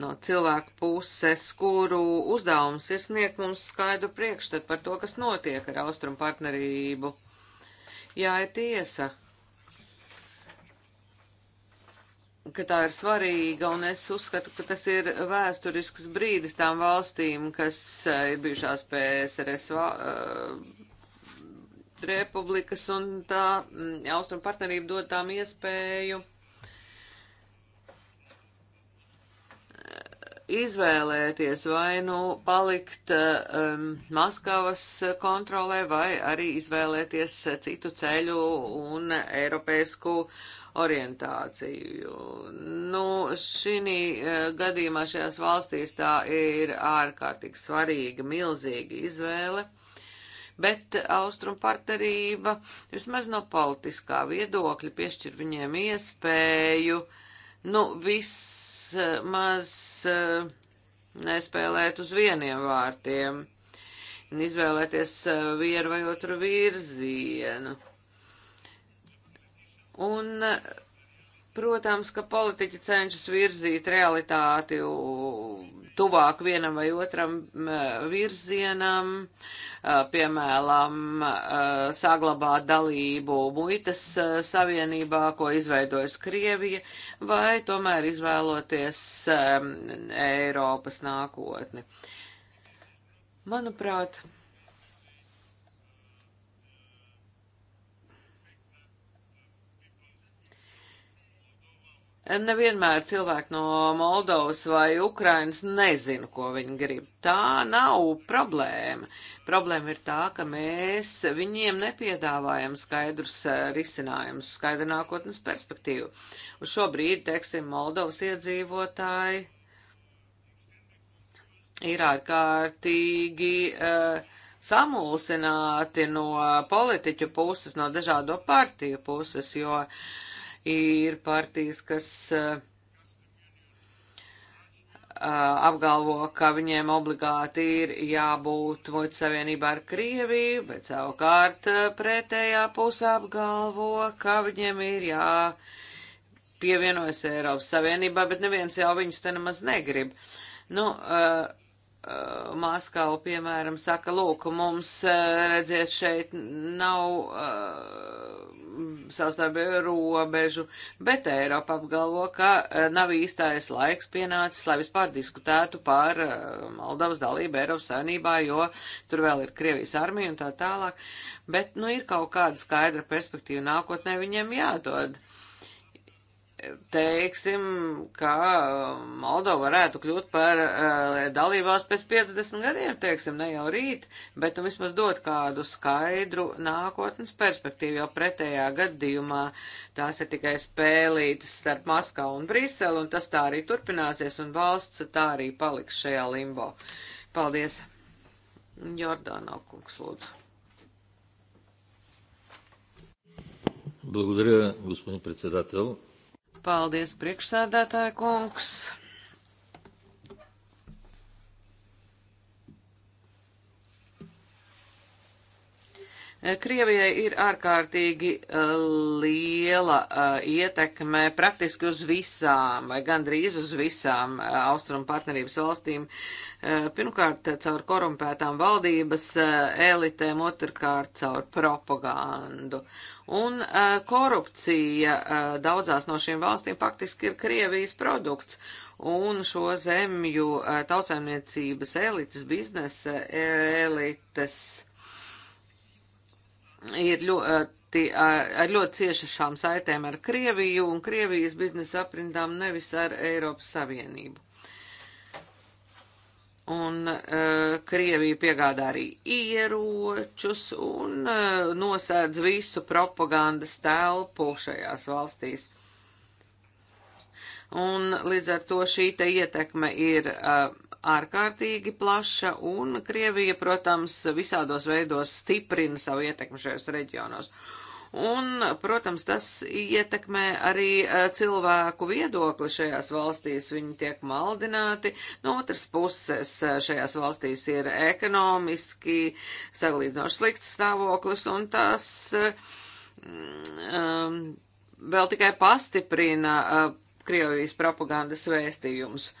A: no cilvēku puses, kuru uzdevums ir sniegt mums skaidru priekšstatu par to, kas notiek ar Austrum partnerību. Jā, ir tiesa, ka tā ir svarīga, un es uzskatu, ka tas ir vēsturisks brīdis tām valstīm, kas eh, ir bijušās PSRS uh, eh, republikas, un tā mm, austrumu partnerība dod tām iespēju eh, izvēlēties vai nu palikt um, Maskavas kontrolē, vai arī izvēlēties citu ceļu un Eiropēsku uh, orientāciju. Nu, šī eh, gadījumā šajās valstīs tā ir ārkārtīgi svarīga, milzīga izvēle, bet Austrum partnerība vismaz no politiskā viedokļa piešķir viņiem iespēju, nu, vismaz eh, nespēlēt uz vieniem vārtiem un izvēlēties eh, vienu vai otru virzienu. Un, protams, ka politiķi cenšas virzīt realitāti tuvāk vienam vai otram virzienam, piemēram, saglabāt dalību muitas savienībā, ko izveidojas Krievija, vai tomēr izvēloties Eiropas nākotni. Manuprāt, Nevienmēr cilvēki no Moldovas vai Ukrainas nezina, ko viņi grib. Tā nav problēma. Problēma ir tā, ka mēs viņiem nepiedāvājam skaidrus eh, risinājumus, skaidru nākotnes perspektīvu. Uz šo brīdi, teiksim, Moldovas iedzīvotāji ir ārkārtīgi uh, samulsināti no politiķu puses, no dažādo partiju puses, jo uh, Ir partijas, kas uh, apgalvo, ka viņiem obligāti ir jābūt muitas savienībā ar Krieviju, bet savukārt pretējā pusē apgalvo, ka viņiem ir jāpievienojas Eiropas Savienībā, bet neviens jau viņus te nemaz negrib. Nu, uh, uh, Maskava, piemēram, saka, lūk, mums, uh, redziet, šeit nav savstarpēju robežu, bet Eiropa apgalvo, ka eh, nav īstais laiks pienācis, lai vispār diskutētu par eh, Moldovas dalību Eiropas Savienībā, jo tur vēl ir Krievijas armija un tā tālāk. Bet, nu, ir kaut kāda skaidra perspektīva nākotnē viņiem jādod. Uh, teiksim, ka Moldova varētu kļūt par uh, eh, dalībās pēc 50 gadiem, teiksim, ne jau rīt, bet nu vismaz dot kādu skaidru nākotnes perspektīvu, jo pretējā gadījumā tās ir tikai spēlītas starp Maskavu un Briselu, un tas tā arī turpināsies, un valsts tā arī paliks šajā limbo. Paldies! Jordānā kungs, lūdzu.
B: Благодаря, господин председател.
A: Paldies, priekšsēdētāja kungs. Krievijai ir ārkārtīgi e, liela e, ietekme praktiski uz visām, vai gandrīz uz visām e, austrumu partnerības valstīm. Pirmkārt, caur korumpētām valdības elitēm, otrkārt, caur propagandu. Un korupcija daudzās no šīm valstīm faktiski ir Krievijas produkts un šo zemju tautsēmniecības elites, biznesa elites ir ļoti, eh, eh, ar ļoti ciešašām saitēm ar Krieviju un Krievijas biznesa aprindām, nevis ar Eiropas Savienību. Un uh, Krievija piegādā arī ieročus un uh, nosēdz visu propagandas telpu šajās valstīs. Un līdz ar to šī te ietekme ir uh, ārkārtīgi plaša, un Krievija, protams, visādos veidos stiprina savu ietekmi šajos reģionos. Un, protams, tas ietekmē arī eh, cilvēku viedokli šajās valstīs. Viņi tiek maldināti. No otras puses, eh, šajās valstīs ir ekonomiski salīdzinoši slikts stāvoklis, un tas um, vēl tikai pastiprina uh, Krievijas propagandas vēstījumus. Uh,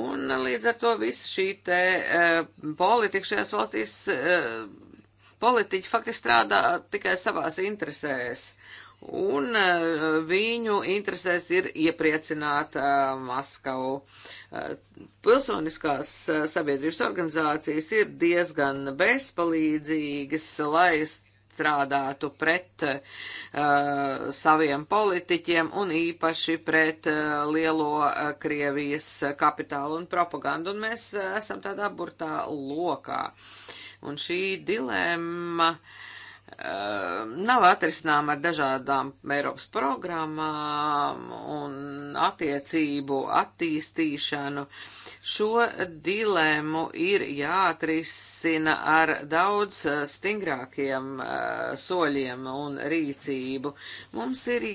A: Un līdz ar to visa šī te eh, politika šajās valstīs, eh, politiķi faktiski strādā tikai savās interesēs. Un eh, viņu interesēs ir iepriecināt Maskavu. Pilsoniskās sabiedrības organizācijas ir diezgan bezpalīdzīgas, lai strādātu pret uh, saviem politiķiem un īpaši pret uh, lielo uh, Krievijas kapitālu un propagandu, un mēs uh, esam tādā burtā lokā. Un šī dilemma uh, Ehm, nav atrisinām ar dažādām Eiropas programmām un attiecību attīstīšanu. Šo dilemu ir jāatrisina ar daudz eh, stingrākiem eh, soļiem un rīcību. Mums ir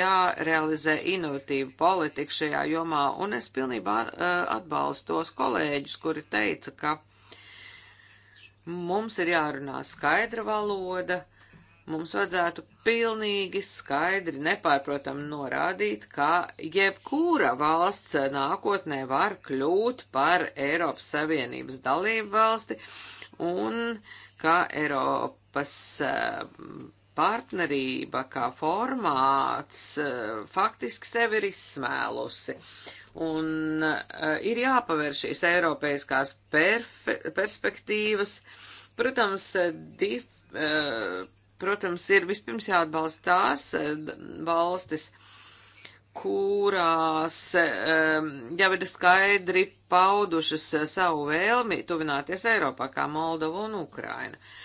A: jārealizē inovatīva politika šajā jomā, un es pilnībā eh, atbalstu tos kolēģus, kuri teica, ka Mums ir jārunā skaidra valoda, mums vajadzētu pilnīgi skaidri, nepārprotam norādīt, ka jebkura valsts nākotnē var kļūt par Eiropas Savienības dalību valsti un ka Eiropas eh, partnerība kā formāts e, faktiski sevi ir izsmēlusi. Un e, ir jāpavēr šīs eiropeiskās perspektīvas. Protams, e, dif, protams, ir vispirms jāatbalsta tās valstis, kurās jau ir skaidri paudušas savu vēlmi tuvināties Eiropā, kā Moldova un Ukraina. Uh,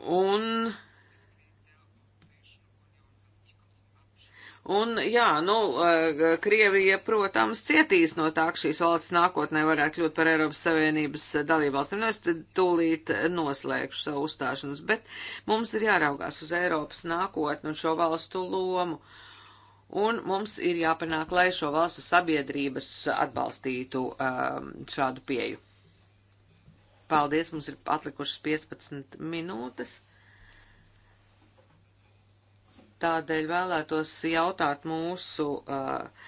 A: Un, un jā, nu, eh, Krievija, protams, cietīs no tā, ka šīs valsts nākotnē varētu kļūt par Eiropas Savienības dalībvalstīm. Nu, es tūlīt noslēgšu savu uzstāšanos, bet mums ir jāraugās uz Eiropas nākotni un šo valstu lomu. Un mums ir jāpanāk, lai šo valstu sabiedrības atbalstītu um, šādu pieju. Paldies, mums ir atlikušas 15 minūtes. Tādēļ vēlētos jautāt mūsu uh,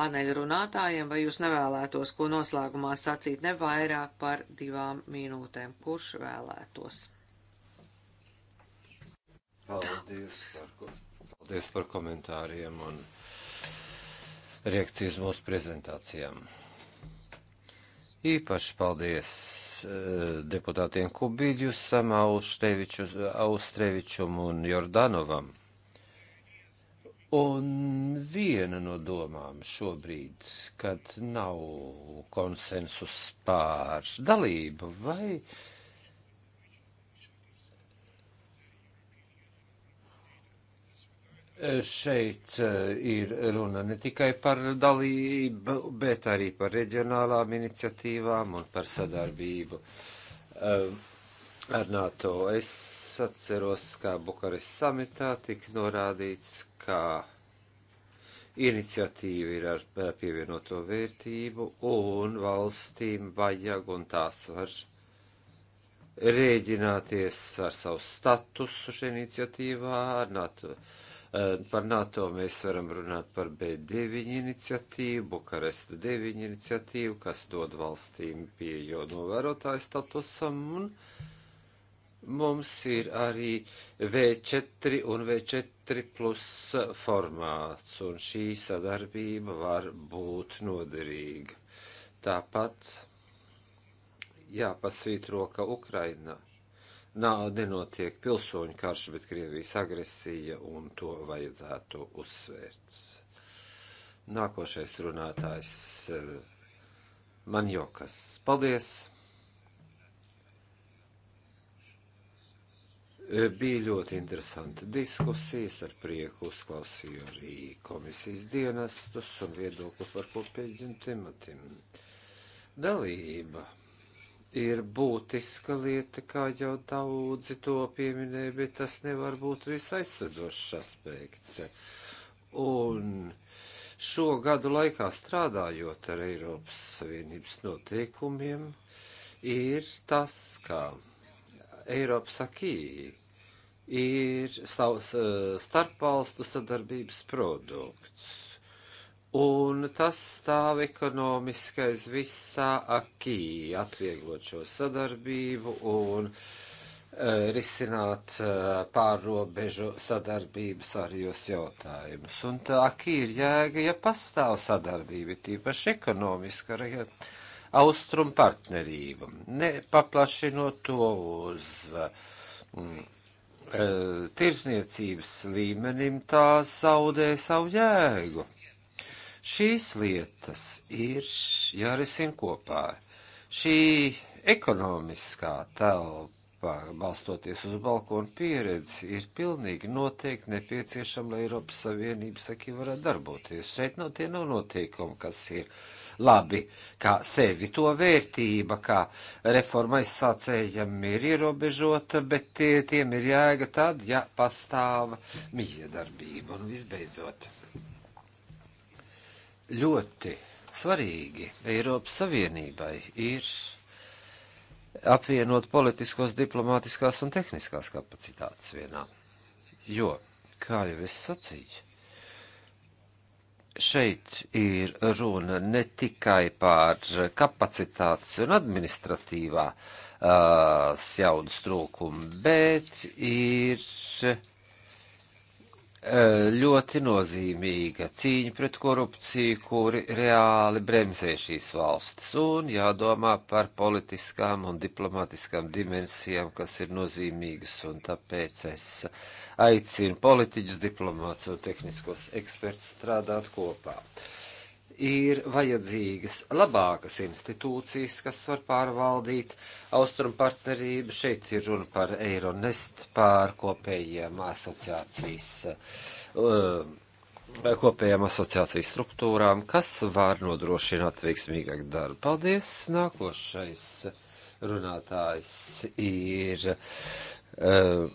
A: paneļa runātājiem, vai jūs nevēlētos, ko noslēgumā sacīt ne vairāk par divām minūtēm. Kurš vēlētos?
B: Paldies par, paldies par komentāriem un reakcijas mūsu prezentācijām. Īpaši paldies eh, deputātiem Kubīģusam, Austrevičum un Jordanovam. Un viena no domām šobrīd, kad nav konsensus pār dalību vai uh, Šeit eh, ir runa ne tikai par dalību, bet arī par reģionālām iniciatīvām un par sadarbību eh, ar NATO. Es atceros, kā Bukares samitā tika norādīts, ka iniciatīva ir ar eh, pievienoto vērtību, un valstīm vajag un tās var rēģināties ar savu statusu šajā iniciatīvā, ar NATO, Eh, par NATO mēs varam runāt par B9 iniciatīvu, Bukaresta 9 iniciatīvu, kas dod valstīm pieejo novērotāju statusam, un mums ir arī V4 un V4 plus formāts, un šī sadarbība var būt noderīga. Tāpat jāpasvītro, ka Ukraina nenotiek pilsoņu karš, bet Krievijas agresija, un to vajadzētu uzsvērts. Nākošais runātājs eh, Manjokas. Paldies! Eh, bija ļoti interesanti diskusijas, ar prieku uzklausīju arī komisijas dienestus un viedokli par kopīgiem tematiem. Dalība ir būtiska lieta, kā jau daudzi to pieminēja, bet tas nevar būt visaizsadzošs aspekts. Un šo gadu laikā strādājot ar Eiropas Savienības noteikumiem, ir tas, ka Eiropas akī ir savs eh, starpvalstu sadarbības produkts Un tas stāv ekonomiskais visā akī, atvieglot šo sadarbību un uh, risināt uh, pārrobežu sadarbības arī jūs jautājumus. Un tā akī ir jēga, ja pastāv sadarbība, tīpaši ekonomiska ar ja, austrumu partnerību, nepaplašinot to uz. Mm, e, tirzniecības līmenim tās zaudē savu jēgu. Šīs lietas ir jārisina kopā. Šī ekonomiskā telpa, balstoties uz balkonu pieredzi, ir pilnīgi noteikti nepieciešama, lai Eiropas Savienības saki varētu darboties. Šeit nav tie nav noteikumi, kas ir labi, kā sevi to vērtība, kā reforma aizsācējiem ir ierobežota, bet tie, tiem ir jēga tad, ja pastāv miedarbība un visbeidzot ļoti svarīgi Eiropas Savienībai ir apvienot politiskos, diplomātiskās un tehniskās kapacitātes vienā. Jo, kā jau es sacīju, šeit ir runa ne tikai par kapacitātes un administratīvā uh, jaudas trūkumu, bet ir Eh, ļoti nozīmīga cīņa pret korupciju, kuri reāli bremzē šīs valstis, un jādomā par politiskām un diplomatiskām dimensijām, kas ir nozīmīgas, un tāpēc es aicinu politiķus, diplomātus un tehniskos ekspertus strādāt kopā. Uh, ir vajadzīgas labākas institūcijas, kas var pārvaldīt austrumu partnerību. Šeit ir runa par Eironest, par kopējiem asociācijas, eh, kopējām asociācijas struktūrām, kas var nodrošināt veiksmīgāku darbu. Paldies! Nākošais runātājs ir. Uh,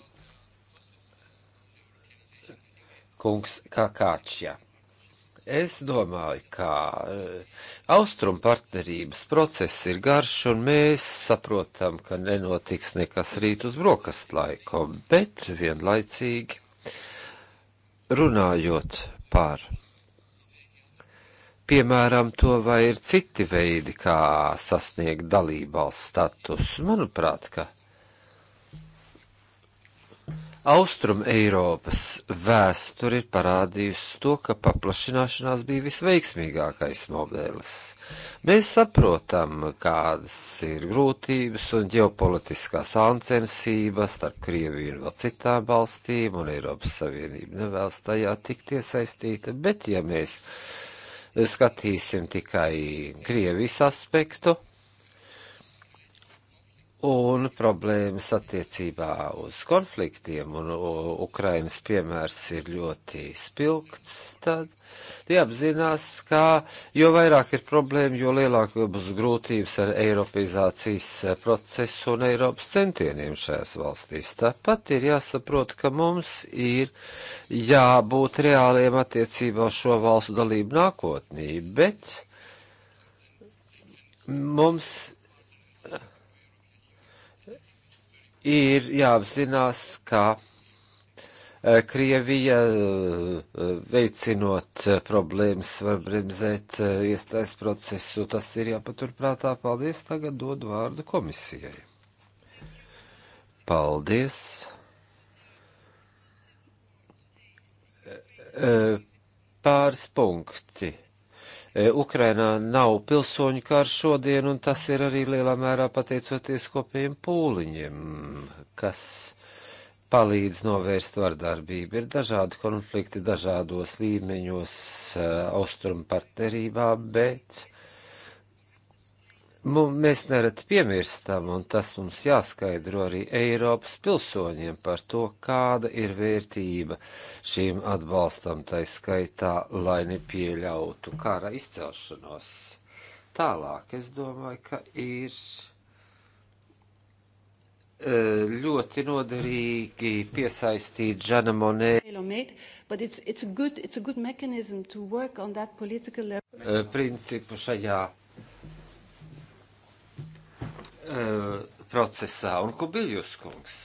B: kungs Kakāčja. Es domāju, ka eh, austrumu partnerības process ir garš, un mēs saprotam, ka nenotiks nekas rīt uz brokastu laiku, bet vienlaicīgi runājot par piemēram, to vai ir citi veidi, kā sasniegt dalībvalsts status. Manuprāt, ka Austrum Eiropas vēsture ir parādījusi to, ka paplašināšanās bija visveiksmīgākais modelis. Mēs saprotam, kādas ir grūtības un ģeopolitiskā sāncensība starp Krieviju un vēl citām valstīm, un Eiropas Savienība nevēlas tajā tikt iesaistīta, bet ja mēs skatīsim tikai Krievijas aspektu, un problēmas attiecībā uz konfliktiem, un Ukrainas piemērs ir ļoti spilgts, tad tie apzinās, ka jo vairāk ir problēma, jo lielāk būs grūtības ar Eiropizācijas procesu un Eiropas centieniem šajās valstīs. Tāpat ir jāsaprot, ka mums ir jābūt reāliem attiecībā uz šo valstu dalību nākotnī, bet mums ir jāapzinās, ka e, Krievija e, veicinot e, problēmas var bremzēt iestājas procesu. Tas ir jāpaturprātā. Paldies. Tagad dodu vārdu komisijai. Paldies. Pāris punkti E, Ukrainā nav pilsoņu kārs šodien, un tas ir arī lielā mērā pateicoties kopējiem pūliņiem, kas palīdz novērst vardarbību. Ir dažādi konflikti dažādos līmeņos e, austrumu partnerībā, bet Mums, mēs nereti piemirstam, un tas mums jāskaidro arī Eiropas pilsoņiem par to, kāda ir vērtība šīm atbalstam, tai skaitā, lai nepieļautu kara izcelšanos. Tālāk es domāju, ka ir e, ļoti noderīgi piesaistīt Žana Monē e, principu šajā Eh, procesā. Un Kubiļus kungs.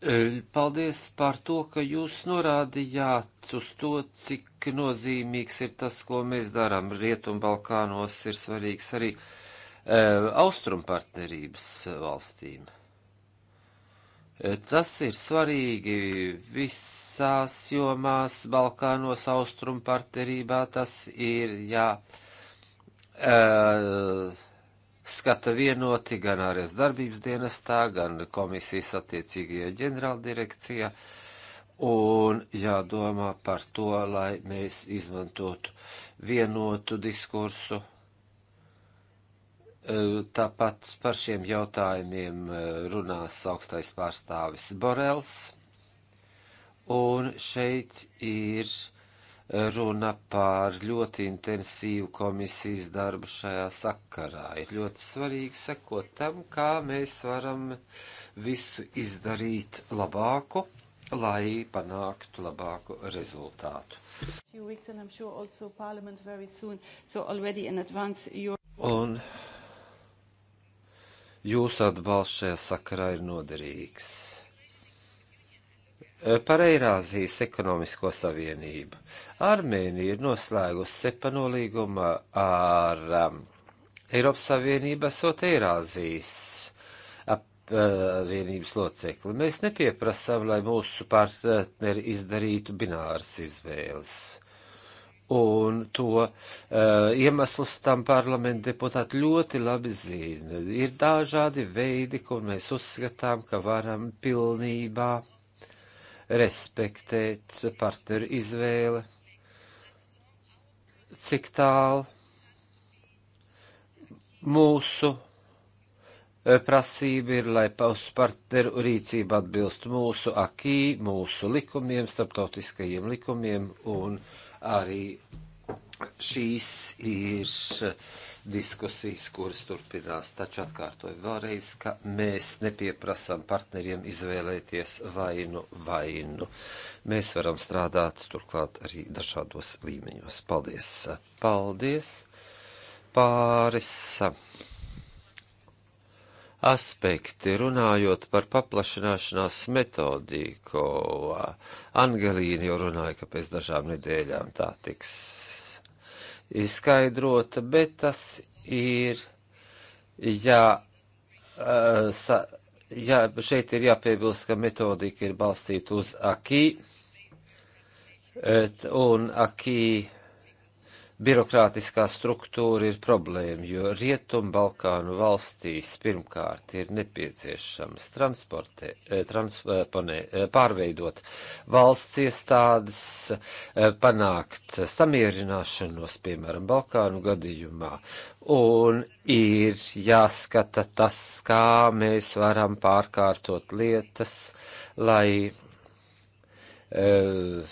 B: Eh, paldies par to, ka jūs norādījāt uz to, cik nozīmīgs ir tas, ko mēs darām. Rietumbalkānos ir svarīgs arī e, eh, austrumpartnerības valstīm. E, tas ir svarīgi visās jomās, Balkānos austrumpartnerībā tas ir, jā. E, skata vienoti gan ārējās darbības dienestā, gan komisijas attiecīgajā ģenerāldirekcijā. Un jādomā par to, lai mēs izmantotu vienotu diskursu. E, tāpat par šiem jautājumiem e, runās augstais pārstāvis Borels. Un šeit ir runa par ļoti intensīvu komisijas darbu šajā sakarā. Ir ļoti svarīgi sekot tam, kā mēs varam visu izdarīt labāku, lai panāktu labāku rezultātu. Un jūsu atbalsts šajā sakarā ir noderīgs. Eh, par Eirāzijas ekonomisko savienību. Armēnija ir noslēgusi sepa nolīgumā ar um, Eiropas Savienību esot Eirāzijas apvienības eh, uh, locekli. Mēs nepieprasām, lai mūsu partneri izdarītu bināras izvēles. Un to uh, iemeslus tam parlamenta deputāti ļoti labi zina. Ir dažādi veidi, kur mēs uzskatām, ka varam pilnībā uh, respektēt partneru izvēle, cik tālu mūsu e, prasība ir, lai pausu partneru rīcība atbilst mūsu akī, mūsu likumiem, starptautiskajiem likumiem un arī šīs ir diskusijas, kuras turpinās. Taču atkārtoju vēlreiz, ka mēs nepieprasām partneriem izvēlēties vainu vainu. Mēs varam strādāt turklāt arī dažādos līmeņos. Paldies! Paldies! Pāris aspekti runājot par paplašināšanās metodiku. Angelīna jau runāja, ka pēc dažām nedēļām tā tiks izskaidrota, bet tas ir, jā, eh, sa, jā, šeit ir jāpiebilst, ka metodika ir balstīta uz akī, un akī birokrātiskā struktūra ir problēma, jo Rietumbalkānu valstīs pirmkārt ir nepieciešams eh, transponē, eh, pārveidot valsts iestādes, eh, panākt samierināšanos, piemēram, Balkānu gadījumā, un ir jāskata tas, kā mēs varam pārkārtot lietas, lai. Uh,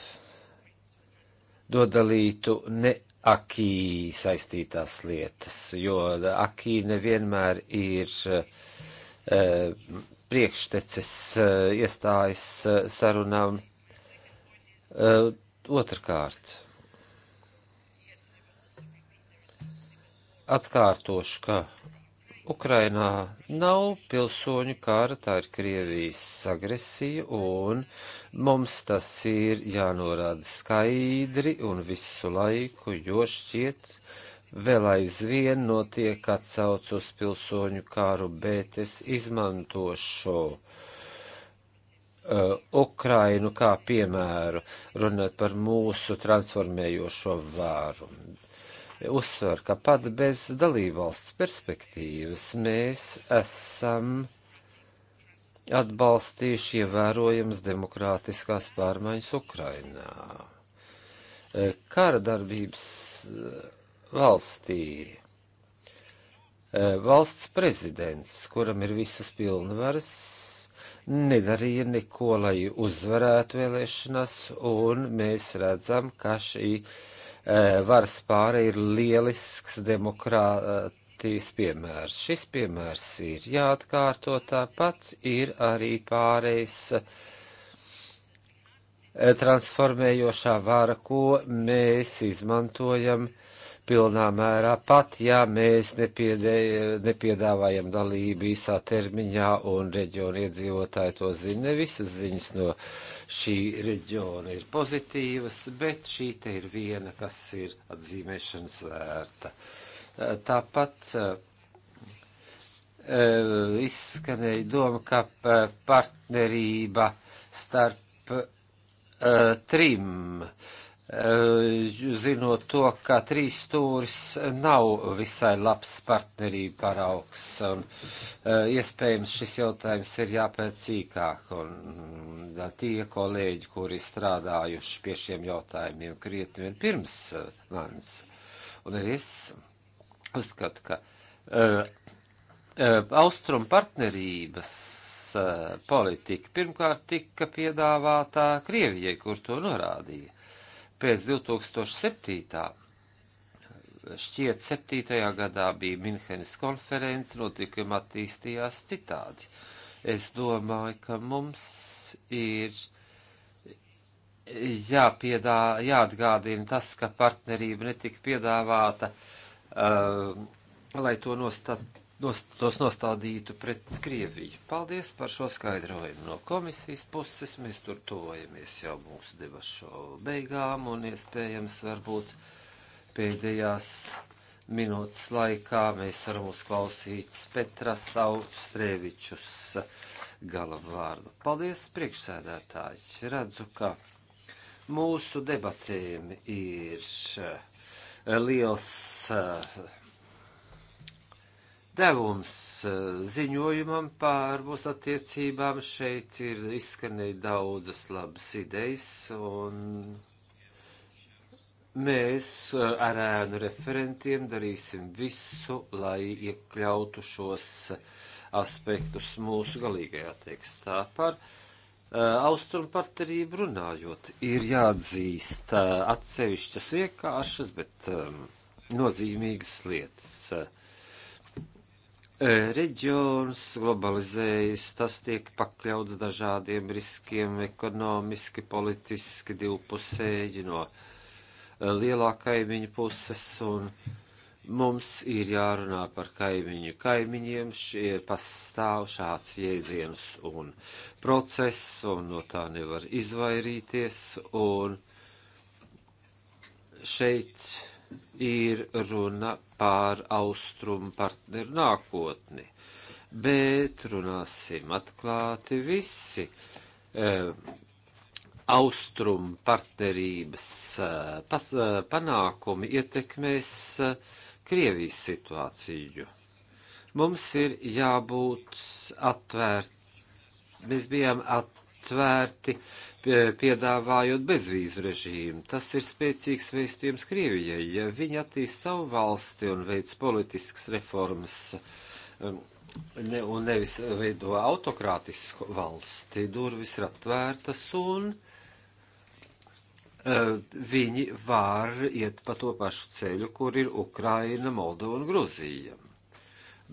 B: dodalītu ne akī saistītās lietas, jo akī nevienmēr ir uh, eh, priekštecis uh, eh, iestājas uh, sarunām. Uh, otrkārt, atkārtošu, ka Ukrainā nav pilsoņu kara, tā ir Krievijas agresija, un mums tas ir jānorāda skaidri un visu laiku, jo šķiet vēl aizvien notiek atsauc uz pilsoņu kāru, bet es izmantošu uh, Ukrainu kā piemēru, runāt par mūsu transformējošo vāru uzsver, ka pat bez dalībvalsts perspektīvas mēs esam atbalstījuši ievērojams demokrātiskās pārmaiņas Ukrainā. E, kara darbības e, valstī e, valsts prezidents, kuram ir visas pilnvaras, nedarīja neko, lai uzvarētu vēlēšanas, un mēs redzam, ka šī uh, Eh, varas pāri ir lielisks demokrātijas piemērs. Šis piemērs ir jāatkārto, tāpat ir arī pārējais eh, transformējošā vara, ko mēs izmantojam uh, pilnā mērā, pat ja mēs nepiedē, nepiedāvājam dalību īsā termiņā un reģiona iedzīvotāji to zina. Ne visas ziņas no šī reģiona ir pozitīvas, bet šī te ir viena, kas ir atzīmēšanas vērta. Tāpat eh, eh, izskanēja doma, ka eh, partnerība starp trim uh, Eh, zinot to, ka trīs stūris nav visai labs partnerība paraugs, un eh, iespējams šis jautājums ir jāpēc cīkāk, un mm, tie kolēģi, kuri strādājuši pie šiem jautājumiem krietni vien pirms eh, manis, un arī es uzskatu, ka uh, uh, austrum partnerības uh, politika pirmkārt tika piedāvātā Krievijai, kur to norādīja Pēc 2007. šķiet 7. gadā bija Minhenes konference, notikumi attīstījās citādi. Es domāju, ka mums ir jāpiedā, jāatgādina tas, ka partnerība netika piedāvāta, uh, lai to nostat nost, tos nostādītu pret Krieviju. Paldies par šo skaidrojumu no komisijas puses. Mēs tur tojamies jau mūsu debašu beigām un iespējams varbūt pēdējās minūtes laikā mēs varam uzklausīt Petras Augstrēvičus galavārdu. Paldies, priekšsēdētājs. Redzu, ka mūsu debatēm ir liels uh, devums eh, ziņojumam pār mūsu attiecībām. Šeit ir izskanēja daudzas labas idejas, un mēs eh, ar ēnu referentiem darīsim visu, lai iekļautu šos eh, aspektus mūsu galīgajā tekstā par austrumpartnerību runājot. Ir jāatzīst atsevišķas vienkāršas, bet nozīmīgas lietas E, reģions globalizējas, tas tiek pakļauts dažādiem riskiem ekonomiski, politiski, divpusēji no e, lielā kaimiņa puses, un mums ir jārunā par kaimiņu kaimiņiem, šie pastāv šāds jēdziens un process, un no tā nevar izvairīties, un šeit ir runa pār austrumu partneru nākotni, bet runāsim atklāti visi. Um, austrumu partnerības uh, pas, uh, panākumi ietekmēs uh, Krievijas situāciju. Mums ir jābūt atvērti. Mēs bijām atvērti uh, piedāvājot bezvīzu režīmu. Tas ir spēcīgs vēstījums Krievijai, ja viņi attīst savu valsti un veids politiskas reformas um, ne, un nevis veido autokrātisku valsti. Durvis ir atvērtas un uh, viņi var iet pa to pašu ceļu, kur ir Ukraina, Moldova un Gruzija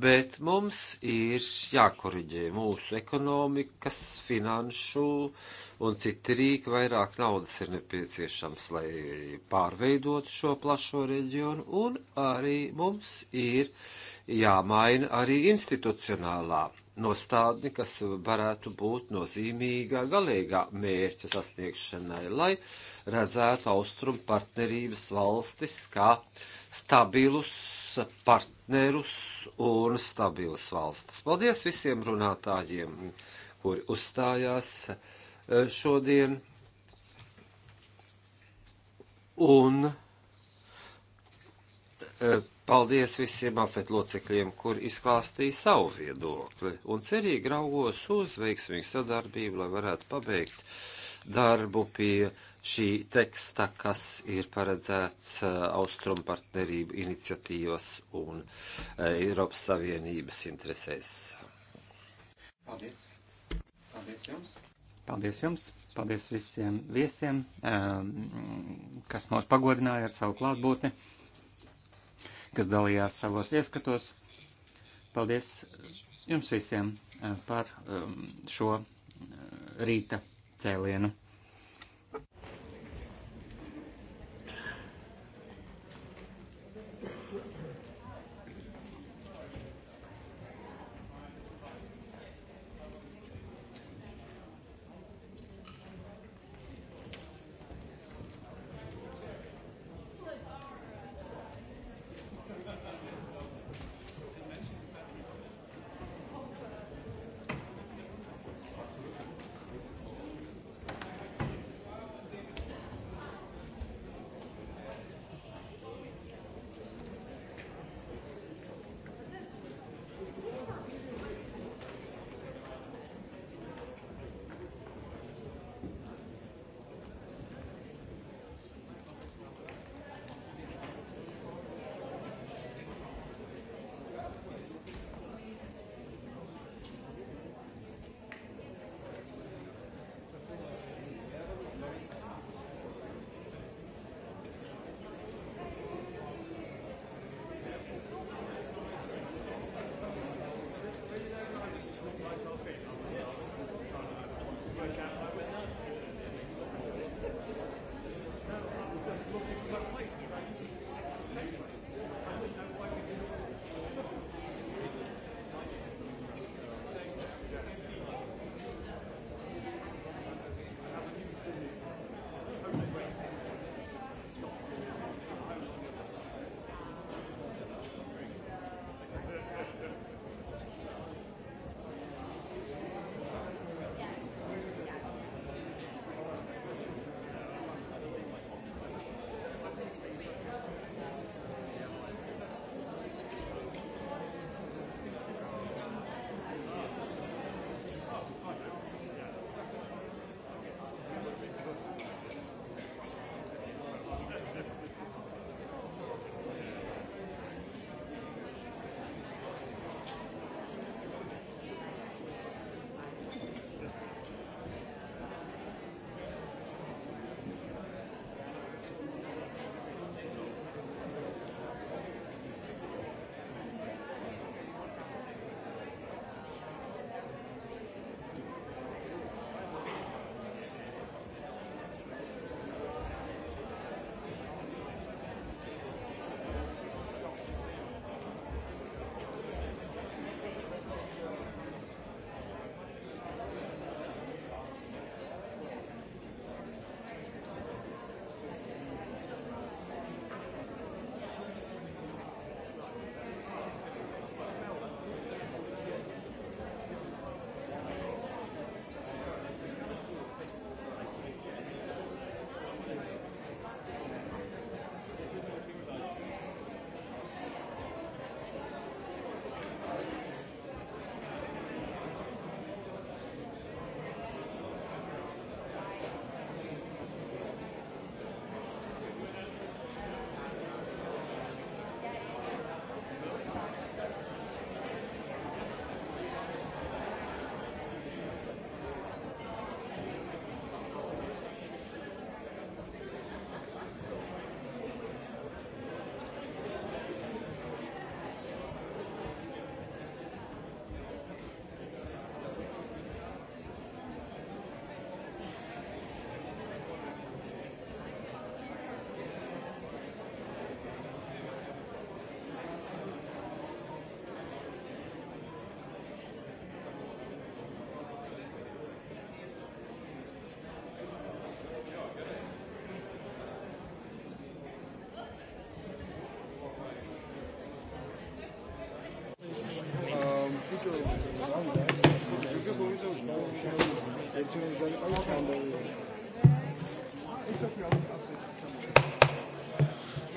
B: bet mums ir jākoriģē mūsu ekonomikas, finanšu un citi rīki, vairāk naudas ir nepieciešams, lai pārveidotu šo plašo reģionu, un arī mums ir jāmaina arī institucionālā nostādni, kas varētu būt nozīmīgā galīgā mērķa sasniegšanai, lai redzētu austrumu partnerības valstis kā stabilus partnerības partnerus un stabilas valstis. Paldies visiem runātājiem, kuri uzstājās eh, šodien. Un eh, paldies visiem afet locekļiem, kur izklāstīja savu viedokli. Un cerīgi raugos uz veiksmīgu sadarbību, lai varētu pabeigt darbu pie šī teksta, kas ir paredzēts Austrum partnerību iniciatīvas un Eiropas Savienības interesēs.
C: Paldies! Paldies jums! Paldies jums! Paldies visiem viesiem, kas mūs pagodināja ar savu klātbūtni, kas dalījās savos ieskatos. Paldies jums visiem par šo rīta cēlienu.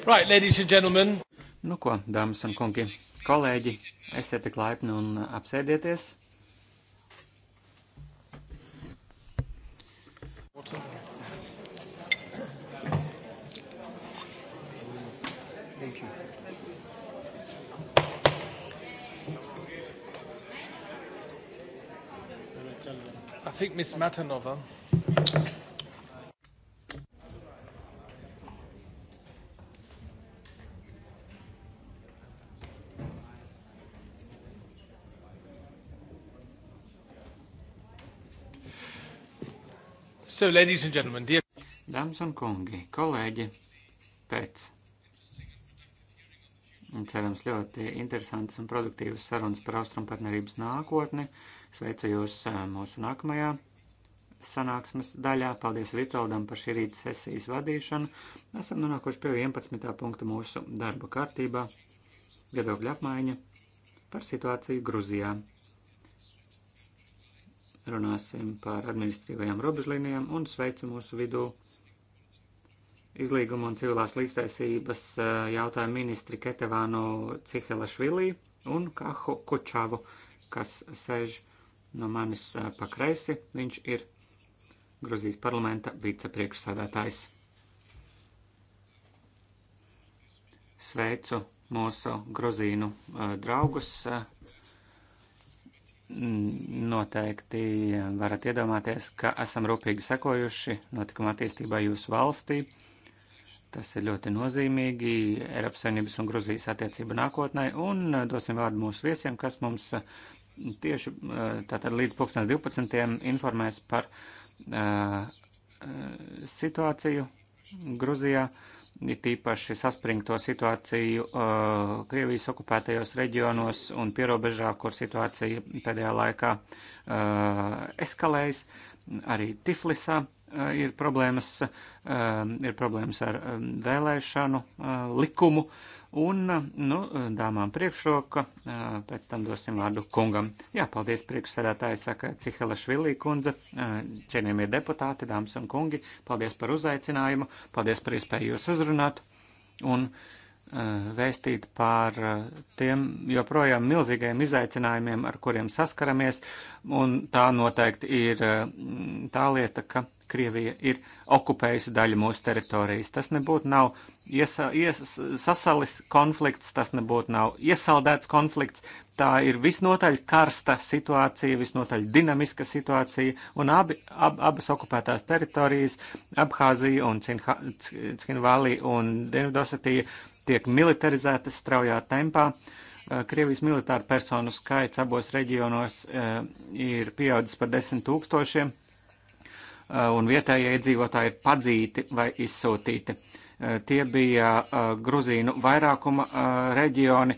C: Right, ladies and gentlemen. Nu ko, dāmas un kungi, kolēģi, esiet tik laipni un apsēdieties. I think Miss Matanova. So, ladies and gentlemen, dear... Dāmas un kungi, kolēģi, pēc cerams, ļoti interesantas un produktīvas sarunas par austrumpartnerības nākotni. Sveicu jūs eh, mūsu nākamajā sanāksmes daļā. Paldies Vitoldam par šī rīta sesijas vadīšanu. Esam nonākuši pie 11. punkta mūsu darba kārtībā - viedokļa apmaiņa par situāciju Gruzijā. Runāsim par administrīvajām robežlīnijām un sveicu mūsu vidū izlīguma un civilās līdztaisības eh, jautājumu ministri Ketevānu Cihelašvilī un Kahu Kučavu, kas sēž no manis eh, pa kreisi. Viņš ir Gruzijas parlamenta vicepriekšsādātājs. Sveicu mūsu grozīnu eh, draugus. Noteikti varat iedomāties, ka esam rūpīgi sekojuši notikuma attīstībai jūsu valstī. Tas ir ļoti nozīmīgi Eiropas Savienības un Gruzijas attiecību nākotnē. Un uh, dosim vārdu mūsu viesiem, kas mums uh, tieši uh, tātad līdz 2012. informēs par uh, situāciju Gruzijā, it īpaši saspringto situāciju uh, Krievijas okupētajos reģionos un pierobežā, kur situācija pēdējā laikā uh, eskalējas, arī Tiflisā. Uh, Eh, ir problēmas, eh, ir problēmas ar eh, vēlēšanu likumu. Un, nu, dāmām priekšroka, pēc tam dosim vārdu kungam. Jā, paldies priekšsēdētāji, saka Cihela Švilī kundze, cienījamie deputāti, dāmas un kungi, paldies par uzaicinājumu, paldies par iespēju jūs uzrunāt un vēstīt par tiem joprojām milzīgajiem izaicinājumiem, ar kuriem saskaramies, un tā noteikti ir tā lieta, ka Krievija ir okupējusi daļu mūsu teritorijas. Tas nebūtu nav iesa, ies, sasalis konflikts, tas nebūtu nav iesaldēts konflikts. Tā ir visnotaļ karsta situācija, visnotaļ dinamiska situācija, un abi, ab, abas okupētās teritorijas, Abhāzija un Cinvālija un Dienvidosetija, tiek militarizētas straujā tempā. Eh, Krievijas militāru personu skaits abos reģionos eh, ir pieaudzis par desmit tūkstošiem Eh, un vietējie iedzīvotāji ir padzīti vai izsūtīti. Eh, tie bija eh, Gruzīnu vairākuma reģioni.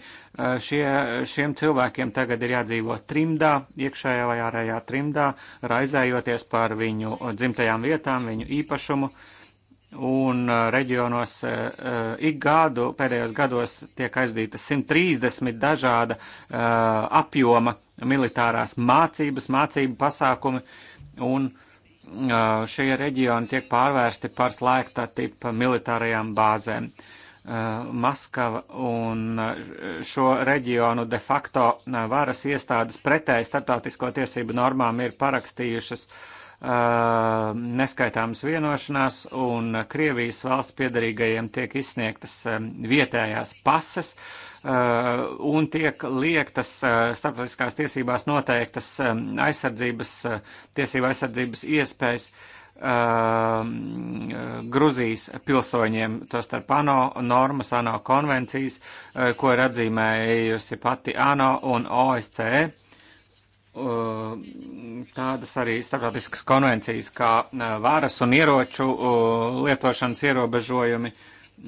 C: Šie, šiem cilvēkiem tagad ir jādzīvo trimdā, iekšējā vai ārējā trimdā, raizējoties par viņu dzimtajām vietām, viņu īpašumu un reģionos ik gadu, pēdējos gados tiek aizdīta 130 dažāda apjoma militārās mācības, mācību pasākumi, un uh, šie reģioni tiek pārvērsti par slēgta tipa militārajām bāzēm. Maskava un šo reģionu de facto varas iestādes pretēji starptautisko tiesību normām ir parakstījušas uh, Uh, neskaitāmas vienošanās, un Krievijas valsts piedarīgajiem tiek izsniegtas um, vietējās pases uh, un tiek liektas uh, starptautiskās tiesībās noteiktas um, aizsardzības, tiesība aizsardzības iespējas. Um, Gruzijas pilsoņiem, tostarp ANO normas, ANO konvencijas, ko ir atzīmējusi pati ANO un OSCE Uh, tādas arī starptautiskas konvencijas kā uh, vāras un ieroču uh, lietošanas ierobežojumi,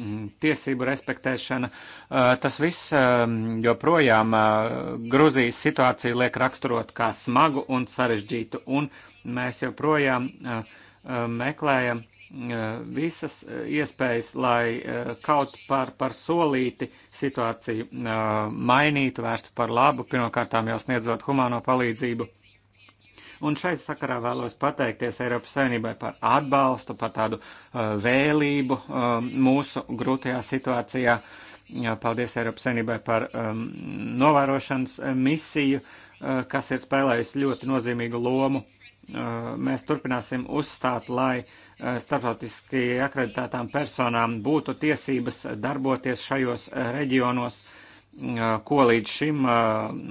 C: mm, tiesību respektēšana. Tas viss um, joprojām Gruzijas situāciju liek raksturot kā smagu un sarežģītu, un mēs joprojām meklējam Eh, visas eh, iespējas, lai eh, kaut par, par solīti situāciju mainītu, vērstu par labu, pirmkārtām jau sniedzot humāno palīdzību. Un šai sakarā vēlos pateikties Eiropas Savienībai par atbalstu, par tādu vēlību mūsu grūtajā situācijā. Paldies Eiropas Savienībai par ehm, novērošanas misiju, kas ir spēlējusi ļoti nozīmīgu lomu Uh, mēs turpināsim uzstāt, lai uh, starptautiski akreditētām personām būtu tiesības darboties šajos uh, reģionos, ko līdz šim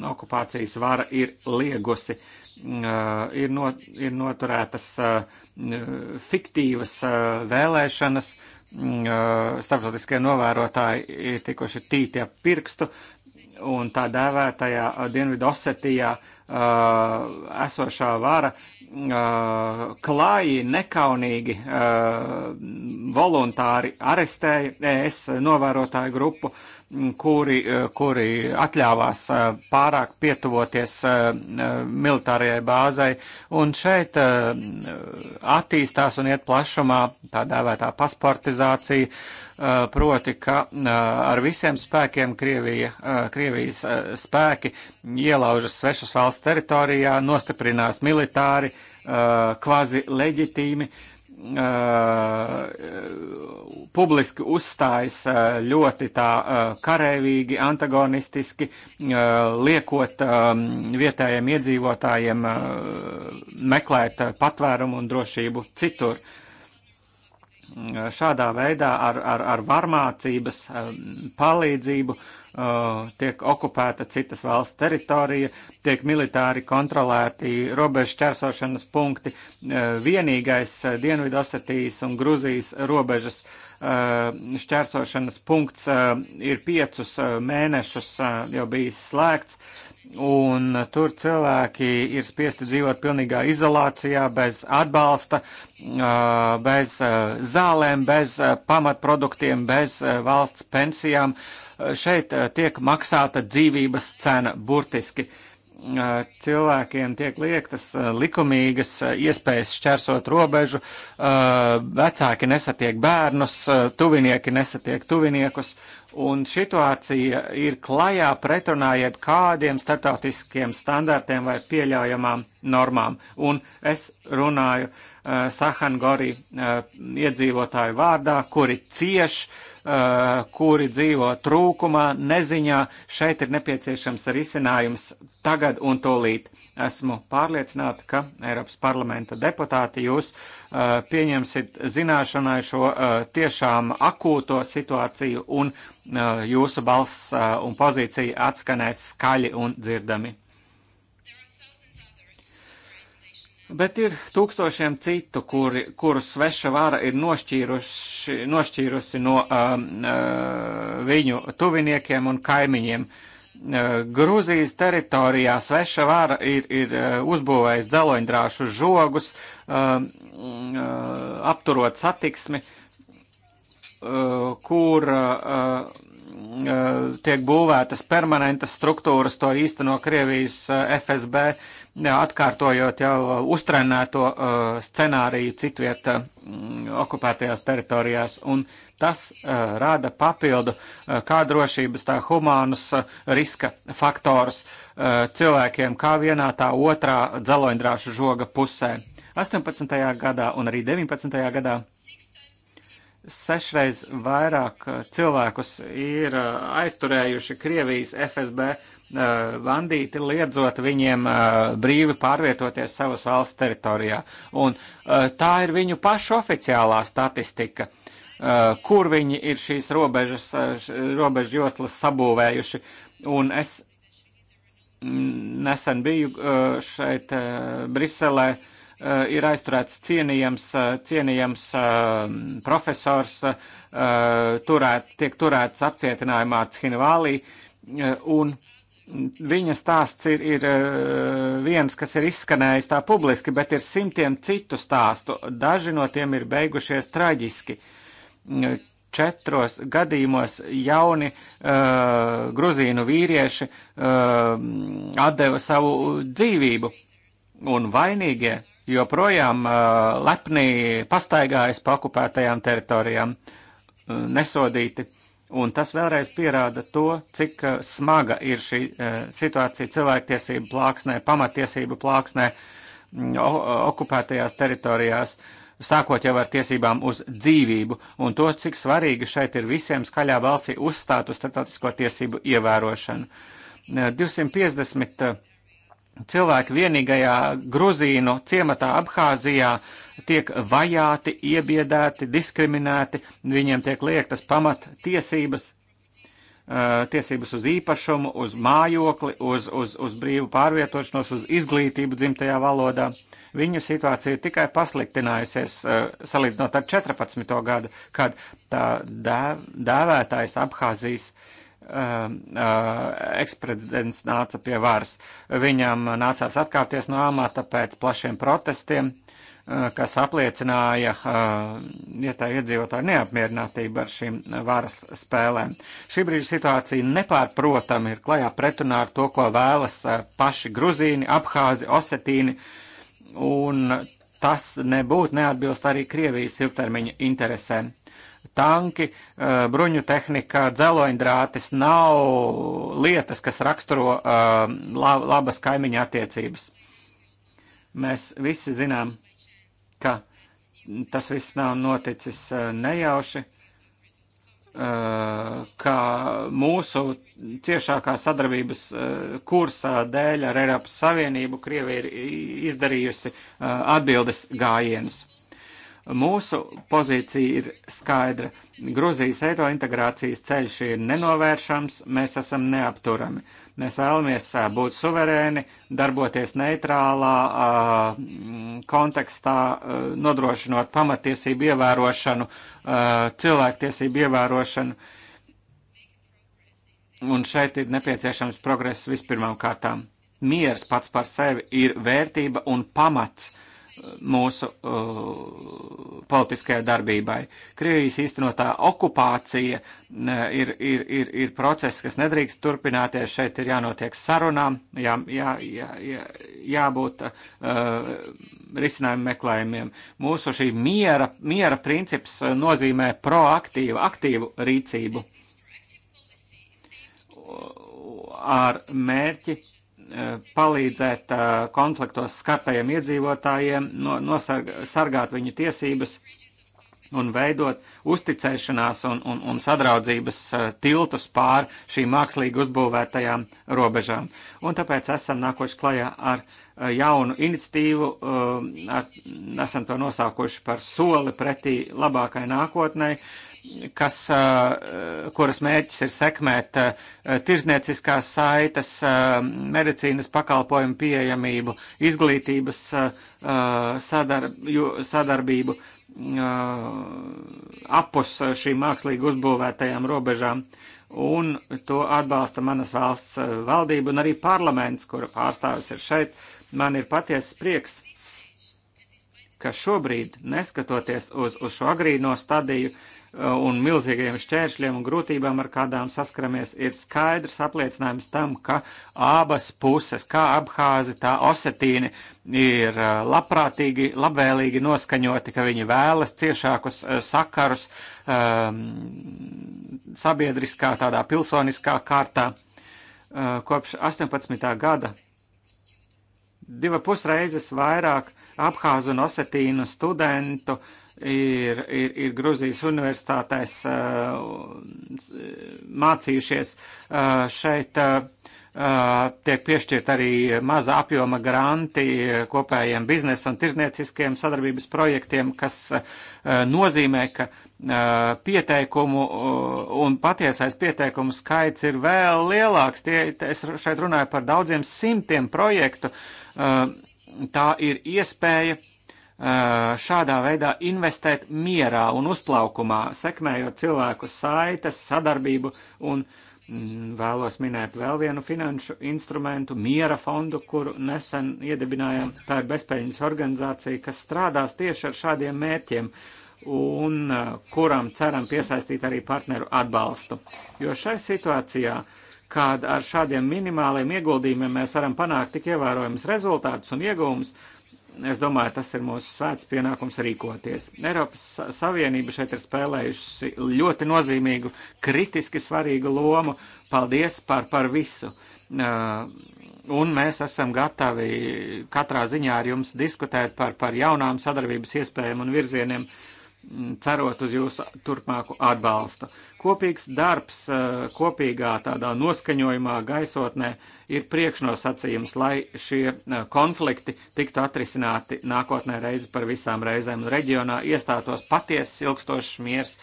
C: okupācijas vara ir liegusi. Ir, no, ir noturētas fiktīvas vēlēšanas, mm, starptautiskie novērotāji ir tikuši tītie pirkstu, un tā dēvētajā Dienvidu Osetijā uh, esošā vara klāji, nekaunīgi, voluntāri arestēja ES novērotāju grupu, kuri, kuri atļāvās pārāk pietuvoties militārajai bāzai. Un šeit attīstās un iet plašumā tā dēvētā pasportizācija Eh, proti, ka eh, ar visiem spēkiem Krievija, eh, Krievijas spēki ielaužas svešas valsts teritorijā, nostiprinās militāri, kvazi leģitīmi, publiski uzstājas ļoti tā karēvīgi, antagonistiski, liekot ehm, vietējiem iedzīvotājiem meklēt patvērumu un drošību citur. Uh, šādā veidā ar, ar, ar varmācības eh, palīdzību eh, tiek okupēta citas valsts teritorija, tiek militāri kontrolēti robežu čersošanas punkti. Eh, vienīgais Dienvidosetijas un Gruzijas robežas šķērsošanas punkts ir piecus mēnešus jau bijis slēgts. Un tur cilvēki ir spiesti dzīvot pilnīgā izolācijā, bez atbalsta, bez zālēm, bez pamatproduktiem, bez valsts pensijām. Šeit tiek maksāta dzīvības cena burtiski. Cilvēkiem tiek liektas likumīgas iespējas šķērsot robežu, vecāki nesatiek bērnus, tuvinieki nesatiek tuviniekus. Uh, Un situācija ir klajā pretrunā jebkādiem startautiskiem standartiem vai pieļaujamām normām. Un es runāju uh, eh, Sahangori uh, eh, iedzīvotāju vārdā, kuri cieš, uh, kuri dzīvo trūkumā, neziņā. Šeit ir nepieciešams risinājums tagad un tūlīt. Uh, Esmu pārliecināta, ka Eiropas parlamenta deputāti jūs uh, pieņemsiet zināšanai šo uh, tiešām akūto situāciju un uh, jūsu balss uh, un pozīcija atskanēs skaļi un dzirdami. Bet ir tūkstošiem citu, kuri, kuru sveša vara ir nošķīrusi, nošķīrusi no um, uh, viņu tuviniekiem un kaimiņiem. Uh, Eh, Grūzijas teritorijā sveša vara ir, ir eh, uzbūvējis dzeloņdrāšu žogus, eh, mm, apturot satiksmi, kur tiek būvētas permanentas struktūras, to īsteno Krievijas FSB, atkārtojot jau uztrenēto scenāriju citvieta mm, okupētajās teritorijās. Un, uh, Tas uh, rada papildu uh, kā drošības, tā humānus uh, riska faktorus uh, cilvēkiem kā vienā, tā otrā dzeloņdrāšu žoga pusē. 18. gadā un arī 19. gadā sešreiz vairāk cilvēkus ir aizturējuši Krievijas FSB bandīti, liedzot viņiem brīvi pārvietoties savas valsts teritorijā. Un tā ir viņu pašu oficiālā statistika. Uh, kur viņi ir šīs robežas, uh, robežu joslas sabūvējuši. Un es nesen biju uh, šeit Briselē, ir aizturēts cienījams, cienījams profesors, turēt, tiek turēts apcietinājumā Cinvālī, un viņa stāsts ir, ir viens, kas ir izskanējis tā publiski, bet ir simtiem citu stāstu. Daži no tiem ir beigušies traģiski. Uh, četros gadījumos jauni uh, gruzīnu vīrieši uh, atdeva savu dzīvību, un vainīgie joprojām uh, lepnī pastaigājas pa okupētajām teritorijām uh, nesodīti. Un tas vēlreiz pierāda to, cik uh, smaga ir šī uh, situācija cilvēktiesību plāksnē, pamatiesību plāksnē, uh, okupētajās teritorijās. Uh, sākot jau ar tiesībām uz dzīvību un to, cik svarīgi šeit ir visiem skaļā balsī uzstāt uz starptautisko tiesību ievērošanu. 250 eh, cilvēki vienīgajā Gruzīnu ciematā Abhāzijā tiek vajāti, iebiedēti, diskriminēti, viņiem tiek liektas pamat tiesības Uh, tiesības uz īpašumu, uz mājokli, uz, uz, uz brīvu pārvietošanos, uz izglītību dzimtajā valodā. Viņu situācija ir tikai pasliktinājusies uh, salīdzinot ar 14. gadu, kad tā dēv, dēvētājs Abhāzijas um, uh, eksprezidents nāca pie varas. Viņam nācās atkāpties no amata pēc plašiem protestiem. Uh, Eh, kas apliecināja vietēju eh, ja iedzīvotāju neapmierinātību ar šīm varas spēlēm. Šī brīža situācija nepārprotami ir klajā pretrunā ar to, ko vēlas eh, paši gruzīni, abhāzi, osetīni, un tas nebūtu neatbilst arī Krievijas ilgtermiņa interesēm tanki, bruņu tehnika, dzeloņdrātis nav lietas, kas raksturo labas kaimiņa attiecības. Mēs visi zinām, ka tas viss nav noticis eh, nejauši, eh, ka mūsu ciešākā sadarbības eh, kursā dēļ ar Eiropas Savienību Krievija ir izdarījusi atbildes gājienus. Mūsu pozīcija ir skaidra. Gruzijas eiro integrācijas ceļš ir nenovēršams, mēs esam neapturami. Uh, Mēs vēlamies būt suverēni, darboties neitrālā kontekstā, nodrošinot pamatiesību ievērošanu, cilvēktiesību ievērošanu. Un šeit ir nepieciešams progress vispirmām kārtām. Miers pats par sevi ir vērtība un pamats uh, mūsu uh, politiskajai darbībai. Krievijas īstenotā okupācija uh, ir, ir, ir, ir process, kas nedrīkst turpināties. Šeit ir jānotiek sarunām, jā, jā, jā, jā, jābūt uh, risinājumu meklējumiem. Mūsu šī miera, miera princips uh, nozīmē proaktīvu, aktīvu rīcību ar mērķi Eh, palīdzēt eh, konfliktos skartajiem iedzīvotājiem, nosargāt viņu tiesības un veidot uzticēšanās un, un, un sadraudzības eh, tiltus pār šīm mākslīgi uzbūvētajām robežām. Un tāpēc esam nākoši klajā ar jaunu iniciatīvu, ar, esam to nosaukuši par soli pretī labākai nākotnei, kas, kuras mērķis ir sekmēt tirzniecīskās saites, medicīnas pakalpojumu pieejamību, izglītības sadarb, sadarbību apus šīm mākslīgi uzbūvētajām robežām. Un to atbalsta manas valsts valdība un arī parlaments, kura pārstāvis ir šeit. Man ir patiesas prieks ka šobrīd, neskatoties uz, uz šo agrīno stadiju, uh, Uh, un milzīgajiem šķēršļiem un grūtībām, ar kādām saskaramies, ir skaidrs apliecinājums tam, ka abas puses, kā Abhāzi, tā Osetīni, ir uh, labprātīgi, labvēlīgi noskaņoti, ka viņi vēlas ciešākus uh, sakarus um, sabiedriskā, tādā pilsoniskā kārtā uh, kopš 18. gada. Diva pusreizes vairāk Abhāzu un Osetīnu studentu uh, ir, ir, ir Gruzijas universitātēs uh, mācījušies. Uh, šeit uh, tiek piešķirt arī maza apjoma granti kopējiem biznesa un tirznieciskiem sadarbības projektiem, kas nozīmē, ka pieteikumu un patiesais pieteikumu skaits ir vēl lielāks. Tie, es šeit runāju par daudziem simtiem projektu. Tā ir iespēja uh, Eh, šādā veidā investēt mierā un uzplaukumā, sekmējot cilvēku saites, sadarbību un mm, vēlos minēt vēl vienu finanšu instrumentu, miera fondu, kuru nesen iedibinājām. Tā ir bezpēļņas organizācija, kas strādās tieši ar šādiem mērķiem un eh, kuram ceram piesaistīt arī partneru atbalstu. Jo šai situācijā kad ar šādiem minimāliem ieguldījumiem mēs varam panākt tik ievērojamas rezultātus un ieguvumus, uh, Es domāju, tas ir mūsu svēts pienākums rīkoties. Eiropas Savienība šeit ir spēlējusi ļoti nozīmīgu, kritiski svarīgu lomu. Paldies par, par visu. Uh, un mēs esam gatavi katrā ziņā ar jums diskutēt par, par jaunām sadarbības iespējām un virzieniem, mm, cerot uz jūsu turpmāku atbalstu. Kopīgs darbs, eh, kopīgā tādā noskaņojumā, gaisotnē ir priekšnosacījums, lai šie eh, konflikti tiktu atrisināti nākotnē reizi par visām reizēm. Reģionā iestātos patiesas ilgstošs miers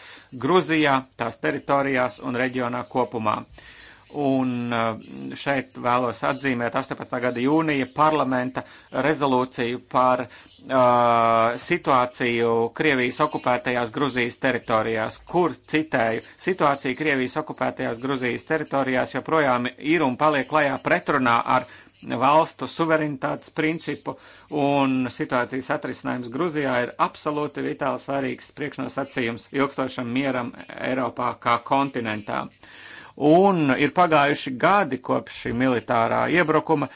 C: Gruzijā, tās teritorijās un reģionā kopumā. Uh, Un eh, šeit vēlos atzīmēt 18. gada jūnija parlamenta rezolūciju par uh, situāciju Krievijas okupētajās Gruzijas teritorijās, kur, citēju, situācija Krievijas okupētajās Gruzijas teritorijās joprojām ir un paliek lajā pretrunā ar valstu suverenitātes principu, un situācijas atrisinājums Gruzijā ir absolūti vitāli svarīgs priekšnosacījums ilgstošam mieram Eiropā kā kontinentā. Uh, un ir pagājuši gadi kopš šī militārā iebrukuma,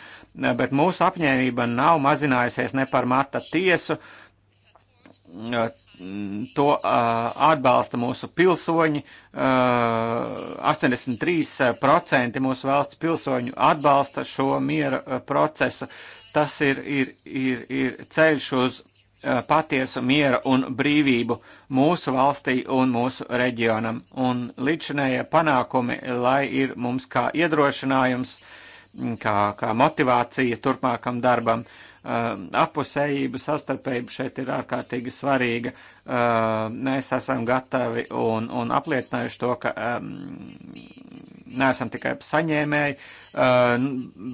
C: bet mūsu apņēmība nav mazinājusies ne par mata tiesu. To uh, atbalsta mūsu pilsoņi. Uh, 83% mūsu valsts pilsoņu atbalsta šo miera procesu. Tas ir, ir, ir, ir ceļš uz patiesu mieru un brīvību mūsu valstī un mūsu reģionam. Un līdzinējie panākumi, lai ir mums kā iedrošinājums, kā, kā motivācija turpmākam darbam, Um, apusējība, sastarpējība šeit ir ārkārtīgi svarīga. Um, mēs esam gatavi un, un apliecinājuši to, ka um, neesam tikai saņēmēji,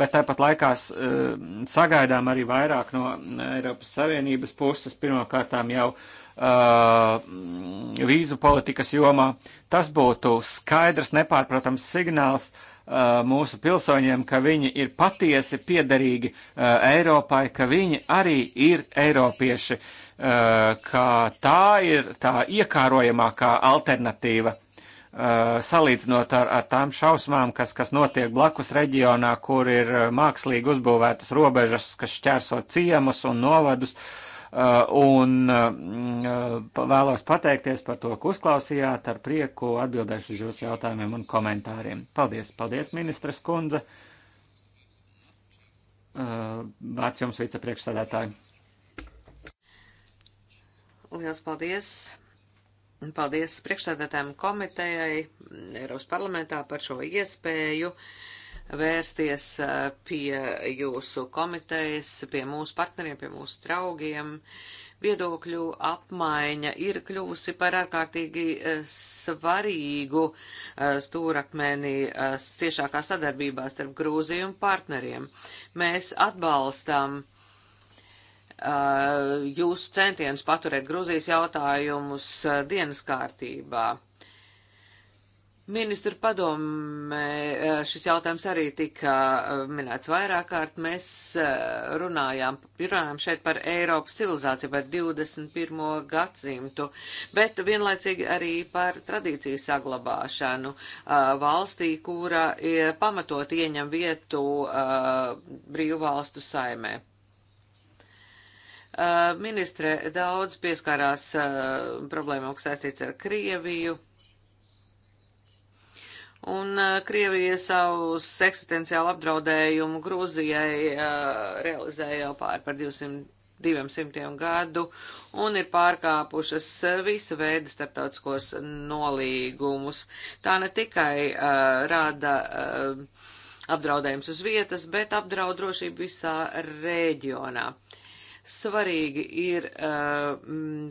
C: bet tāpat laikā sagaidām arī vairāk no Eiropas Savienības puses, pirmkārtām jau vīzu politikas jomā. Tas būtu skaidrs, nepārprotams signāls uh, Uh, mūsu pilsoņiem, ka viņi ir patiesi piederīgi uh, Eiropai, ka viņi arī ir eiropieši, uh, ka tā ir tā iekārojamākā alternatīva salīdzinot ar, ar tām šausmām, kas, kas notiek blakus reģionā, kur ir mākslīgi uzbūvētas robežas, kas šķērso ciemus un novadus, uh, Uh, un uh, mm, uh, vēlos pateikties par to, ka uzklausījāt. Ar prieku atbildēšu uz jūsu jautājumiem un komentāriem. Paldies, paldies, ministras kundze. Vārds jums, vicepriekšsēdētāji.
A: Liels paldies! Paldies priekšsēdētājiem komitejai Eiropas parlamentā par šo iespēju vērsties eh, pie jūsu komitejas, pie mūsu partneriem, pie mūsu draugiem. Viedokļu apmaiņa ir kļuvusi par ārkārtīgi eh, svarīgu eh, stūrakmeni ciešākā sadarbībā starp Grūziju un partneriem. Mēs atbalstam jūsu centienus paturēt Grūzijas jautājumus dienas kārtībā. Ministru padomē eh, šis jautājums arī tika eh, minēts vairāk kārt. Mēs eh, runājām, runājām šeit par Eiropas civilizāciju, par 21. gadsimtu, bet vienlaicīgi arī par tradīciju saglabāšanu valstī, kura pamatot ieņem vietu brīvvalstu saimē. Ministre daudz pieskārās problēmām, kas saistīts ar Krieviju Un uh, Krievija savus eksistenciālu apdraudējumu Grūzijai uh, realizēja jau pār par 200, 200 gadu un ir pārkāpušas uh, visa veida starptautiskos nolīgumus. Tā ne tikai uh, rada uh, apdraudējums uz vietas, bet apdraud drošību visā reģionā. Svarīgi ir eh,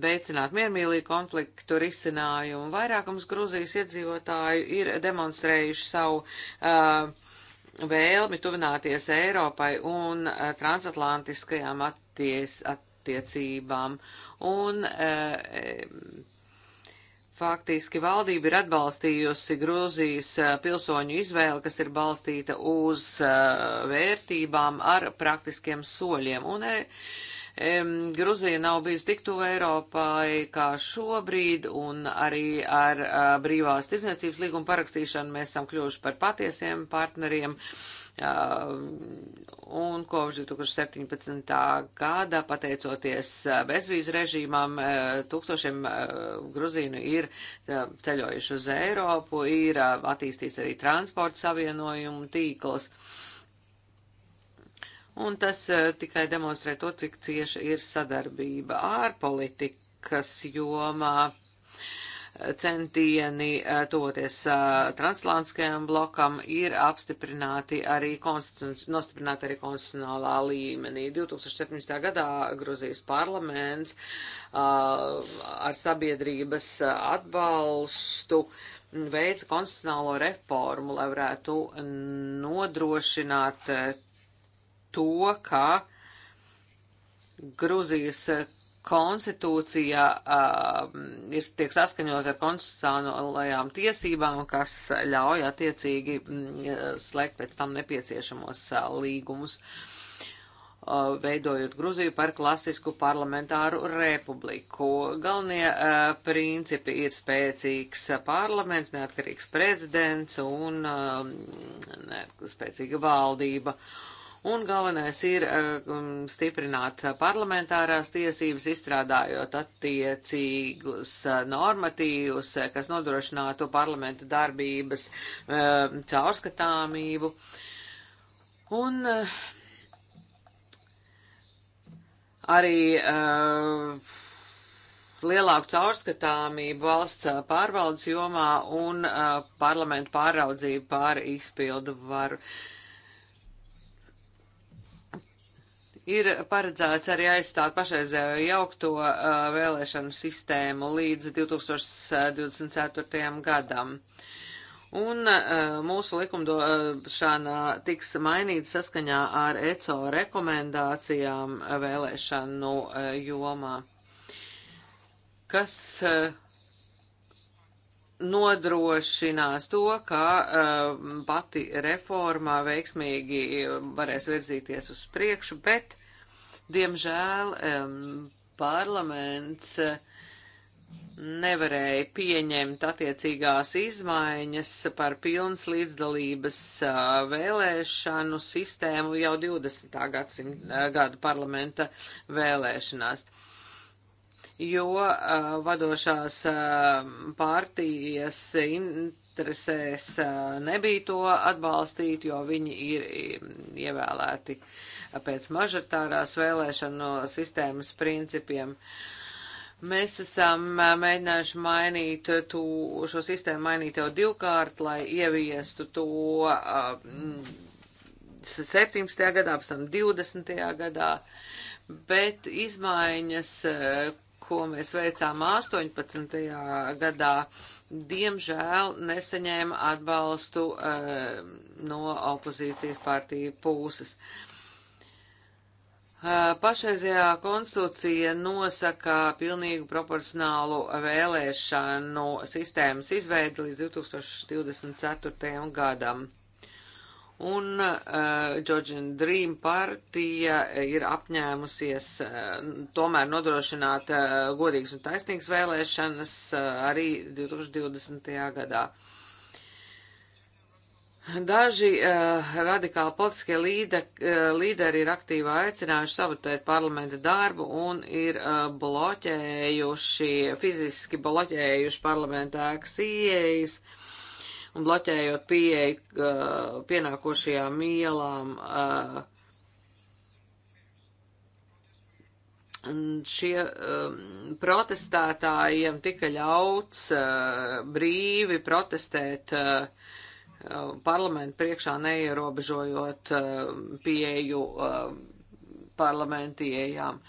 A: veicināt miermīlīgu konfliktu risinājumu. Vairākums Gruzijas iedzīvotāju ir demonstrējuši savu eh, vēlmi tuvināties Eiropai un eh, transatlantiskajām atties, attiecībām. Un, Faktiski valdība ir atbalstījusi Grūzijas pilsoņu izvēli, kas ir balstīta uz vērtībām ar praktiskiem soļiem. Un um, Gruzija nav bijusi tik tuvu Eiropai kā šobrīd, un arī ar uh, brīvās tirdzniecības līguma parakstīšanu mēs esam kļuvuši par patiesiem partneriem. Uh, un kopš 2017. gada, pateicoties bezvīzu režīmām, tūkstošiem uh, gruzīnu ir uh, ceļojuši uz Eiropu, ir attīstīts arī transporta savienojumu tīkls. Uh, un tas eh, tikai demonstrē to, cik cieša ir sadarbība ārpolitikas jomā centieni eh, toties eh, transatlantiskajam blokam ir apstiprināti arī, nostiprināti arī konstitucionālā līmenī. 2017. gadā Gruzijas parlaments ar sabiedrības atbalstu veica konstitucionālo reformu, lai varētu nodrošināt to, ka Gruzijas konstitūcija uh, ir, tiek saskaņot ar konstitucionālajām tiesībām, kas ļauj attiecīgi mm, slēgt pēc tam nepieciešamos uh, līgumus, uh, veidojot Gruziju par klasisku parlamentāru republiku. Galvenie uh, principi ir spēcīgs parlaments, neatkarīgs prezidents un uh, ne, spēcīga valdība. Uh, Un galvenais ir eh, um, stiprināt parlamentārās tiesības, izstrādājot attiecīgus eh, normatīvus, eh, kas nodrošinātu parlamenta darbības caurskatāmību. Un arī lielāku caurskatāmību valsts pārvaldes jomā un parlamentu pāraudzību pār izpildu varu. Uh, Ir paredzēts arī aizstāt pašreizējo jaukto uh, vēlēšanu sistēmu līdz 2024. gadam. Un uh, mūsu likumdošanā tiks mainīta saskaņā ar ECO rekomendācijām vēlēšanu uh, jomā, kas uh, nodrošinās to, ka uh, pati reformā veiksmīgi varēs virzīties uz priekšu, bet, diemžēl, um, parlaments uh, nevarēja pieņemt attiecīgās izmaiņas par pilnas līdzdalības uh, vēlēšanu sistēmu jau 20. gadsimta uh, gadu parlamenta vēlēšanās jo uh, vadošās uh, partijas interesēs uh, nebija to atbalstīt, jo viņi ir ievēlēti pēc mažatārās vēlēšanu sistēmas principiem. Mēs esam mēģinājuši mainīt tu, šo sistēmu, mainīt jau divkārt, lai ieviestu to uh, 17. gadā, pēc tam 20. gadā, bet izmaiņas uh, ko mēs veicām 18. gadā, diemžēl nesaņēma atbalstu uh, no opozīcijas partiju puses. Uh, eh, pašreizajā konstitūcija nosaka pilnīgu proporcionālu vēlēšanu sistēmas izveidi līdz 2024. gadam. Un uh, Georgian Dream partija ir apņēmusies uh, tomēr nodrošināt uh, godīgas un taisnīgas vēlēšanas uh, arī 2020. gadā. Daži uh, radikāli politiskie līde, uh, līderi ir aktīvi aicinājuši sabotēt parlamenta darbu un ir uh, bloķējuši, fiziski bloķējuši parlamentā ēkas ieejas. Uh, un bloķējot pieeju uh, pienākošajām ielām. Uh, Šie um, protestētājiem tika ļauts uh, brīvi protestēt uh, parlamentu priekšā, neierobežojot uh, pieeju uh, parlamentu iejām.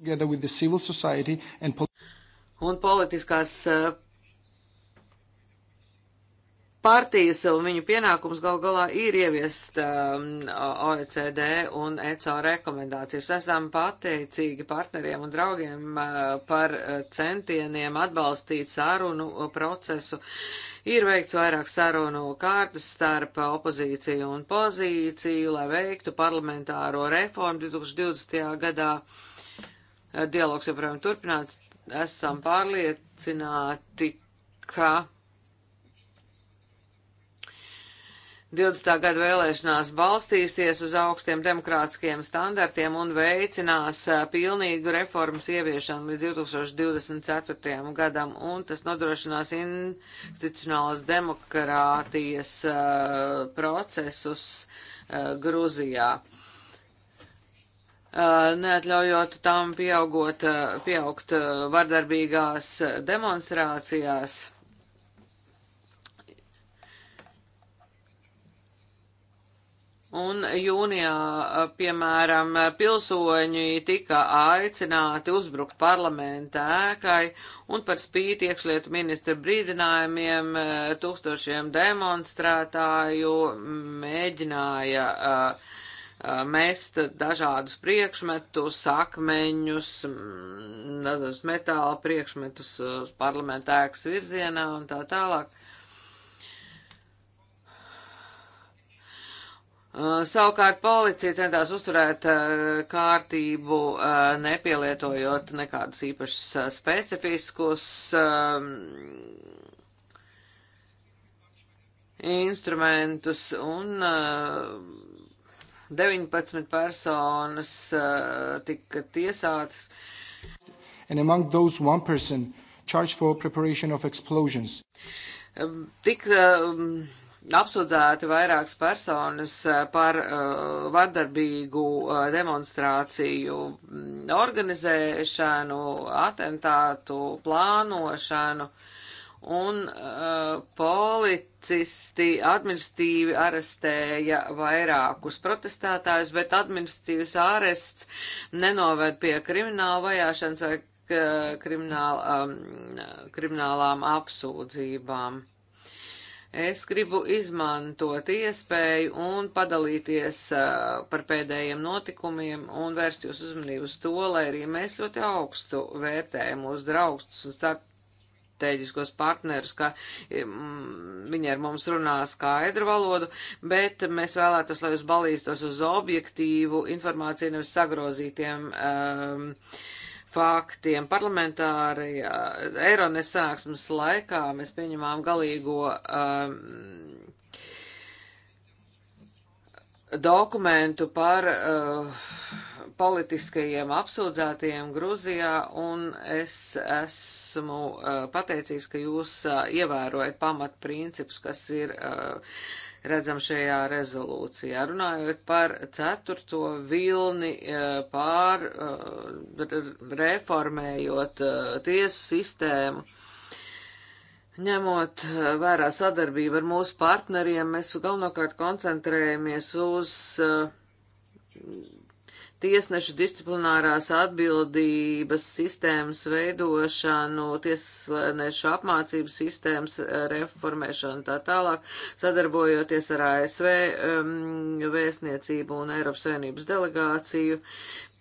C: Uh,
A: un politiskās partijas un viņu pienākums gal galā ir ieviest um, OECD un ECO rekomendācijas. Esam pateicīgi partneriem un draugiem uh, par uh, centieniem atbalstīt sarunu uh, procesu. Ir veikts vairāk sarunu kārtas starp opozīciju un pozīciju, lai veiktu parlamentāro reformu 2020. gadā. Uh, dialogs joprojām turpināts. Esam pārliecināti, ka 20. gada vēlēšanās balstīsies uz augstiem demokrātiskiem standartiem un veicinās pilnīgu reformas ieviešanu līdz 2024. gadam, un tas nodrošinās institucionālas demokrātijas uh, procesus uh, Gruzijā. Uh, neatļaujot tam pieaugot, pieaugt vardarbīgās demonstrācijās Un jūnijā, piemēram, pilsoņi tika aicināti uzbrukt parlamenta ēkai, un par spīti iekšlietu ministra brīdinājumiem tūkstošiem demonstrētāju mēģināja uh, mest dažādus priekšmetus, akmeņus, dažādus metāla priekšmetus parlamentā ēkas virzienā un tā tālāk. Uh, savukārt policija centās uzturēt uh, kārtību, uh, nepielietojot nekādus īpašus specifiskus um, instrumentus, un 19 personas tika tiesātas.
C: And among those one person charged for preparation of explosions.
A: Um, tik, um, apsūdzēti vairākas personas eh, par uh, vardarbīgu uh, demonstrāciju mm, organizēšanu, atentātu plānošanu, un uh, policisti administratīvi arestēja vairākus protestētājus, bet administratīvas ārests nenoved pie krimināla vajāšanas vai krimināla, um, kriminālām apsūdzībām. Es gribu izmantot iespēju un padalīties uh, par pēdējiem notikumiem un vērst jūs uzmanību uz to, lai arī mēs ļoti augstu vērtējam mūsu draugus un starp strateģiskos partnerus, ka mm, viņi ar mums runā skaidru valodu, bet mēs vēlētos, lai jūs balīstos uz objektīvu informāciju, nevis sagrozītiem um, faktiem. Parlamentāri Eirones sanāksmes laikā mēs pieņemām galīgo um, dokumentu par uh, politiskajiem apsūdzētajiem Gruzijā, un es esmu uh, pateicīgs, ka jūs uh, ievērojat pamatprincipus, kas ir uh, redzam šajā rezolūcijā. Runājot par ceturto vilni eh, pār eh, reformējot eh, tiesu sistēmu, ņemot vērā sadarbību ar mūsu partneriem, mēs galvenokārt koncentrējamies uz tiesnešu disciplinārās atbildības sistēmas veidošanu, tiesnešu apmācības sistēmas eh, reformēšanu tā tālāk, sadarbojoties ar ASV um, vēstniecību un Eiropas Savienības delegāciju.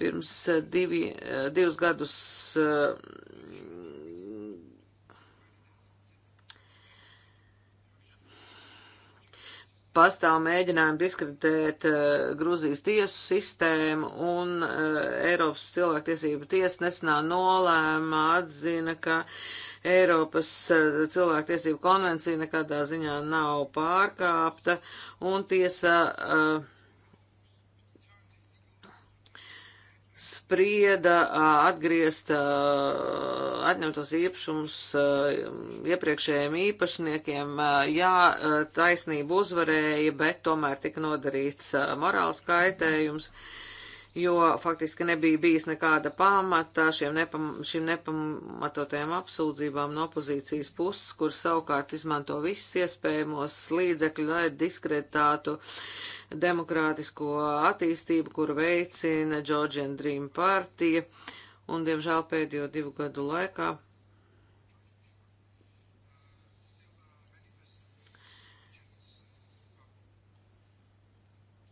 A: Pirms eh, divi, eh, divus gadus uh, pastāv mēģinājumi diskreditēt uh, Gruzijas tiesu sistēmu, un uh, Eiropas cilvēktiesība tiesa nesenā nolēma atzina, ka Eiropas uh, eh, cilvēktiesība konvencija nekādā ziņā nav pārkāpta, un tiesa. Uh, sprieda atgriezt atņemtos īpašumus iepriekšējiem īpašniekiem. Jā, taisnība uzvarēja, bet tomēr tika nodarīts morāls kaitējums, jo faktiski nebija bijis nekāda pamata šiem nepam, šim nepamatotajām apsūdzībām no opozīcijas puses, kur savukārt izmanto visus iespējamos līdzekļus, lai diskreditētu uh, demokrātisko attīstību, kuru veicina Georgian Dream partija, un, diemžēl, pēdējo divu gadu laikā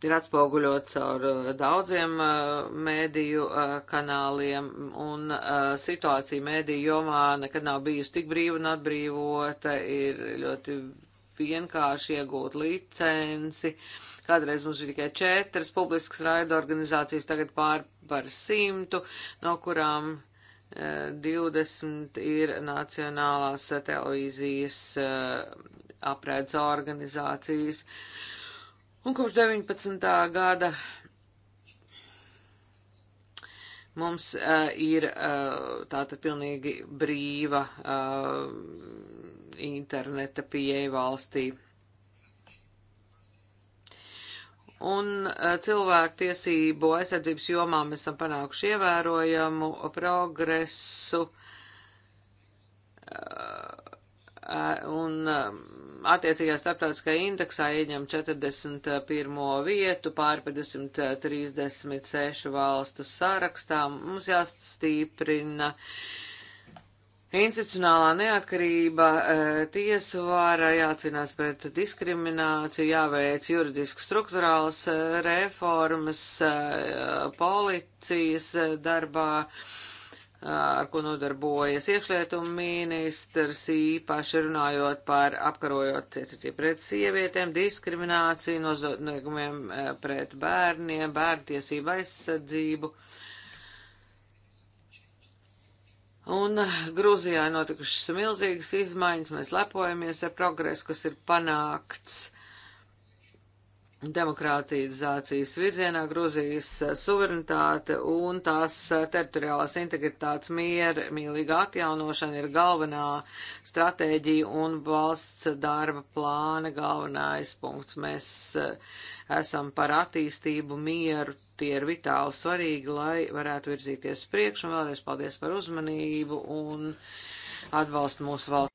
A: ir atspoguļot caur eh, daudziem uh, mēdīju uh, kanāliem, un uh, situācija mēdīju jomā nekad nav bijusi tik brīva un atbrīvota, ir ļoti vienkārši iegūt licenci. Uh, Kādreiz mums bija tikai četras publiskas raida organizācijas, tagad pār par simtu, no kurām 20 e, ir nacionālās televīzijas e, aprēdz organizācijas. Un kopš 19. gada mums uh, ir uh, tāda pilnīgi brīva uh, interneta pieeja valstī. Un eh, cilvēktiesību aizsardzības jomā mēs esam panākuši ievērojamu progresu eh, un eh, attiecīgā starptautiskā indeksā ieņem 41. vietu pāri 236 valstu sarakstām. Mums jāstiprina uh, Institucionālā neatkarība, eh, tiesu vara jācīnās pret diskrimināciju, jāveic juridiski struktūrāls eh, reformas, eh, policijas darbā, ar ko nodarbojas iekšlietu ministrs, īpaši runājot par apkarojot cietsirdību pret sievietēm, diskrimināciju, noziegumiem pret bērniem, bērntiesību aizsardzību. Uh, Un eh, Grūzijā ir notikušas milzīgas izmaiņas, mēs lepojamies ar progresu, kas ir panākts demokrātizācijas virzienā Gruzijas eh, suverenitāte un tās eh, teritoriālās integritātes miera mīlīga atjaunošana ir galvenā stratēģija un valsts darba plāna galvenais punkts. Mēs esam par attīstību, mieru, tie ir vitāli svarīgi, lai varētu virzīties priekš, un vēlreiz paldies par uzmanību un atbalstu mūsu valsts.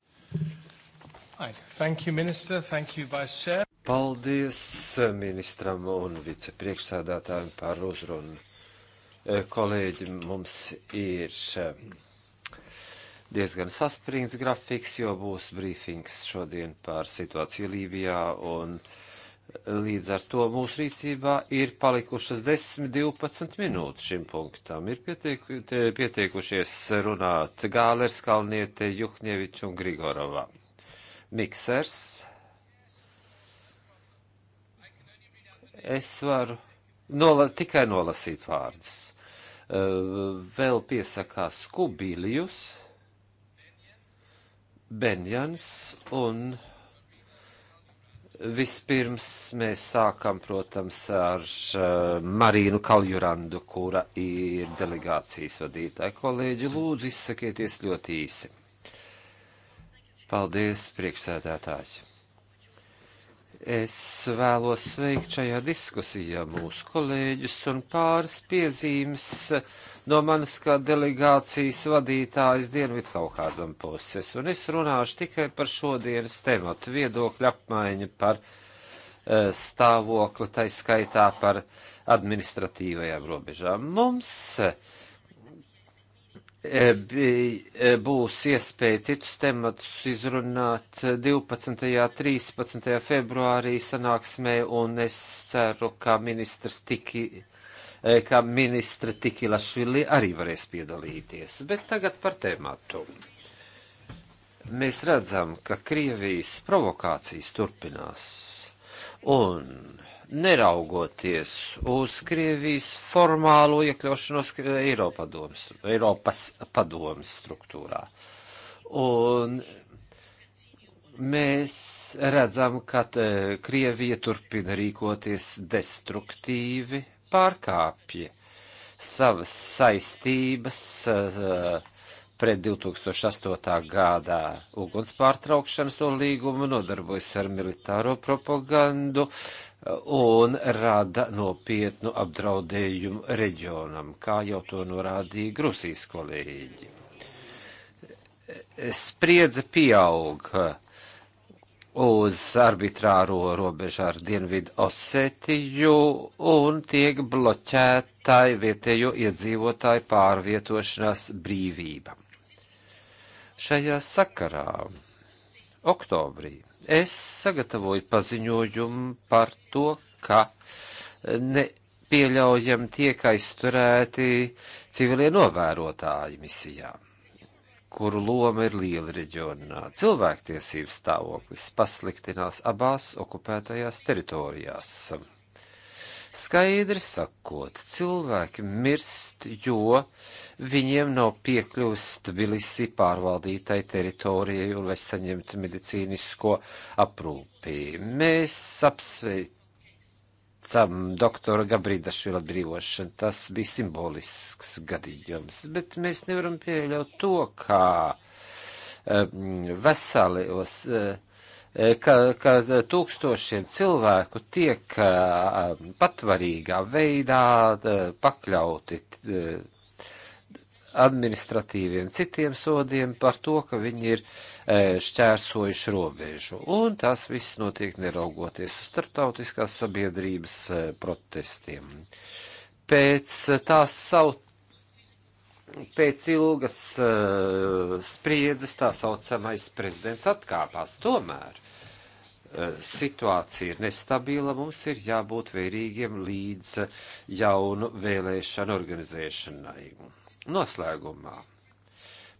A: Thank you, Minister. Thank you, Vice Chair.
B: Paldies ministram un vicepriekšsādātājiem par uzrunu. Eh, kolēģi, mums ir eh, diezgan saspringts grafiks, jo būs brīfings šodien par situāciju Lībijā un. Līdz ar to mūsu rīcībā ir palikušas 10-12 minūtes šim punktam. Ir pietieku, pietiekušies runāt Gālers, Kalniete, Juhņevičs un Grigorovā. Miksers. Es varu nola tikai nolasīt vārdus. Eh, vēl piesakās Kubilijus, Benjans un. Vispirms mēs sākam, protams, ar eh, Marīnu Kaljurandu, kura ir delegācijas vadītāja. Kolēģi, lūdzu, izsakieties ļoti īsi. Paldies, priekšsēdētāji! Es vēlos sveikt šajā diskusijā mūsu kolēģus un pāris piezīmes. Uh, no manas kā delegācijas vadītājas Dienvidkaukāzam puses, un es runāšu tikai par šodienas tematu viedokļu apmaiņu par uh, stāvokli, tai skaitā par administratīvajām robežām. Mums uh, būs iespēja citus tematus izrunāt 12. un 13. februārī sanāksmē, un es ceru, ka ministrs tiki, E, ka ministre Tikilašvili arī varēs piedalīties. Bet tagad par tēmatu. Mēs redzam, ka Krievijas provokācijas turpinās. Un neraugoties uz Krievijas formālo iekļaušanos Eiropadoms, Eiropas padomas struktūrā. Un mēs redzam, ka e, Krievija turpina rīkoties destruktīvi pārkāpja savas saistības eh, pret 2008. gadā uguns pārtraukšanas to līgumu, nodarbojas ar militāro propagandu eh, un rada nopietnu apdraudējumu reģionam, kā jau to norādīja Grusijas kolēģi. Spriedze pieauga uz arbitrāro robežu ar Dienvidu Osetiju un tiek bloķētāji vietējo iedzīvotāju pārvietošanās brīvība. Šajā sakarā oktobrī es sagatavoju paziņojumu par to, ka nepieļaujam tiek aizturēti civilie novērotāji misijā kuru loma ir liela reģionā. Cilvēktiesību stāvoklis pasliktinās abās okupētajās teritorijās. Skaidri sakot, cilvēki mirst, jo viņiem nav piekļuvis stabilisi pārvaldītai teritorijai un vai saņemt medicīnisko aprūpī. Mēs apsveicam veicam doktora Gabridašvila atbrīvošanu. Tas bija simbolisks gadījums, bet mēs nevaram pieļaut to, kā eh, veselos, eh, ka, ka tūkstošiem cilvēku tiek eh, patvarīgā veidā pakļauti administratīviem citiem sodiem par to, ka viņi ir uh, E, šķērsojuši robežu. Un tas viss notiek neraugoties uz starptautiskās sabiedrības e, protestiem. Pēc e, tās savu pēc ilgas uh, spriedzes tā saucamais prezidents atkāpās. Tomēr uh, situācija ir nestabila, mums ir jābūt vērīgiem līdz jaunu vēlēšanu organizēšanai. Noslēgumā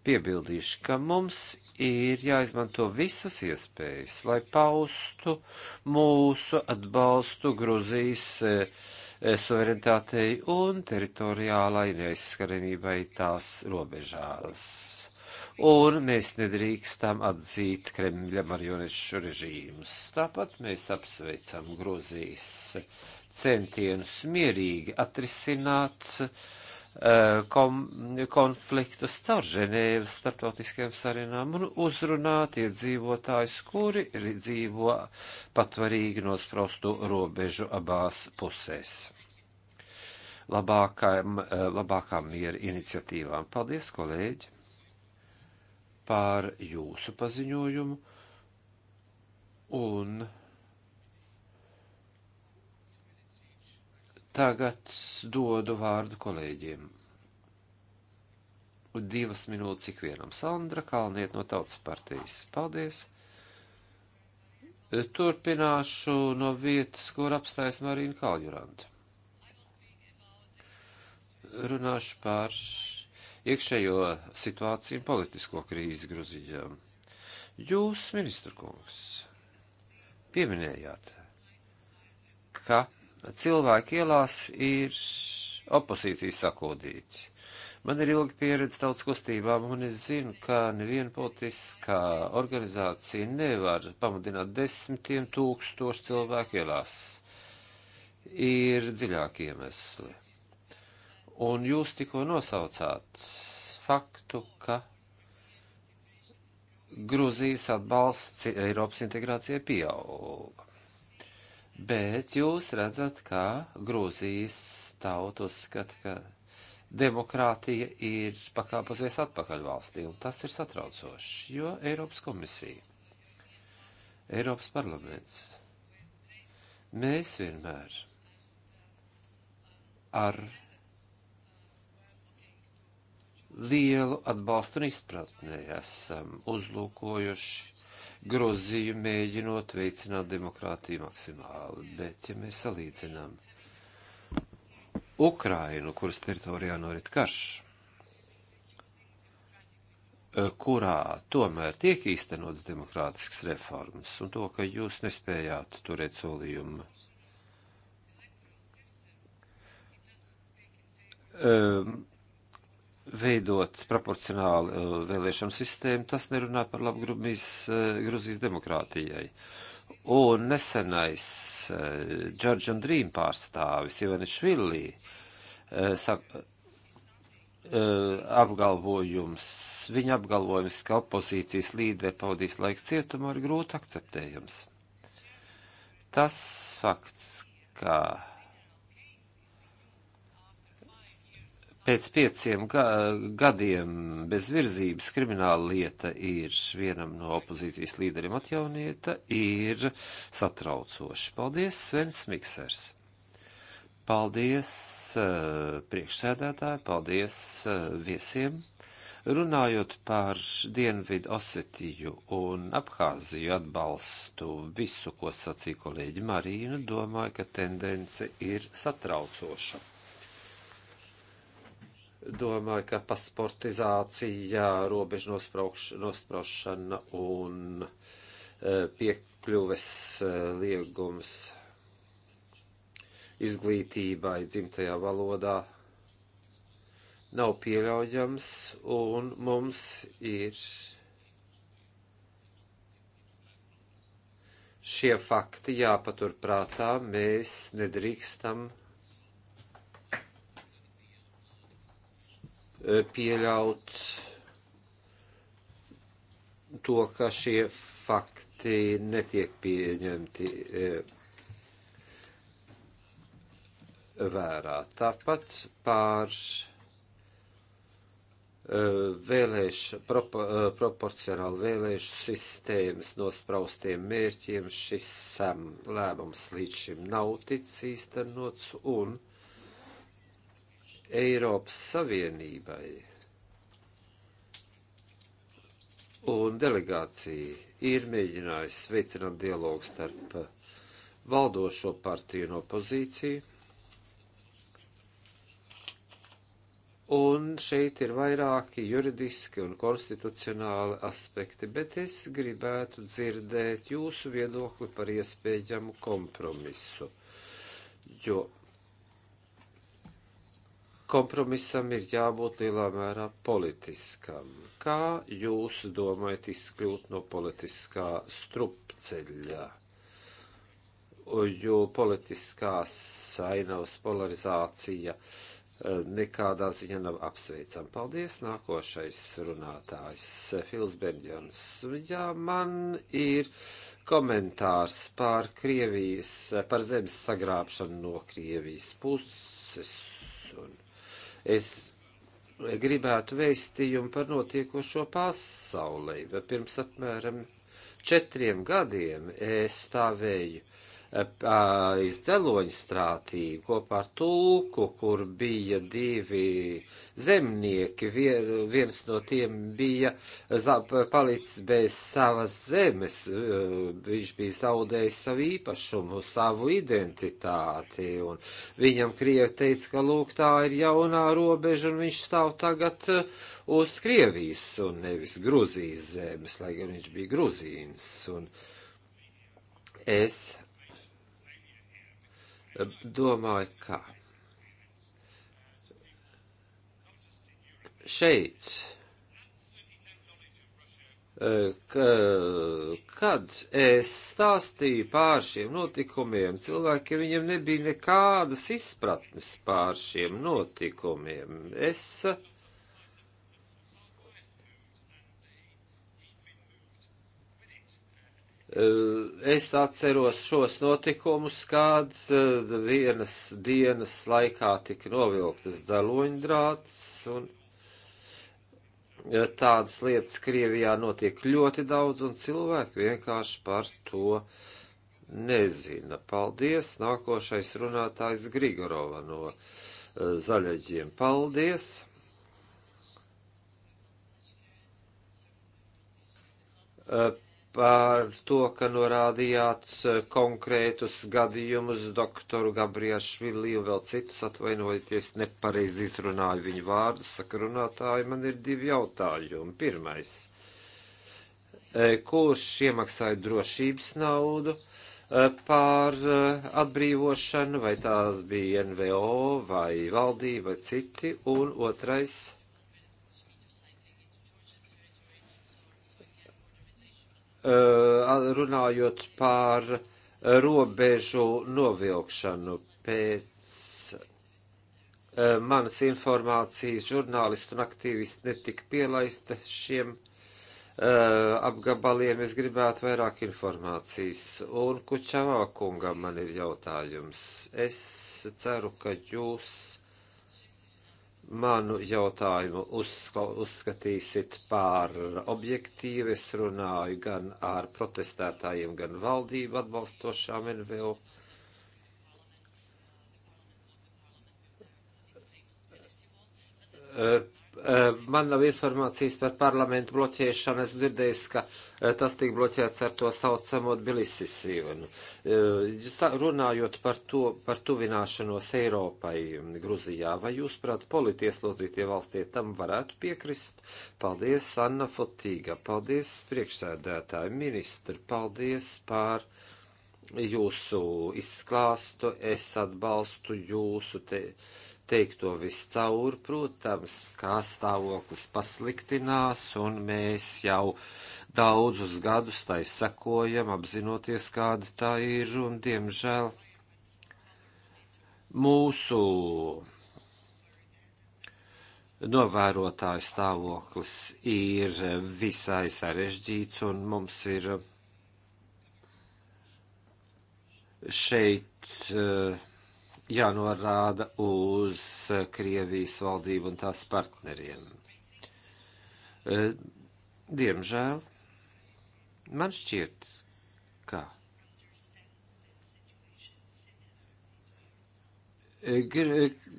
B: piebildīšu, ka mums ir jāizmanto visas iespējas, lai paustu mūsu atbalstu Gruzijas e, e, suverenitātei un teritoriālai neaizskaramībai tās robežās. Un mēs nedrīkstam atzīt Kremļa marionešu režīmus. Tāpat mēs apsveicam Gruzijas centienus mierīgi atrisināt uh, Eh, kom, konfliktus caur Ženēvas starptautiskajām sarunām un uzrunāt iedzīvotājus, kuri dzīvo patvarīgi nosprostu robežu abās pusēs. Labākām, eh, labākām miera iniciatīvām. Paldies, kolēģi, par jūsu paziņojumu un Tagad dodu vārdu kolēģiem. Divas minūtes ik vienam. Sandra Kalniet no Tautas partijas. Paldies! Turpināšu no vietas, kur apstājas Marīna Kaljuranta. Runāšu par iekšējo situāciju un politisko krīzi Gruzijā. Jūs, ministra kungs, pieminējāt, ka cilvēki ielās ir opozīcijas sakūdīti. Man ir ilga pieredze tautas kustībām, un es zinu, ka neviena politiskā organizācija nevar pamudināt desmitiem tūkstošu cilvēku ielās. Ir dziļāki iemesli. Un jūs tikko nosaucāt faktu, ka Grūzijas atbalsts Eiropas integrācijai pieaug. Bet jūs redzat, ka Grūzijas tauta uzskata, ka demokrātija ir pakāpusies atpakaļ valstī, un tas ir satraucoši, jo Eiropas komisija, Eiropas parlaments, mēs vienmēr ar lielu atbalstu un izpratnē esam uzlūkojuši grozīju mēģinot veicināt demokrātiju maksimāli, bet ja mēs salīdzinām Ukrainu, kuras teritorijā norit karš, eh, kurā tomēr tiek īstenots demokrātisks reformas un to, ka jūs nespējāt turēt solījumu. Um, veidot proporcionālu uh, vēlēšanu sistēmu, tas nerunā par labu uh, Gruzijas demokrātijai. Un nesenais George uh, and Dream pārstāvis Ivanišvili saka, apgalvojums, viņa apgalvojums, ka opozīcijas līderi pavadīs laiku cietumā, ir grūti akceptējams. Tas fakts, ka Pēc pieciem ga gadiem bez virzības krimināla lieta ir vienam no opozīcijas līderiem atjaunieta, ir satraucoši. Paldies, Svens Miksers! Paldies uh, priekšsēdētāji, paldies uh, viesiem! Runājot par Dienvidu Osetiju un Abhāziju atbalstu visu, ko sacīja kolēģi Marīna, domāju, ka tendence ir satraucoša domāju, ka pasportizācija, robežu nosprošana un e, piekļuves e, liegums izglītībai dzimtajā valodā nav pieļaujams, un mums ir šie fakti jāpaturprātā, mēs nedrīkstam Eh, pieļaut to, ka šie fakti netiek pieņemti eh, vērā. Tāpat pār eh, vēlēšu, propo, proporcionāli vēlēšu sistēmas nospraustiem mērķiem šis ehm, lēmums līdz šim nav ticis īstenots un Eiropas Savienībai un delegācija ir mēģinājusi veicināt dialogu starp valdošo partiju un opozīciju. Un šeit ir vairāki juridiski un konstitucionāli aspekti, bet es gribētu dzirdēt jūsu viedokli par iespējamu kompromisu, jo kompromisam ir jābūt lielā mērā politiskam. Kā jūs domājat izkļūt no politiskā strupceļa? Jo politiskā sainavas polarizācija eh, nekādā ziņā nav apsveicama. Paldies, nākošais runātājs Fils Berģons. Jā, man ir komentārs par Krievijas, par zemes sagrābšanu no Krievijas puses Es gribētu vēstījumu par notiekošo pasaulē. Pirms apmēram četriem gadiem es stāvēju izdzeloņa strātību kopā ar tulku, kur bija divi zemnieki. Vien, viens no tiem bija palicis bez savas zemes. Viņš bija zaudējis savu īpašumu, savu identitāti. Un viņam Krievi teica, ka lūk, tā ir jaunā robeža, un viņš stāv tagad uz Krievijas un nevis Gruzijas zemes, lai gan viņš bija Gruzīns. Un es domāju, ka šeit, e, ka, kad es stāstīju pār šiem notikumiem, cilvēki viņiem nebija nekādas izpratnes pār šiem notikumiem. Es uh, Eh, es atceros šos notikumus, kāds eh, vienas dienas laikā tika novilktas dzeloņdrāts, un eh, tādas lietas Krievijā notiek ļoti daudz, un cilvēki vienkārši par to nezina. Paldies! Nākošais runātājs Grigorova no Zaļaģiem. Paldies! Uh, par to, ka norādījāt eh, konkrētus gadījumus doktoru Gabriešvili un vēl citus atvainojieties, nepareizi izrunāju viņu vārdus, saka runātāji, man ir divi jautājumi. Pirmais, eh, kurš iemaksāja drošības naudu eh, pār atbrīvošanu, vai tās bija NVO vai valdība vai citi, un otrais, Eh, runājot par eh, robežu novilkšanu pēc eh, manas informācijas žurnālisti un aktīvisti netika pielaista šiem uh, apgabaliem. Es gribētu vairāk informācijas. Un Kučavā kungam man ir jautājums. Es ceru, ka jūs manu jautājumu uzskla, uzskatīsit par objektīvu. Es runāju gan ar protestētājiem, gan valdību atbalstošām NVO. Uh, Eh, man nav informācijas par parlamentu bloķēšanu. Es dzirdēju, ka eh, tas tika bloķēts ar to saucamo Bilisisiju. Eh, runājot par to, par tuvināšanos Eiropai mm, Gruzijā, vai jūs, prāt, politieslodzītie valstie tam varētu piekrist? Paldies, Anna Fotīga, paldies, priekšsēdētāji ministri, paldies par jūsu izklāstu. Es atbalstu jūsu te teikto viscaur, protams, kā stāvoklis pasliktinās, un mēs jau daudzus gadus tai sekojam, apzinoties, kāda tā ir, un diemžēl mūsu novērotāju stāvoklis ir visai sarežģīts, un mums ir šeit uh, jānorāda uz Krievijas valdību un tās partneriem. E, diemžēl man šķiet, ka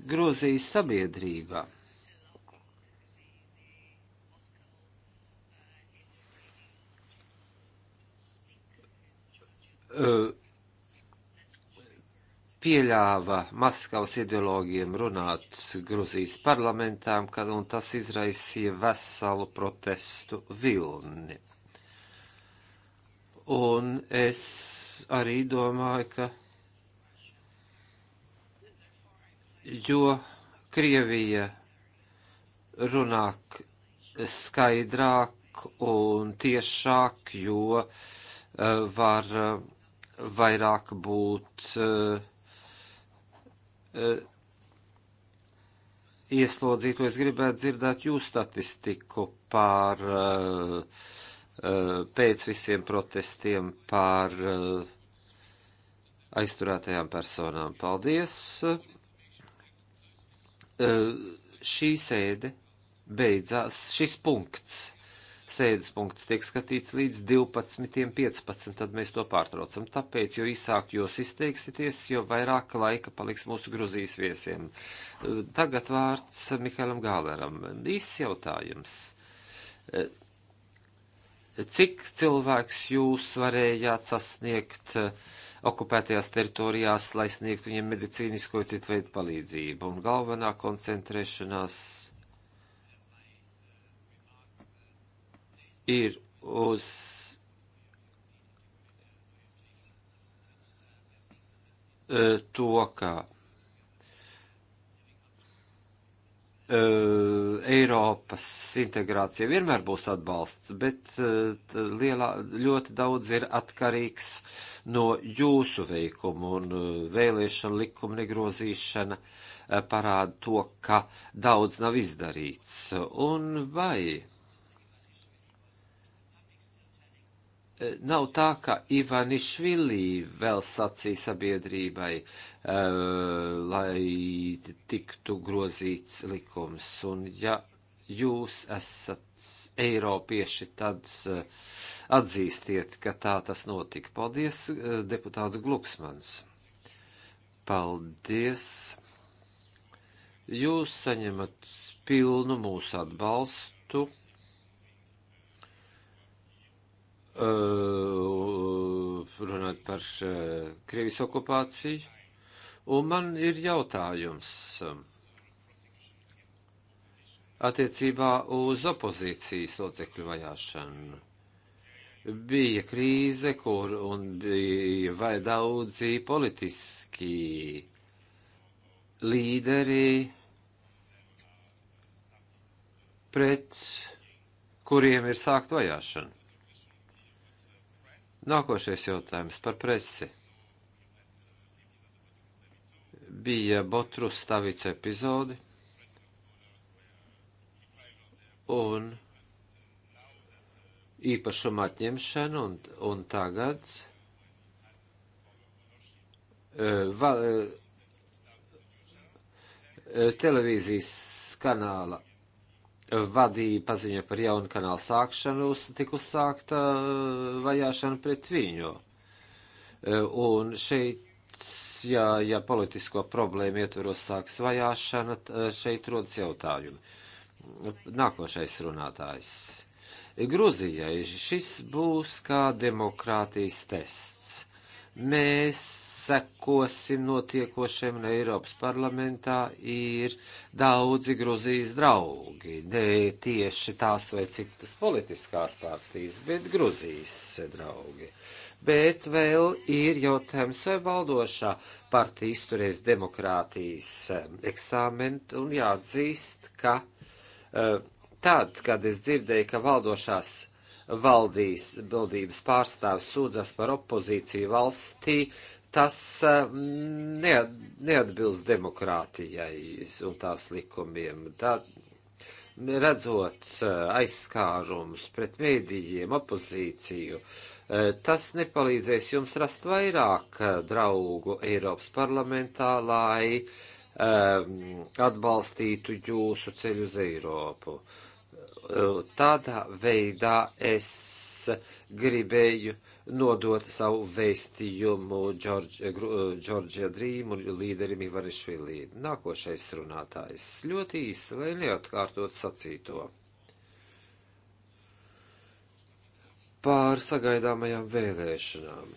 B: Grūzijas sabiedrībā uh, pieļāva Maskavas ideologiem runāt Gruzijas parlamentām, kad un tas izraisīja veselu protestu vilni. Un es arī domāju, ka jo Krievija runāk skaidrāk un tiešāk, jo uh, var uh, vairāk būt uh, Eh, ieslodzīto. Es gribētu dzirdēt jūsu statistiku par eh, eh, pēc visiem protestiem par aizturētajām personām. Paldies! Šī sēde beidzās, šis punkts sēdes punkts tiek skatīts līdz 12.15, tad mēs to pārtraucam. Tāpēc, jo īsāk jūs izteiksieties, jo vairāk laika paliks mūsu Gruzijas viesiem. Tagad vārds Mihailam Gāleram. Īsts jautājums. Cik cilvēks jūs varējāt sasniegt okupētajās teritorijās, lai sniegtu viņiem medicīnisko citu veidu palīdzību? Un galvenā koncentrēšanās ir uz e, to, ka Uh, Eiropas integrācija vienmēr būs atbalsts, bet uh, lielā, ļoti daudz ir atkarīgs no jūsu veikumu un uh, vēlēšana likuma negrozīšana parāda to, ka daudz nav izdarīts. Un vai Eh, nav tā, ka Ivanišvili vēl sacīja sabiedrībai, eh, lai tiktu grozīts likums. Un ja jūs esat eiropieši, tad eh, atzīstiet, ka tā tas notika. Paldies, deputāts Gluksmans. Paldies. Jūs saņemat pilnu mūsu atbalstu. Eh, runāt par eh, Krievijas okupāciju. Un man ir jautājums eh, attiecībā uz opozīcijas locekļu vajāšanu. Bija krīze, kur un bija vai daudzi politiski līderi pret kuriem ir sākt vajāšana. Nākošais jautājums par presi. Bija Botru Stavica epizode, un īpašuma atņemšana, un, un tagad uh, va, uh, televīzijas kanāla vadīja paziņa par jaunu kanālu sākšanu, tika uzsākta eh, vajāšana pret viņu. Eh, un šeit, ja, ja politisko problēmu ietveros sāks vajāšana, eh, šeit rodas jautājumi. Nākošais runātājs. Gruzijai šis būs kā demokrātijas tests. Mēs sekosim notiekošiem un Eiropas parlamentā ir daudzi Gruzijas draugi, ne tieši tās vai citas politiskās partijas, bet Gruzijas draugi bet vēl ir jautājums, vai valdošā partija izturēs demokrātijas eh, eksāmenu un jāatzīst, ka eh, tad, kad es dzirdēju, ka valdošās valdīs, valdības pārstāvis sūdzas par opozīciju valstī, tas eh, neatbilst demokrātijai un tās likumiem. Tā, redzot eh, aizskārumus pret mēdījiem, opozīciju, eh, tas nepalīdzēs jums rast vairāk draugu Eiropas parlamentā, lai ehm, atbalstītu jūsu ceļu uz Eiropu. Tādā veidā es gribēju uh, nodot savu vēstījumu eh, eh, Džordžija Drīmu līderim Ivanišvilī. Nākošais runātājs ļoti īsi, lai neatkārtot sacīto. Pār sagaidāmajām vēlēšanām.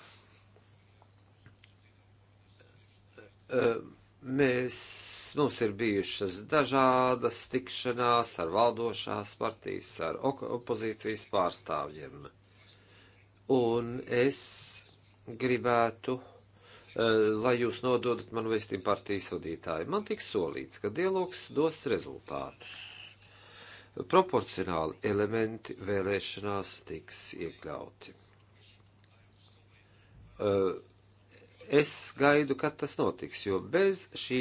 B: Eh, mēs, mums ir bijušas dažādas tikšanās ar valdošās partijas, ar opozīcijas pārstāvjiem un es gribētu, eh, lai jūs nododat man vēstījumu partijas vadītāju. Man tiks solīts, ka dialogs dos rezultātus. Proporcionāli elementi vēlēšanās tiks iekļauti. Uh, Es gaidu, kad tas notiks, jo bez šī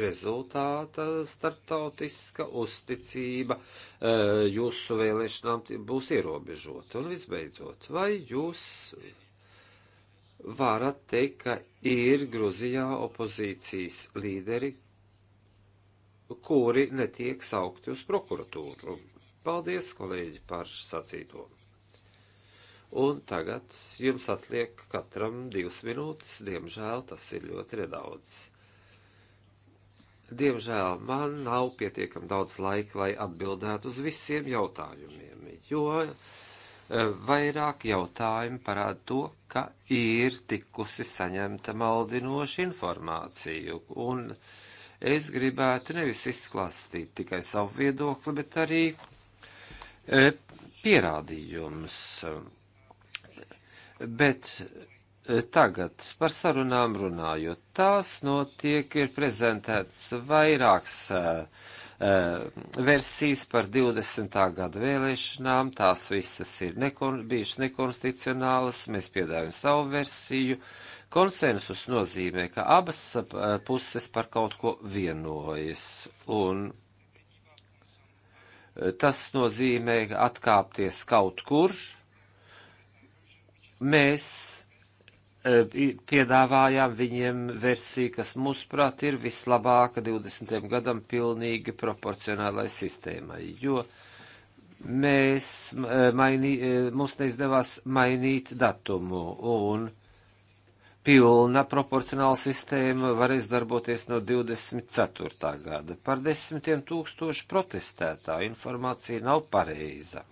B: rezultāta starptautiska uzticība e, jūsu vēlēšanām būs ierobežota. Un visbeidzot, vai jūs varat teikt, ka ir Gruzijā opozīcijas līderi, kuri netiek saukti uz prokuratūru? Paldies, kolēģi, par sacīto! Un tagad jums atliek katram divas minūtes, diemžēl tas ir ļoti nedaudz. Diemžēl man nav pietiekami daudz laika, lai atbildētu uz visiem jautājumiem, jo e, vairāk jautājumu parāda to, ka ir tikusi saņemta maldinoša informācija. Un es gribētu nevis izklāstīt tikai savu viedokli, bet arī e, pierādījumus. Bet eh, tagad par sarunām runājot, tās notiek, ir prezentēts vairāks uh, eh, eh, versijas par 20. gada vēlēšanām, tās visas ir nekon, bijušas nekonstitucionālas, mēs piedāvājam savu versiju. Konsensus nozīmē, ka abas puses par kaut ko vienojas, un tas nozīmē atkāpties kaut kur, mēs e, piedāvājām viņiem versiju, kas mūsuprāt ir vislabāka 20. gadam pilnīgi proporcionālai sistēmai, jo mēs e, mainī, e, mums neizdevās mainīt datumu un pilna proporcionāla sistēma varēs darboties no 24. gada. Par desmitiem tūkstošu protestētā informācija nav pareiza.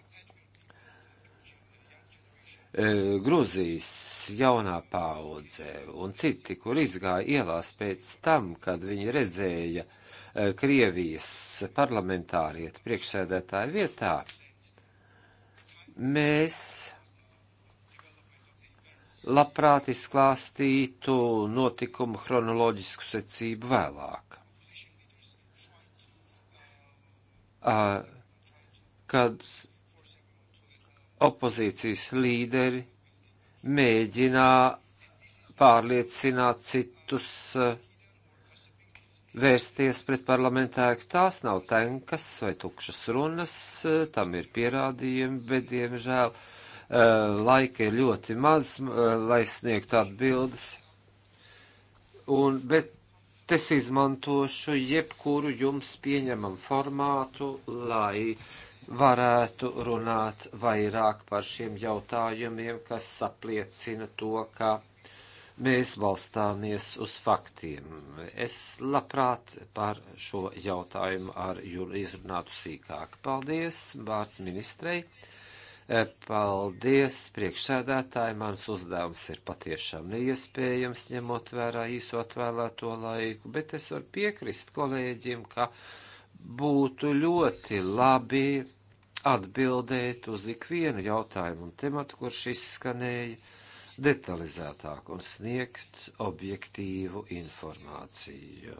B: E, Gruzijas jaunā paudze un citi, kur izgāja ielās pēc tam, kad viņi redzēja e, Krievijas parlamentārietu priekšsēdētāju vietā, mēs labprāt izklāstītu notikumu chronoloģisku secību vēlāk. Kad opozīcijas līderi mēģinā pārliecināt citus eh, vērsties pret parlamentāru. Tās nav tenkas vai tukšas runas, eh, tam ir pierādījumi, bet, diemžēl, eh, laika ir ļoti maz, lai sniegtu atbildes. Un, bet es izmantošu jebkuru jums pieņemam formātu, lai uh, varētu runāt vairāk par šiem jautājumiem, kas apliecina to, ka mēs valstāmies uz faktiem. Es labprāt par šo jautājumu ar Jūru izrunātu sīkāk. Paldies, vārds ministrei. E, paldies, priekšsēdētāji, mans uzdevums ir patiešām neiespējams, ņemot vērā īso atvēlēto laiku, bet es varu piekrist kolēģim, ka būtu ļoti labi atbildēt uz ikvienu jautājumu un tematu, kurš izskanēja detalizētāk un sniegt objektīvu informāciju.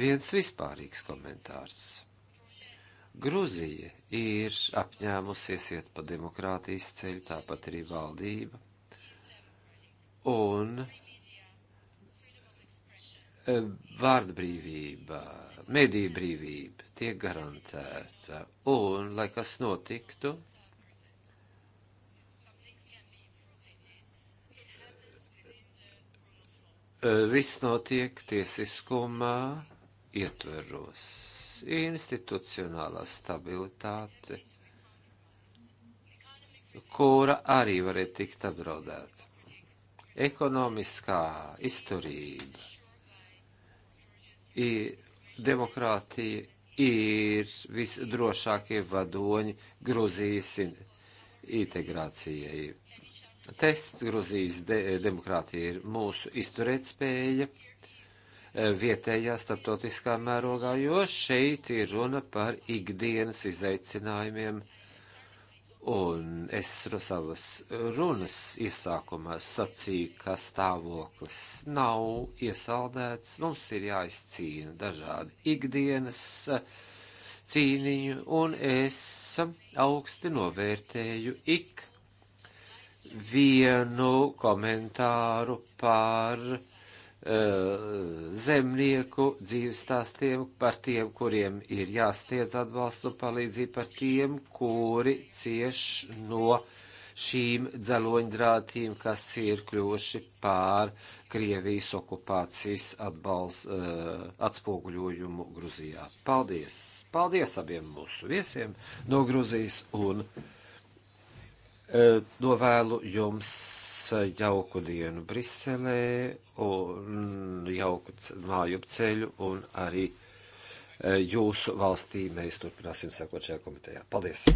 B: Viens vispārīgs komentārs. Gruzija ir apņēmusies iet pa demokrātijas ceļu, tāpat arī valdība. Un eh, vārdbrīvība, mediju brīvība, tiek garantēta. Un, lai kas notiktu, viss notiek tiesiskumā ietveros. Institucionālā stabilitāte, kura arī varēja tikt apdraudēta. Ekonomiskā izturība, demokrātija ir visdrošākie vadoņi Gruzijas integrācijai. Tests Gruzijas de demokrātija ir mūsu izturētspēja e, vietējā starptautiskā mērogā, jo šeit ir runa par ikdienas izaicinājumiem Un es no savas runas iesākumā sacīju, ka stāvoklis nav iesaldēts, mums ir jāizcīna dažādi ikdienas eh, cīniņu, un es augsti novērtēju ik vienu komentāru par Eh, zemnieku dzīves stāstiem, par tiem, kuriem ir jāsniedz atbalstu palīdzību, par tiem, kuri cieš no šīm dzeloņdrātīm, kas ir kļuvuši pār Krievijas okupācijas atbalst, eh, atspoguļojumu Gruzijā. Paldies! Paldies abiem mūsu viesiem no Gruzijas un Gruzijas! Eh, novēlu jums jauku dienu Briselē un jauku māju ceļu un arī eh, jūsu valstī mēs turpināsim sekot šajā komitejā. Paldies!